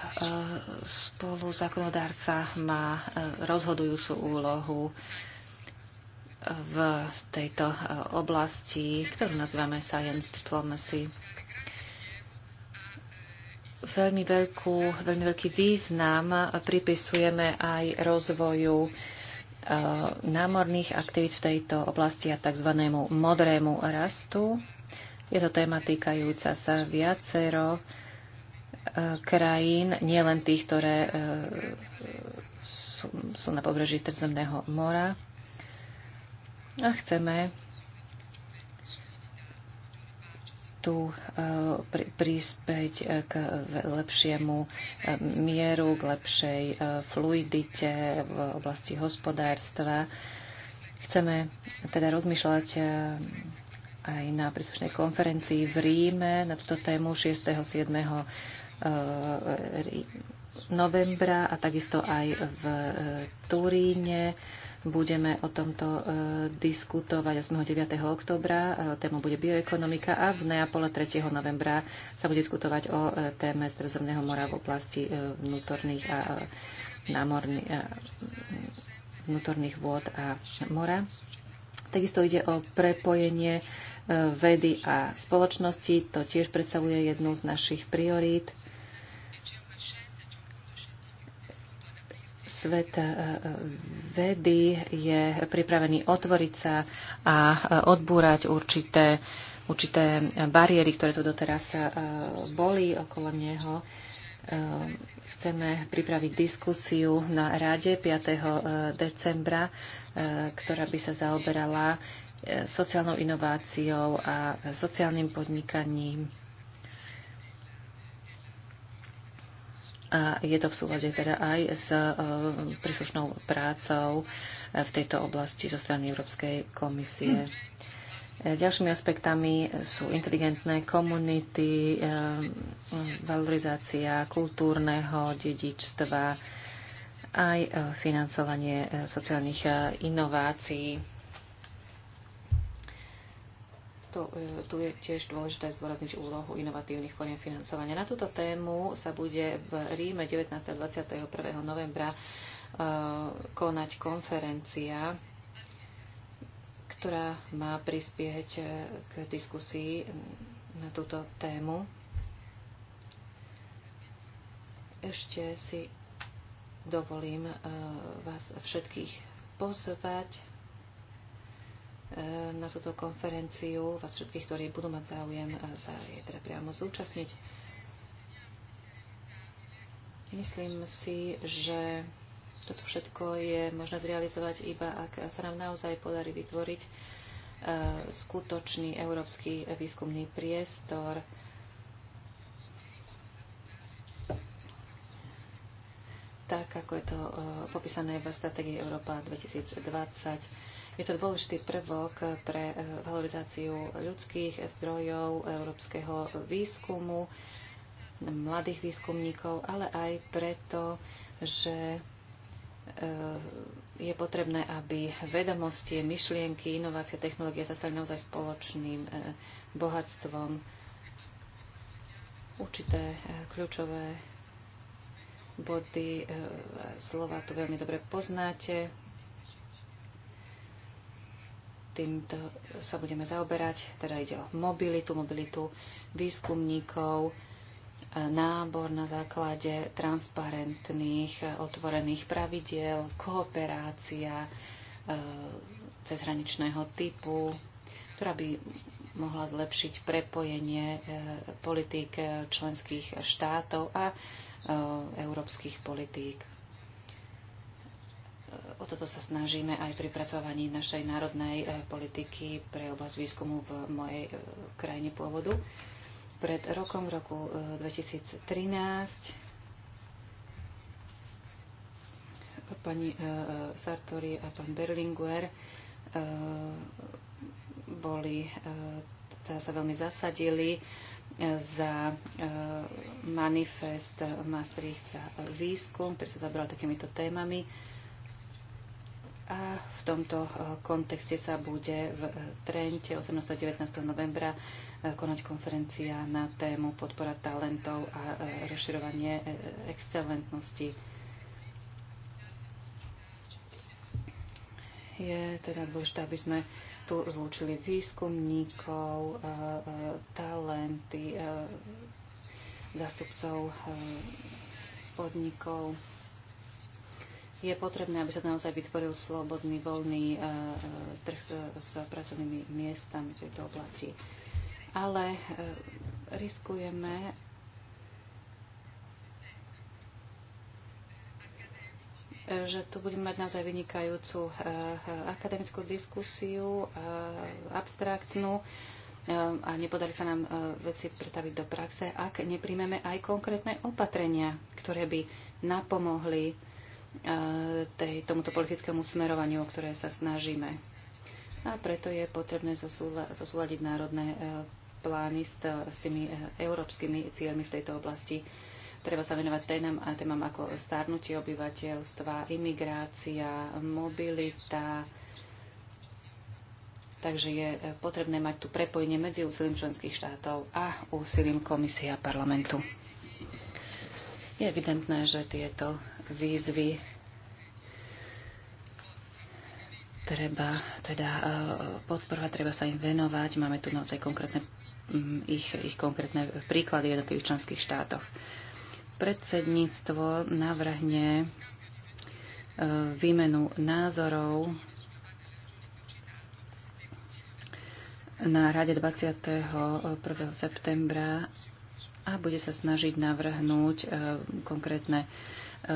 spoluzakonodárca má e, rozhodujúcu úlohu v tejto e, oblasti, ktorú nazývame Science Diplomacy. Veľmi, veľkú, veľmi veľký význam pripisujeme aj rozvoju e, námorných aktivít v tejto oblasti a tzv. modrému rastu. Je to téma týkajúca sa viacero e, krajín, nielen tých, ktoré sú na pobreží Trzemného mora a chceme tu e, prispieť e, k lepšiemu e, mieru, k lepšej fluidite v oblasti hospodárstva. Chceme teda rozmýšľať aj na príslušnej konferencii v Ríme na túto tému 6. 7 novembra a takisto aj v Turíne Budeme o tomto e, diskutovať 8. 9. oktobra. E, Téma bude bioekonomika a v Neapole 3. novembra sa bude diskutovať o e, téme Stredozemného mora v oblasti vnútorných a námorných vnútorných vôd a mora. Takisto ide o prepojenie vedy a spoločnosti. To tiež predstavuje jednu z našich priorít. Svet e, e, vedy je pripravený otvoriť sa a e, odbúrať určité, určité bariéry, ktoré tu doteraz boli okolo neho. Chceme pripraviť diskusiu na rade 5. decembra, ktorá by sa zaoberala sociálnou inováciou a sociálnym podnikaním a je to v súlade teda aj s e, príslušnou prácou v tejto oblasti zo strany Európskej komisie. E, ďalšími aspektami sú inteligentné komunity, e, valorizácia kultúrneho dedičstva, aj financovanie sociálnych inovácií. To, e, tu je tiež dôležité zdôrazniť úlohu inovatívnych foriem financovania. Na túto tému sa bude v Ríme 19. a 21. novembra e, konať konferencia, ktorá má prispieť e, k diskusii na túto tému. Ešte si dovolím vás všetkých pozvať Eh, na túto konferenciu. Vás všetkých, ktorí budú mať záujem, eh, sa je teda priamo zúčastniť. Myslím si, že toto všetko je možné zrealizovať iba, ak sa nám naozaj podarí vytvoriť eh, skutočný európsky výskumný priestor, tak ako je to popísané v stratégii Európa 2020 je to dôležitý prvok pre eh, valorizáciu ľudských zdrojov, európskeho výskumu, mladých výskumníkov, ale aj preto, že eh, je potrebné, aby vedomosti, myšlienky, inovácie, technológie sa stali naozaj spoločným eh, bohatstvom. Určité kľúčové body slova tu veľmi dobre poznáte. Týmto sa budeme zaoberať, teda ide o mobilitu, mobilitu výskumníkov, e, nábor na základe transparentných, otvorených pravidiel, kooperácia e, cezhraničného typu, ktorá by mohla zlepšiť prepojenie e, politík členských štátov a európskych politík. O toto sa snažíme aj pri pracovaní našej národnej eh, politiky pre oblasť výskumu v mojej eh, krajine pôvodu. Pred rokom, v roku 2013, eh, pani Sartori a pán Berlinguer boli, teda sa veľmi zasadili za manifest Maastrichtca výskum, ktorý sa zabral takýmito témami a v tomto e, kontexte sa bude v e, Trente 18. a 19. novembra e, konať konferencia na tému podpora talentov a rozširovanie excelentnosti. Je teda dôležité, aby sme tu zlúčili výskumníkov, talenty, zástupcov podnikov je potrebné, aby sa naozaj vytvoril slobodný, voľný e, e, trh s, s pracovnými miestami v tejto oblasti. Ale e, riskujeme, že tu budeme mať naozaj vynikajúcu akademickú diskusiu, abstraktnú a nepodarí sa nám veci pretaviť do praxe, ak nepríjmeme aj konkrétne opatrenia, ktoré by napomohli E, tej, tomuto politickému smerovaniu, o ktoré sa snažíme. A preto je potrebné zosúľadiť národné e, plány s, s tými e, európskymi cieľmi v tejto oblasti. Treba sa venovať témam, témam ako starnutie obyvateľstva, imigrácia, mobilita. Takže je potrebné mať tu prepojenie medzi úsilím členských štátov a úsilím komisie a parlamentu. Je evidentné, že tieto výzvy. Treba teda e, podporovať, treba sa im venovať. Máme tu naozaj konkrétne, mm, ich, ich konkrétne príklady v jednotlivých členských štátoch. Predsedníctvo navrhne e, výmenu názorov na rade 21. septembra a bude sa snažiť navrhnúť e, konkrétne E,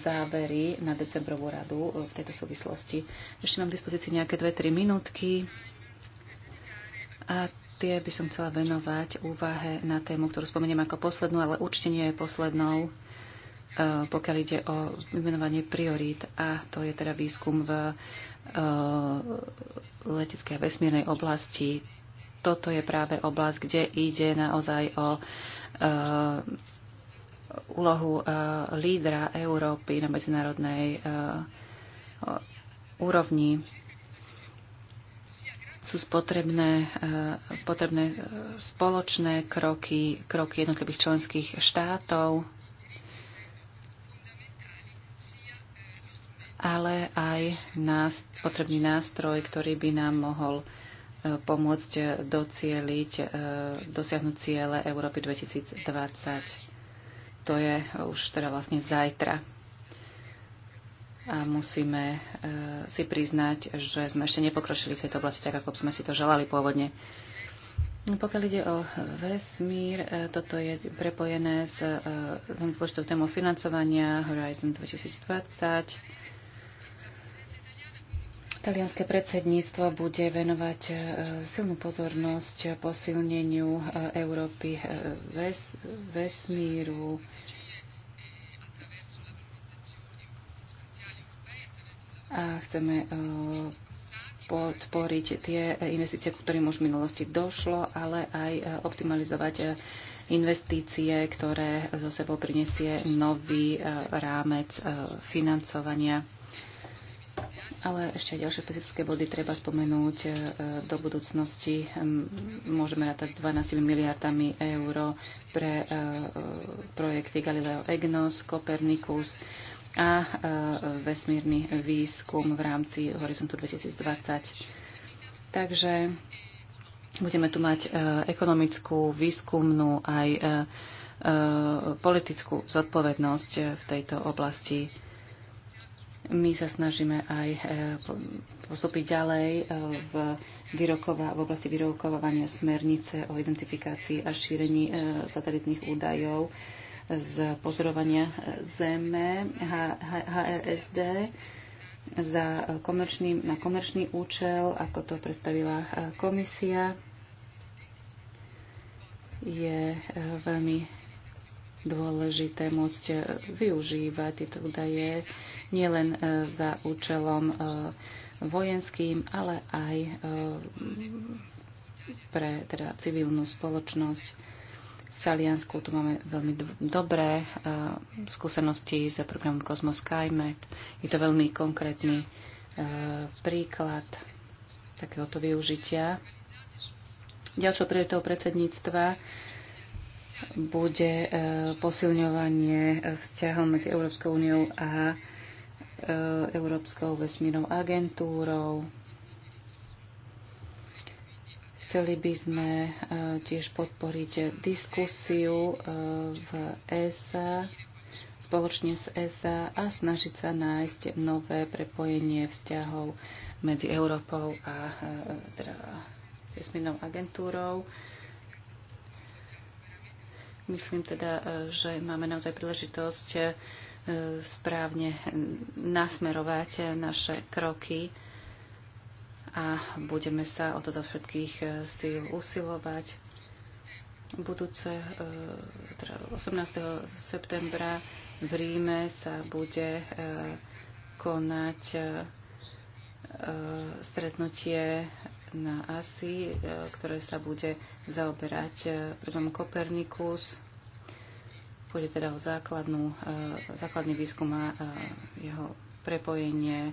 závery na decembrovú radu e, v tejto súvislosti. Ešte mám k dispozícii nejaké 2-3 minútky a tie by som chcela venovať úvahe na tému, ktorú spomeniem ako poslednú, ale určite nie je poslednou, e, pokiaľ ide o vymenovanie priorít a to je teda výskum v leteckej a vesmírnej oblasti. Toto je práve oblasť, kde ide naozaj o úlohu e, lídra Európy na medzinárodnej e, úrovni. Sú e, potrebné, potrebné spoločné kroky, kroky jednotlivých členských štátov, ale aj nás, potrebný nástroj, ktorý by nám mohol pomôcť docieliť, dosiahnuť ciele Európy 2020 to je už teda vlastne zajtra. A musíme e, si priznať, že sme ešte nepokročili v tejto oblasti tak, ako sme si to želali pôvodne. No, pokiaľ ide o vesmír, e, toto je prepojené s e, veľmi dôležitou témou financovania Horizon 2020 Talianské predsedníctvo bude venovať e, silnú pozornosť posilneniu e, Európy e, ves, vesmíru, a chceme podporiť tie investície, ku ktorým už v minulosti došlo, ale aj optimalizovať investície, ktoré zo sebou prinesie nový rámec financovania. Ale ešte aj ďalšie fyzické body treba spomenúť. E, do budúcnosti môžeme rátať s 12 miliardami eur pre e, projekty Galileo EGNOS, Copernicus a e, vesmírny výskum v rámci Horizontu 2020. Takže budeme tu mať ekonomickú, výskumnú aj politickú zodpovednosť v tejto oblasti my sa snažíme aj e, postúpiť ďalej e, v, vyrokova, v oblasti vyrokovávania smernice o identifikácii a šírení e, satelitných údajov z pozorovania Zeme, HRSD, za komerčný, na komerčný účel, ako to predstavila komisia. Je veľmi dôležité môcť e, využívať tieto údaje nielen e, za účelom e, vojenským, ale aj pre teda civilnú spoločnosť. V Taliansku tu máme veľmi dobré skúsenosti za programom Cosmos SkyMed. Je to veľmi konkrétny príklad takéhoto využitia. Ďalšou prioritou predsedníctva bude e, posilňovanie e, vzťahov medzi Európskou úniou a e, Európskou vesmírnou agentúrou. Chceli by sme tiež podporiť diskusiu v ESA spoločne s ESA a snažiť sa nájsť nové prepojenie vzťahov medzi Európou a teda vesmírnou agentúrou. Myslím teda, e, že máme naozaj príležitosť e, správne nasmerovať naše kroky a budeme sa o to zo všetkých e, síl usilovať. Budúce, teda 18. septembra v Ríme sa bude konať stretnutie na ASI, e, ktoré sa bude zaoberať e, prvom Kopernikus. Pôjde teda o základnú, e, základný výskum a jeho prepojenie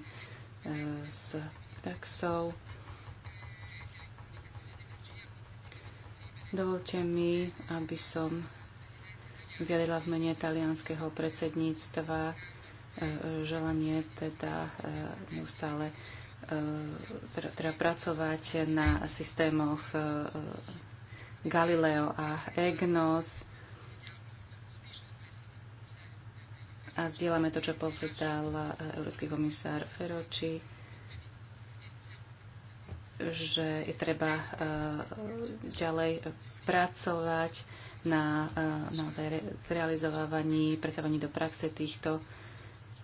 s praxou. Dovolte mi, aby som vyjadrila v mene talianského predsedníctva želanie teda neustále E, teda, teda pracovať na systémoch e, e, Galileo a EGNOS. A zdieľame to, čo povedal Európsky komisár Feroči, že je treba ďalej pracovať na naozaj zrealizovávaní, pretávaní do praxe týchto,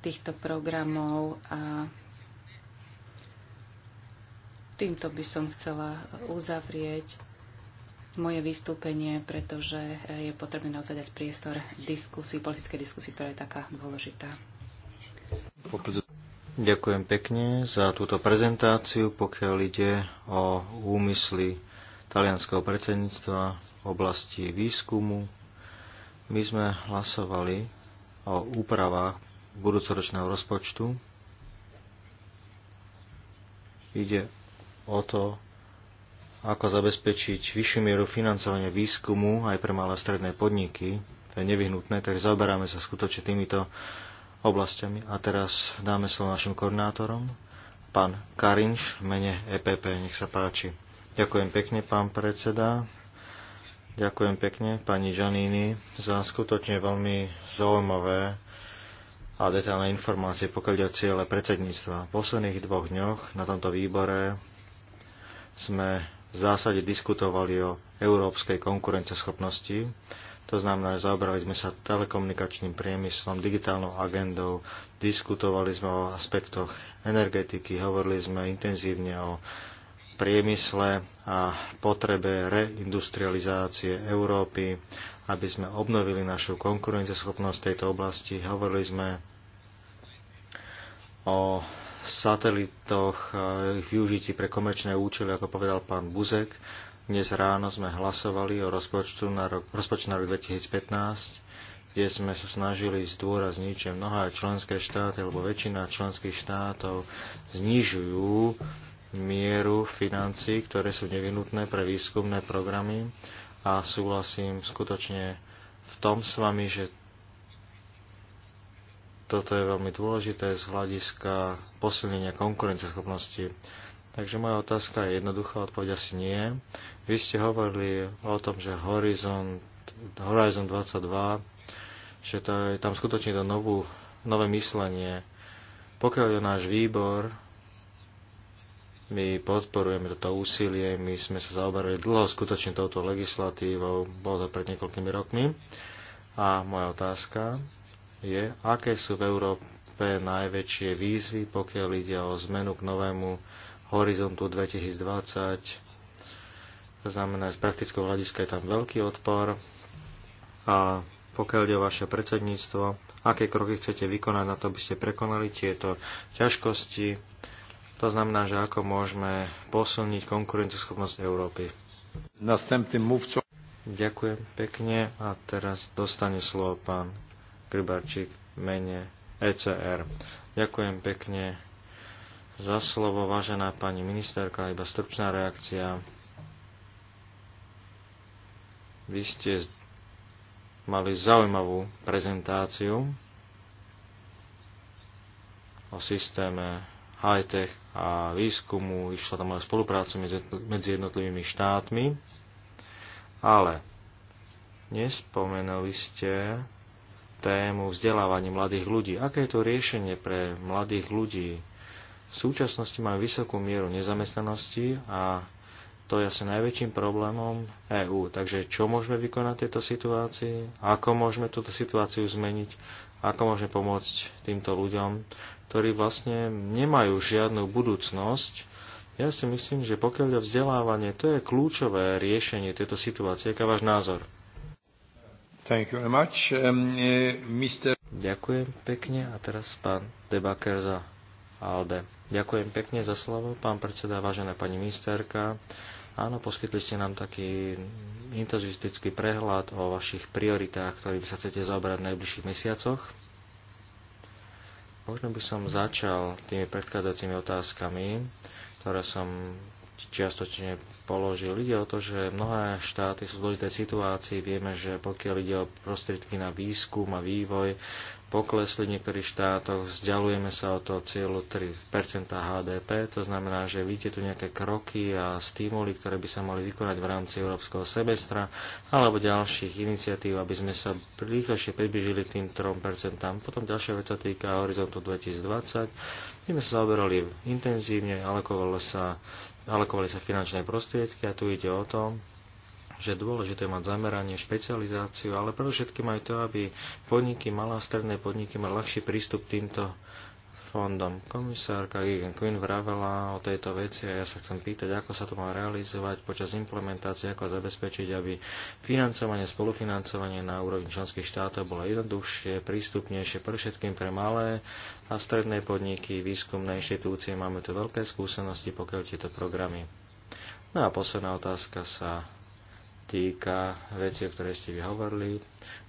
týchto programov a Týmto by som chcela uzavrieť moje vystúpenie, pretože e, je potrebné naozaj dať priestor diskusii, politickej diskusii, ktorá je taká dôležitá. Ďakujem pekne za túto prezentáciu, pokiaľ ide o úmysly talianského predsedníctva v oblasti výskumu. My sme hlasovali o úpravách budúcoročného rozpočtu. Ide o to, ako zabezpečiť vyššiu mieru financovania výskumu aj pre malé a stredné podniky. To je nevyhnutné, takže zaoberáme sa skutočne týmito oblastiami. A teraz dáme slovo našim koordinátorom, pán Karinš, mene EPP, nech sa páči. Ďakujem pekne, pán predseda. Ďakujem pekne pani Žaníny za skutočne veľmi zaujímavé a detailné informácie, pokiaľ ide o ciele predsedníctva. V posledných dvoch dňoch na tomto výbore sme v zásade diskutovali o európskej konkurenceschopnosti. To znamená, že zaoberali sme sa telekomunikačným priemyslom, digitálnou agendou, diskutovali sme o aspektoch energetiky, hovorili sme intenzívne o priemysle a potrebe reindustrializácie Európy, aby sme obnovili našu konkurenceschopnosť v tejto oblasti. Hovorili sme o satelitoch ich využití pre komerčné účely, ako povedal pán Buzek. Dnes ráno sme hlasovali o rozpočtu na rok, rozpočtu na rok 2015, kde sme sa snažili zdôrazniť, že mnohé členské štáty alebo väčšina členských štátov znižujú mieru financí, ktoré sú nevinutné pre výskumné programy a súhlasím skutočne v tom s vami, že toto je veľmi dôležité z hľadiska posilnenia konkurenceschopnosti. Takže moja otázka je jednoduchá, odpoveď asi nie. Vy ste hovorili o tom, že Horizon, Horizon 22, že to je tam skutočne to novú, nové myslenie. Pokiaľ je náš výbor, my podporujeme toto úsilie, my sme sa zaoberali dlho skutočne touto legislatívou, bolo to pred niekoľkými rokmi. A moja otázka, je, aké sú v Európe najväčšie výzvy, pokiaľ ide o zmenu k novému horizontu 2020. To znamená, z praktického hľadiska je tam veľký odpor. A pokiaľ ide o vaše predsedníctvo, aké kroky chcete vykonať na to, aby ste prekonali tieto ťažkosti. To znamená, že ako môžeme posilniť konkurenceschopnosť Európy. Ďakujem pekne a teraz dostane slovo pán Grybarčík mene ECR. Ďakujem pekne za slovo, vážená pani ministerka, iba stručná reakcia. Vy ste mali zaujímavú prezentáciu o systéme high-tech a výskumu. Išla tam aj spolupráca medzi jednotlivými štátmi. Ale nespomenuli ste tému vzdelávania mladých ľudí. Aké je to riešenie pre mladých ľudí? V súčasnosti máme vysokú mieru nezamestnanosti a to je asi najväčším problémom EÚ. Takže čo môžeme vykonať v tejto situácii? Ako môžeme túto situáciu zmeniť? Ako môžeme pomôcť týmto ľuďom, ktorí vlastne nemajú žiadnu budúcnosť? Ja si myslím, že pokiaľ je vzdelávanie, to je kľúčové riešenie tejto situácie. Aká váš názor? Thank you very much. Um, uh, Mr. Ďakujem pekne a teraz pán Debaker za ALDE. Ďakujem pekne za slovo, pán predseda, vážená pani ministerka. Áno, poskytli ste nám taký intenzivistický prehľad o vašich prioritách, ktorým sa chcete zaoberať v najbližších mesiacoch. Možno by som začal tými predchádzajúcimi otázkami, ktoré som čiastočne položil. Ide o to, že mnohé štáty sú v zložitej situácii. Vieme, že pokiaľ ide o prostriedky na výskum a vývoj, poklesli v niektorých štátoch, vzdialujeme sa o to cieľu 3% HDP, to znamená, že vidíte tu nejaké kroky a stimuly, ktoré by sa mali vykonať v rámci európskeho semestra alebo ďalších iniciatív, aby sme sa rýchlejšie približili k tým 3%. Potom ďalšia vec sa týka horizontu 2020. My sme sa zaoberali intenzívne, alokovalo sa alokovali sa finančné prostriedky a tu ide o to, že dôležité mať zameranie, špecializáciu, ale predovšetkým aj to, aby podniky, malé a stredné podniky mali ľahší prístup k týmto fondom. Komisárka Gigan Quinn vravela o tejto veci a ja sa chcem pýtať, ako sa to má realizovať počas implementácie, ako zabezpečiť, aby financovanie, spolufinancovanie na úrovni členských štátov bolo jednoduchšie, prístupnejšie pre všetkým pre malé a stredné podniky, výskumné inštitúcie. Máme tu veľké skúsenosti, pokiaľ tieto programy. No a posledná otázka sa týka veci, o ktorej ste vyhovorili.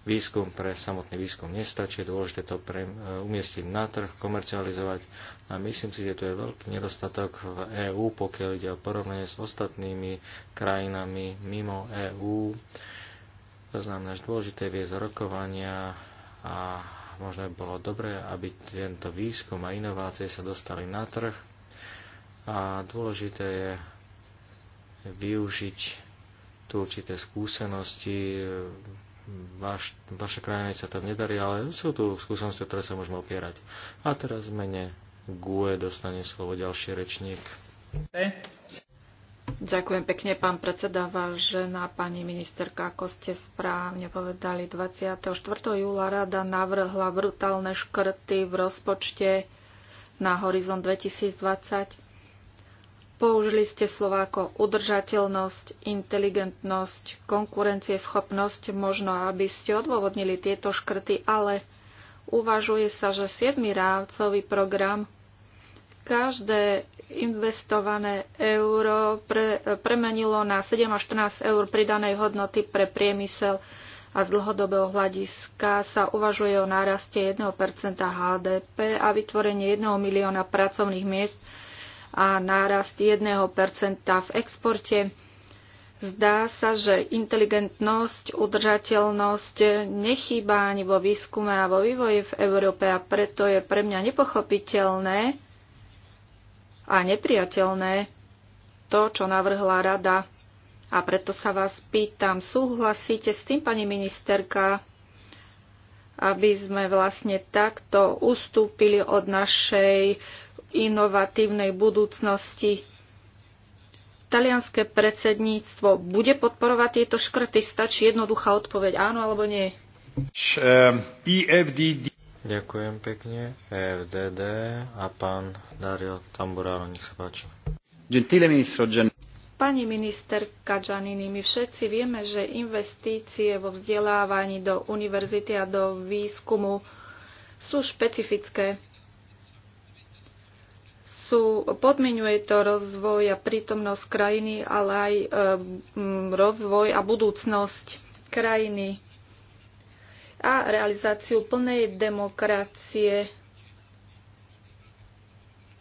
Výskum pre samotný výskum nestačí, je dôležité to pre, e, umiestniť na trh, komercializovať a myslím si, že tu je veľký nedostatok v EÚ, pokiaľ ide o porovnanie s ostatnými krajinami mimo EÚ. To znamená, že dôležité je viesť rokovania a možno by bolo dobré, aby tento výskum a inovácie sa dostali na trh a dôležité je využiť tu určité skúsenosti, Vaš, vaša krajina sa tam nedarí, ale sú tu skúsenosti, ktoré sa môžeme opierať. A teraz v mene GUE dostane slovo ďalší rečník. Ďakujem pekne, pán predseda, vážená pani ministerka, ako ste správne povedali, 24. júla rada navrhla brutálne škrty v rozpočte na horizont 2020 Použili ste slova ako udržateľnosť, inteligentnosť, konkurencieschopnosť, možno aby ste odôvodnili tieto škrty, ale uvažuje sa, že 7. rámcový program každé investované euro pre, premenilo na 7 až 14 eur pridanej hodnoty pre priemysel a z dlhodobého hľadiska sa uvažuje o náraste 1% HDP a vytvorenie 1 milióna pracovných miest – a nárast 1% v exporte. Zdá sa, že inteligentnosť, udržateľnosť nechýba ani vo výskume a vo vývoji v Európe a preto je pre mňa nepochopiteľné a nepriateľné to, čo navrhla rada. A preto sa vás pýtam, súhlasíte s tým, pani ministerka, aby sme vlastne takto ustúpili od našej inovatívnej budúcnosti. Talianské predsedníctvo bude podporovať tieto škrty? Stačí jednoduchá odpoveď áno alebo nie? Um, Ďakujem pekne. EFDD a pán Dario Tamburalo, nech sa páči. Gentile ministro Gen- Pani ministerka Giannini, my všetci vieme, že investície vo vzdelávaní do univerzity a do výskumu sú špecifické sú, podmiňuje to rozvoj a prítomnosť krajiny, ale aj e, rozvoj a budúcnosť krajiny a realizáciu plnej demokracie.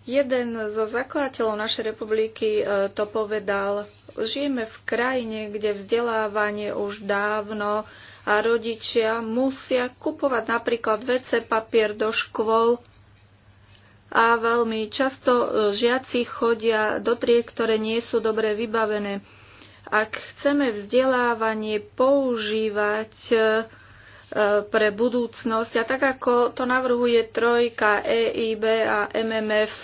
Jeden zo zakladateľov našej republiky e, to povedal. Žijeme v krajine, kde vzdelávanie už dávno a rodičia musia kupovať napríklad WC papier do škôl a veľmi často e, žiaci chodia do tried, ktoré nie sú dobre vybavené. Ak chceme vzdelávanie používať e, e, pre budúcnosť a tak ako to navrhuje Trojka, EIB a MMF,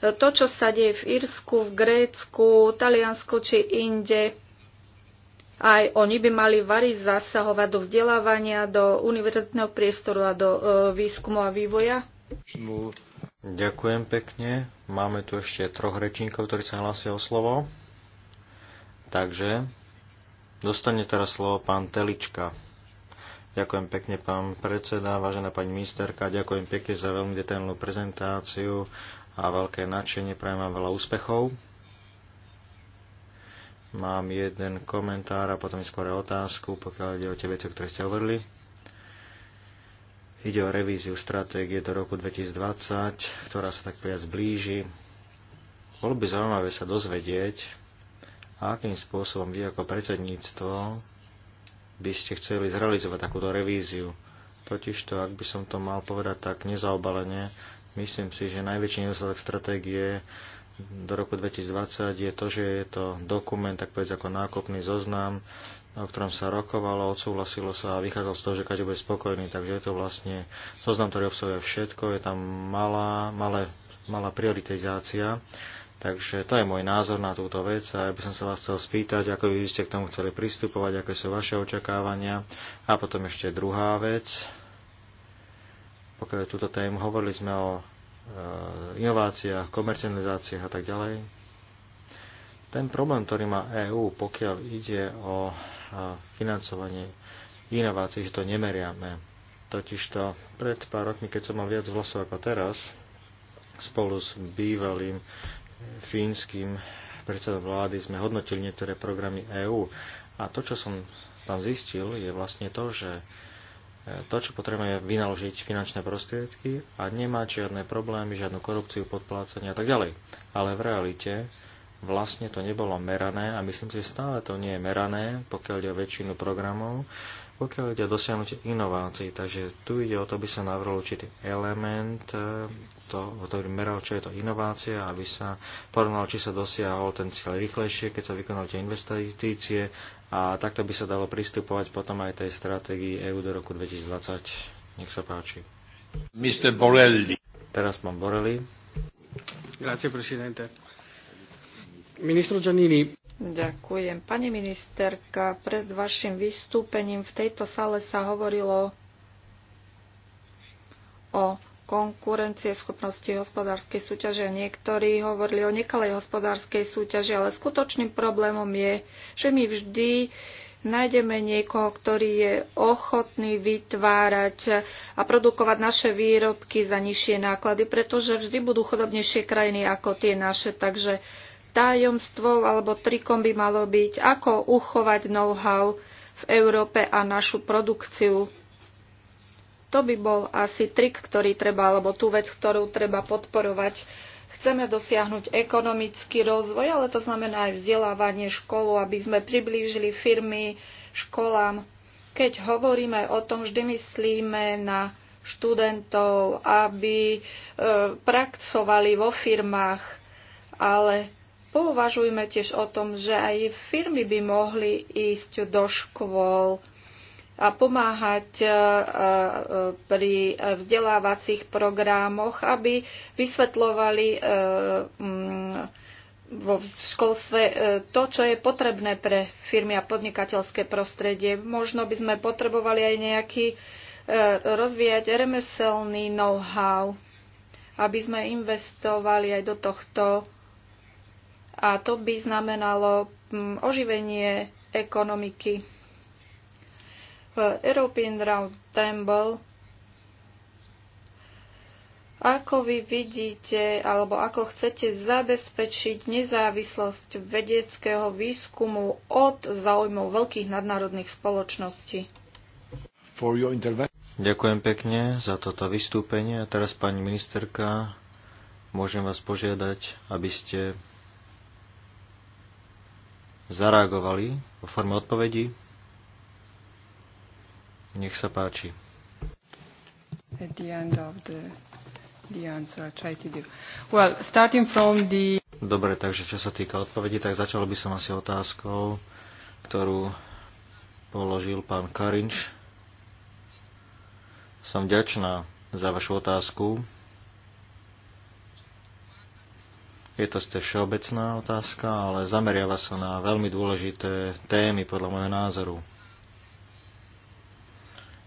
to, čo sa deje v Írsku, v Grécku, Taliansku či inde, aj oni by mali variť zasahovať do vzdelávania, do univerzitného priestoru a do výskumu a vývoja? Ďakujem pekne. Máme tu ešte troch rečníkov, ktorí sa hlásia o slovo. Takže dostane teraz slovo pán Telička. Ďakujem pekne, pán predseda, vážená pani ministerka, ďakujem pekne za veľmi detailnú prezentáciu a veľké nadšenie, prajem vám veľa úspechov. Mám jeden komentár a potom skôr otázku, pokiaľ ide o tie veci, o ktoré ste hovorili Ide o revíziu stratégie do roku 2020, ktorá sa tak viac blíži. Bolo by zaujímavé sa dozvedieť, akým spôsobom vy ako predsedníctvo by ste chceli zrealizovať takúto revíziu. Totižto, ak by som to mal povedať tak nezaobalene, myslím si, že najväčší nedostatok stratégie do roku 2020 je to, že je to dokument, tak povedz ako nákopný zoznam o ktorom sa rokovalo, odsúhlasilo sa a vychádzalo z toho, že každý bude spokojný. Takže je to vlastne zoznam, ktorý obsahuje všetko, je tam malá, malé, malá prioritizácia. Takže to je môj názor na túto vec a ja by som sa vás chcel spýtať, ako by ste k tomu chceli pristupovať, aké sú vaše očakávania. A potom ešte druhá vec, pokiaľ túto tému hovorili sme o e, inováciách, komercializáciách a tak ďalej. Ten problém, ktorý má EÚ, pokiaľ ide o a financovanie inovácií, že to nemeriame. Totižto pred pár rokmi, keď som mal viac vlasov ako teraz, spolu s bývalým fínskym predsedom vlády sme hodnotili niektoré programy EÚ. A to, čo som tam zistil, je vlastne to, že e, to, čo potrebujeme, je vynaložiť finančné prostriedky a nemá žiadne problémy, žiadnu korupciu, podplácanie a tak ďalej. Ale v realite vlastne to nebolo merané a myslím si, že stále to nie je merané, pokiaľ ide o väčšinu programov, pokiaľ ide o dosiahnutie inovácií. Takže tu ide o to, aby sa navrhol určitý element, e, to, to by meral, čo je to inovácia, aby sa porovnal, či sa dosiahol ten cieľ rýchlejšie, keď sa vykonali tie investície a takto by sa dalo pristupovať potom aj tej stratégii EU do roku 2020. Nech sa páči. Mr. Borelli. Teraz mám Borelli. Grazie, presidente. Ministro Giannini. Ďakujem. Pani ministerka, pred vašim vystúpením v tejto sále sa hovorilo o konkurencie schopnosti hospodárskej súťaže. Niektorí hovorili o nekalej hospodárskej súťaži, ale skutočným problémom je, že my vždy nájdeme niekoho, ktorý je ochotný vytvárať a produkovať naše výrobky za nižšie náklady, pretože vždy budú chodobnejšie krajiny ako tie naše. Takže tajomstvom alebo trikom by malo byť, ako uchovať know-how v Európe a našu produkciu. To by bol asi trik, ktorý treba, alebo tú vec, ktorú treba podporovať. Chceme dosiahnuť ekonomický rozvoj, ale to znamená aj vzdelávanie školu, aby sme priblížili firmy školám. Keď hovoríme o tom, vždy myslíme na študentov, aby e, praxovali vo firmách, ale Pouvažujme tiež o tom, že aj firmy by mohli ísť do škôl a pomáhať e, e, pri vzdelávacích programoch, aby vysvetľovali e, mm, vo školstve to, čo je potrebné pre firmy a podnikateľské prostredie. Možno by sme potrebovali aj nejaký rozvíjať remeselný know-how, aby sme investovali aj do tohto a to by znamenalo mm, oživenie ekonomiky. V European Round Table ako vy vidíte alebo ako chcete zabezpečiť nezávislosť vedeckého výskumu od záujmov veľkých nadnárodných spoločností? Ďakujem pekne za toto vystúpenie. A teraz, pani ministerka, môžem vás požiadať, aby ste zareagovali vo forme odpovedí. Nech sa páči. At the end of the, the answer, try to do. Well, starting from the... Dobre, takže čo sa týka odpovedí, tak začal by som asi otázkou, ktorú položil pán Karinč. Som ďačná za vašu otázku. Je to ste všeobecná otázka, ale zameriava sa na veľmi dôležité témy podľa môjho názoru.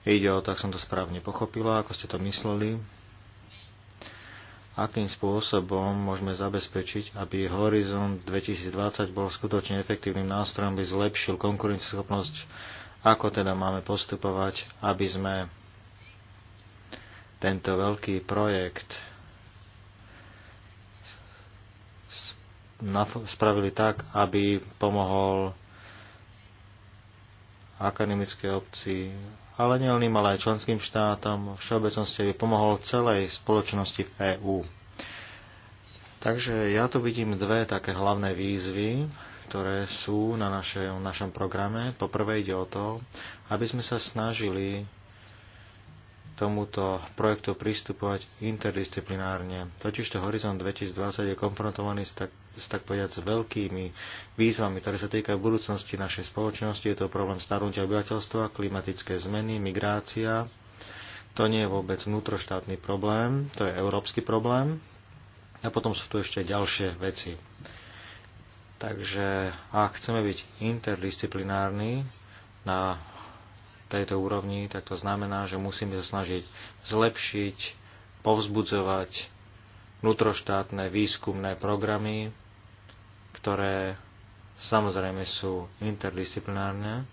Ide o, to tak som to správne pochopila, ako ste to mysleli, akým spôsobom môžeme zabezpečiť, aby Horizon 2020 bol skutočne efektívnym nástrojom, aby zlepšil konkurencieschopnosť, ako teda máme postupovať, aby sme tento veľký projekt spravili tak, aby pomohol akademické obci, ale nielným, ale aj členským štátom, všeobecnosti, aby pomohol celej spoločnosti v EÚ. Takže ja tu vidím dve také hlavné výzvy, ktoré sú na našom, našom programe. Po prvé ide o to, aby sme sa snažili tomuto projektu pristupovať interdisciplinárne. Totižto Horizont 2020 je konfrontovaný s tak, s tak povedať s veľkými výzvami, ktoré sa týkajú budúcnosti našej spoločnosti. Je to problém starnutia obyvateľstva, klimatické zmeny, migrácia. To nie je vôbec vnútroštátny problém, to je európsky problém. A potom sú tu ešte ďalšie veci. Takže ak chceme byť interdisciplinárni na tejto úrovni, tak to znamená, že musíme sa snažiť zlepšiť, povzbudzovať vnútroštátne výskumné programy, ktoré samozrejme sú interdisciplinárne.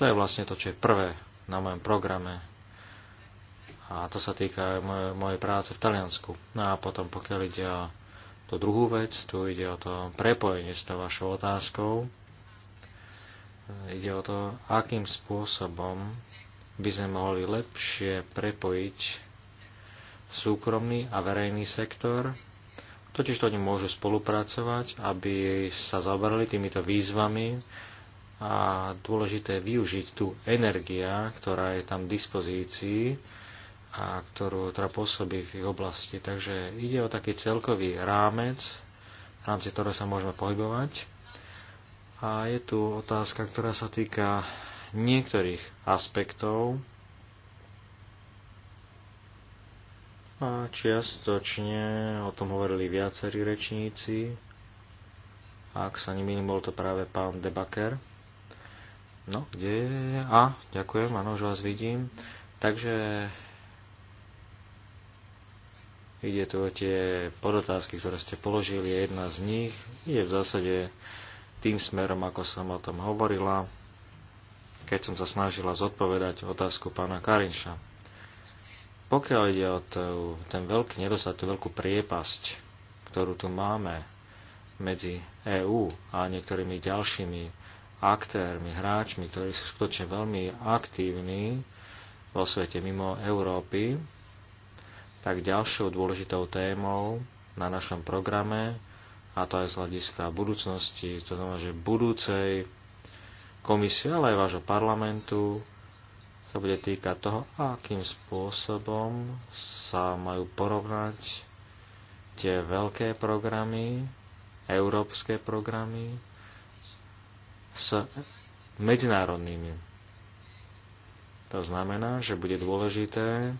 To je vlastne to, čo je prvé na mojom programe. A to sa týka aj moje, mojej práce v Taliansku. No a potom, pokiaľ ide o tú druhú vec, tu ide o to prepojenie s tou vašou otázkou, Ide o to, akým spôsobom by sme mohli lepšie prepojiť súkromný a verejný sektor, totiž to oni môžu spolupracovať, aby sa zaoberali týmito výzvami a dôležité využiť tú energia, ktorá je tam v dispozícii a ktorú teda pôsobí v ich oblasti. Takže ide o taký celkový rámec, v rámci ktorého sa môžeme pohybovať a je tu otázka, ktorá sa týka niektorých aspektov a čiastočne o tom hovorili viacerí rečníci. Ak sa nemýlim, bol to práve pán Debaker. No, kde je? A, ďakujem, áno, že vás vidím. Takže ide tu o tie podotázky, ktoré ste položili. Jedna z nich je v zásade tým smerom, ako som o tom hovorila, keď som sa snažila zodpovedať otázku pána Karinša. Pokiaľ ide o ten veľký nedostatok, veľkú priepasť, ktorú tu máme medzi EÚ a niektorými ďalšími aktérmi, hráčmi, ktorí sú skutočne veľmi aktívni vo svete mimo Európy, tak ďalšou dôležitou témou na našom programe a to aj z hľadiska budúcnosti, to znamená, že budúcej komisie, ale aj vášho parlamentu sa bude týkať toho, akým spôsobom sa majú porovnať tie veľké programy, európske programy s medzinárodnými. To znamená, že bude dôležité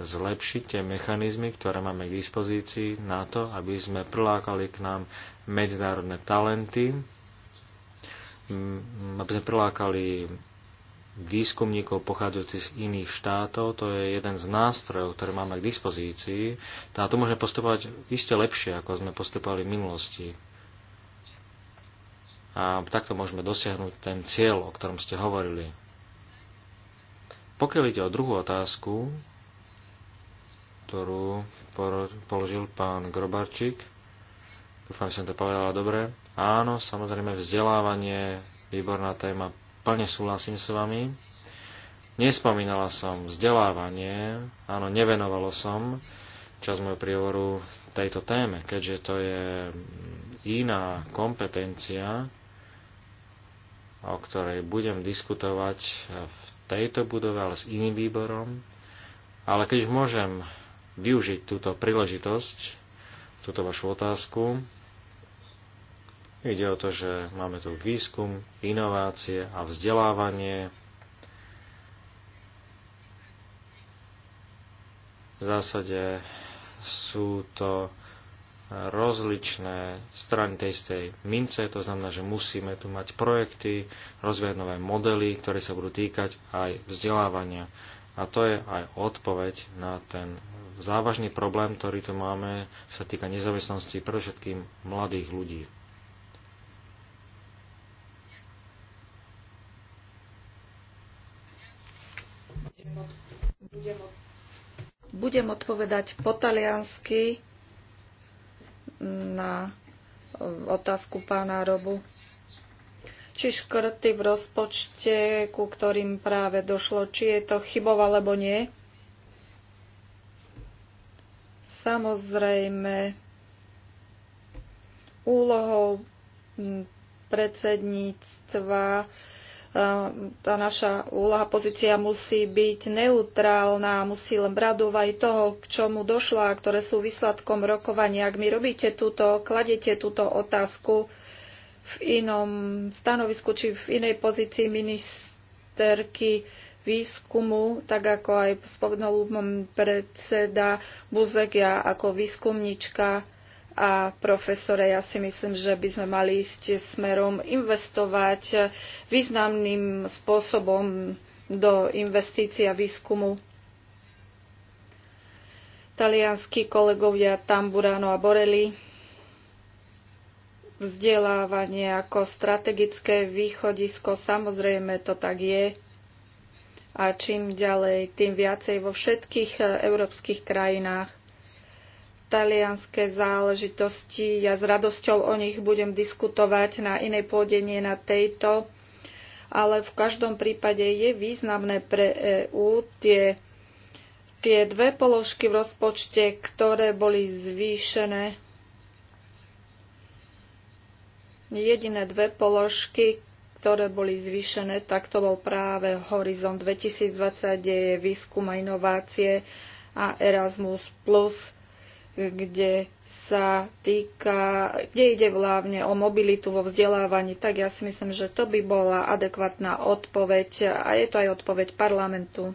zlepšiť tie mechanizmy, ktoré máme k dispozícii na to, aby sme prilákali k nám medzinárodné talenty, aby sme prilákali výskumníkov pochádzajúcich z iných štátov. To je jeden z nástrojov, ktoré máme k dispozícii. a to môžeme postupovať iste lepšie, ako sme postupovali v minulosti. A takto môžeme dosiahnuť ten cieľ, o ktorom ste hovorili. Pokiaľ ide o druhú otázku, ktorú položil pán Grobarčík. Dúfam, že som to povedala dobre. Áno, samozrejme, vzdelávanie, výborná téma, plne súhlasím s vami. Nespomínala som vzdelávanie, áno, nevenovalo som čas môjho príhovoru tejto téme, keďže to je iná kompetencia, o ktorej budem diskutovať v tejto budove, ale s iným výborom. Ale keď už môžem využiť túto príležitosť, túto vašu otázku. Ide o to, že máme tu výskum, inovácie a vzdelávanie. V zásade sú to rozličné strany tej istej mince, to znamená, že musíme tu mať projekty, rozvíjať nové modely, ktoré sa budú týkať aj vzdelávania. A to je aj odpoveď na ten závažný problém, ktorý tu máme, čo sa týka nezávislosti pre všetkým mladých ľudí. Budem odpovedať po taliansky na otázku pána Robu či škrty v rozpočte, ku ktorým práve došlo, či je to chybov alebo nie. Samozrejme, úlohou mm, predsedníctva tá naša úloha, pozícia musí byť neutrálna, musí len brať aj toho, k čomu a ktoré sú výsledkom rokovania. Ak mi robíte túto, kladete túto otázku, v inom stanovisku či v inej pozícii ministerky výskumu, tak ako aj spovedal predseda Buzek, ja ako výskumnička a profesore, ja si myslím, že by sme mali ísť smerom investovať významným spôsobom do investícií a výskumu. Talianskí kolegovia Tamburano a Borelli vzdelávanie ako strategické východisko. Samozrejme, to tak je. A čím ďalej, tým viacej vo všetkých e, európskych krajinách talianské záležitosti. Ja s radosťou o nich budem diskutovať na inej pôde, nie na tejto. Ale v každom prípade je významné pre EÚ tie, tie dve položky v rozpočte, ktoré boli zvýšené Jediné dve položky, ktoré boli zvýšené, tak to bol práve Horizont 2020, kde je výskum a inovácie a Erasmus+, kde sa týka, kde ide hlavne o mobilitu vo vzdelávaní, tak ja si myslím, že to by bola adekvátna odpoveď a je to aj odpoveď parlamentu.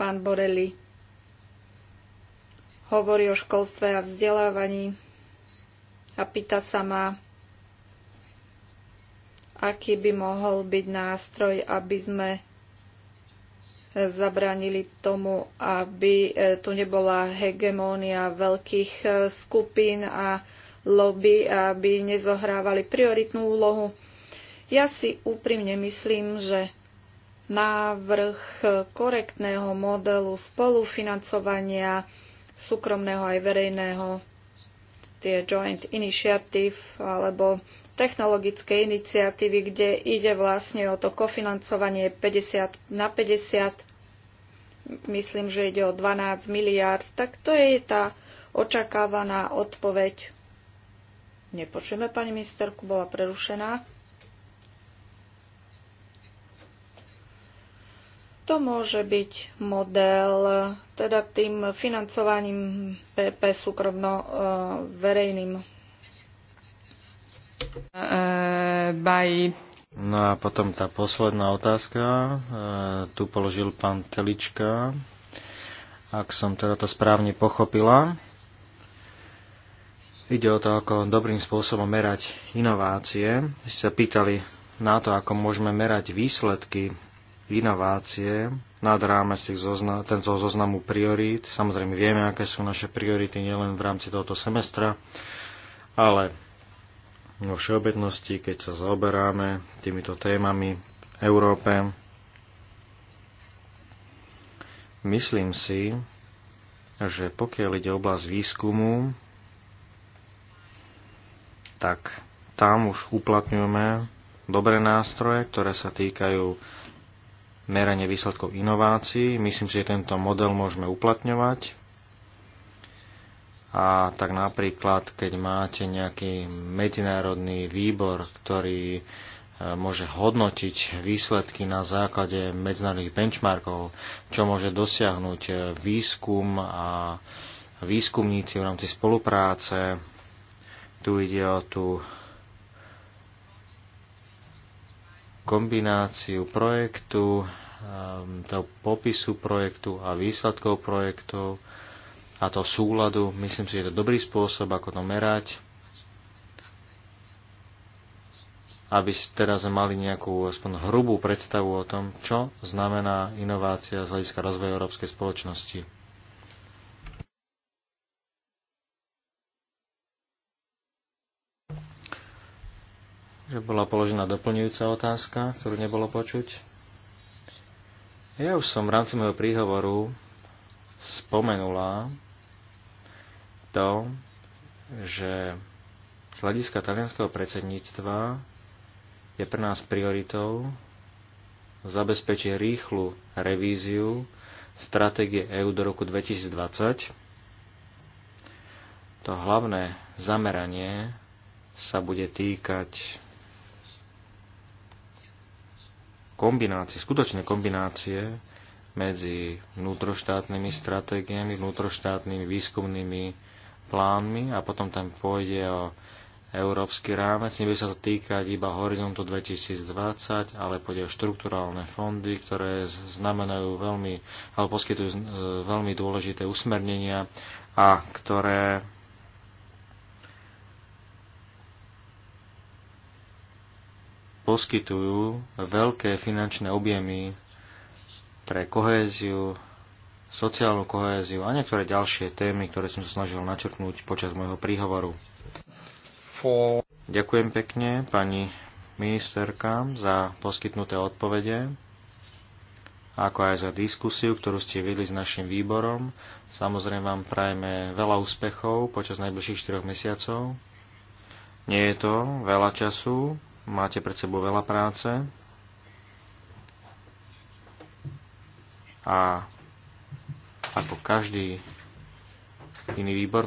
Pán Borelli hovorí o školstve a vzdelávaní a pýta sa ma, aký by mohol byť nástroj, aby sme zabránili tomu, aby e, tu nebola hegemónia veľkých e, skupín a lobby, aby nezohrávali prioritnú úlohu. Ja si úprimne myslím, že návrh e, korektného modelu spolufinancovania súkromného aj verejného tie joint initiative alebo technologické iniciatívy, kde ide vlastne o to kofinancovanie 50 na 50, myslím, že ide o 12 miliárd, tak to je tá očakávaná odpoveď. Nepočujeme, pani ministerku, bola prerušená. To môže byť model, teda tým financovaním PP súkromno e, verejným. Uh, e, by... No a potom tá posledná otázka, e, tu položil pán Telička, ak som teda to správne pochopila. Ide o to, ako dobrým spôsobom merať inovácie. Ste sa pýtali na to, ako môžeme merať výsledky inovácie nad rámec tých zozna, tento zoznamu priorít. Samozrejme vieme, aké sú naše priority nielen v rámci tohoto semestra, ale vo všeobecnosti, keď sa zaoberáme týmito témami v Európe, myslím si, že pokiaľ ide oblasť výskumu, tak tam už uplatňujeme dobré nástroje, ktoré sa týkajú meranie výsledkov inovácií. Myslím si, že tento model môžeme uplatňovať. A tak napríklad, keď máte nejaký medzinárodný výbor, ktorý e, môže hodnotiť výsledky na základe medzinárodných benchmarkov, čo môže dosiahnuť e, výskum a výskumníci v rámci spolupráce. Tu ide o tú kombináciu projektu, ehm, toho popisu projektu a výsledkov projektov a to súladu. Myslím si, že je to dobrý spôsob, ako to merať, aby ste teraz mali nejakú aspoň hrubú predstavu o tom, čo znamená inovácia z hľadiska rozvoja európskej spoločnosti. že bola položená doplňujúca otázka, ktorú nebolo počuť. Ja už som v rámci môjho príhovoru spomenula to, že z hľadiska talianského predsedníctva je pre nás prioritou zabezpečiť rýchlu revíziu stratégie EÚ do roku 2020. To hlavné zameranie sa bude týkať kombinácie, skutočné kombinácie medzi vnútroštátnymi stratégiami, vnútroštátnymi výskumnými plánmi a potom tam pôjde o európsky rámec. Nebude sa to týkať iba horizontu 2020, ale pôjde o štrukturálne fondy, ktoré znamenajú veľmi, alebo poskytujú e, veľmi dôležité usmernenia a ktoré poskytujú veľké finančné objemy pre kohéziu, sociálnu kohéziu a niektoré ďalšie témy, ktoré som sa snažil načrtnúť počas môjho príhovoru. For... Ďakujem pekne pani ministerka za poskytnuté odpovede, ako aj za diskusiu, ktorú ste viedli s našim výborom. Samozrejme vám prajeme veľa úspechov počas najbližších 4 mesiacov. Nie je to veľa času Máte pred sebou veľa práce. A ako každý iný výbor,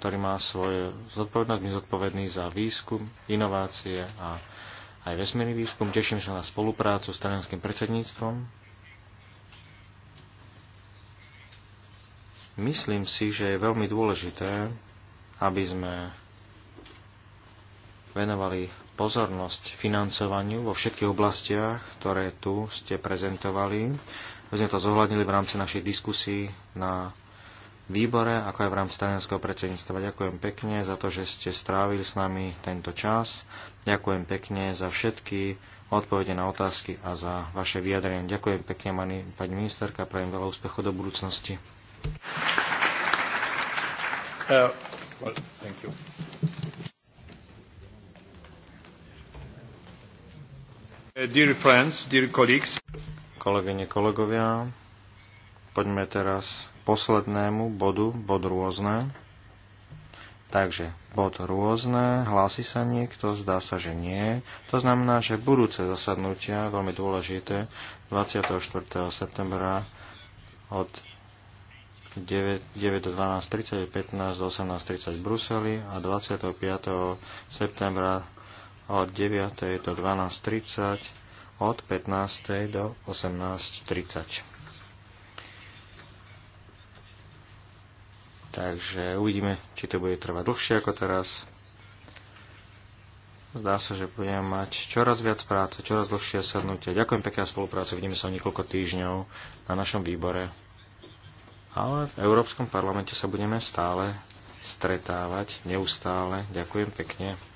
ktorý má svoje zodpovednosť, my zodpovedný za výskum, inovácie a aj vesmírny výskum. Teším sa na spoluprácu s talianským predsedníctvom. Myslím si, že je veľmi dôležité, aby sme venovali pozornosť financovaniu vo všetkých oblastiach, ktoré tu ste prezentovali. My sme to zohľadnili v rámci našej diskusí na výbore, ako aj v rámci talianského predsedníctva. Ďakujem pekne za to, že ste strávili s nami tento čas. Ďakujem pekne za všetky odpovede na otázky a za vaše vyjadrenie. Ďakujem pekne, pani ministerka, prajem veľa úspechov do budúcnosti. Uh, well, thank you. Eh, dear friends, dear colleagues. Kolegyne, kolegovia, poďme teraz k poslednému bodu, bod rôzne. Takže bod rôzne, hlási sa niekto, zdá sa, že nie. To znamená, že budúce zasadnutia, veľmi dôležité, 24. septembra od 9, 9 do 12.30, 15 do 18.30 v Bruseli a 25. septembra od 9. do 12.30, od 15. do 18.30. Takže uvidíme, či to bude trvať dlhšie ako teraz. Zdá sa, že budeme mať čoraz viac práce, čoraz dlhšie sadnutia. Ďakujem pekne za spoluprácu, vidíme sa o niekoľko týždňov na našom výbore. Ale v Európskom parlamente sa budeme stále stretávať, neustále. Ďakujem pekne.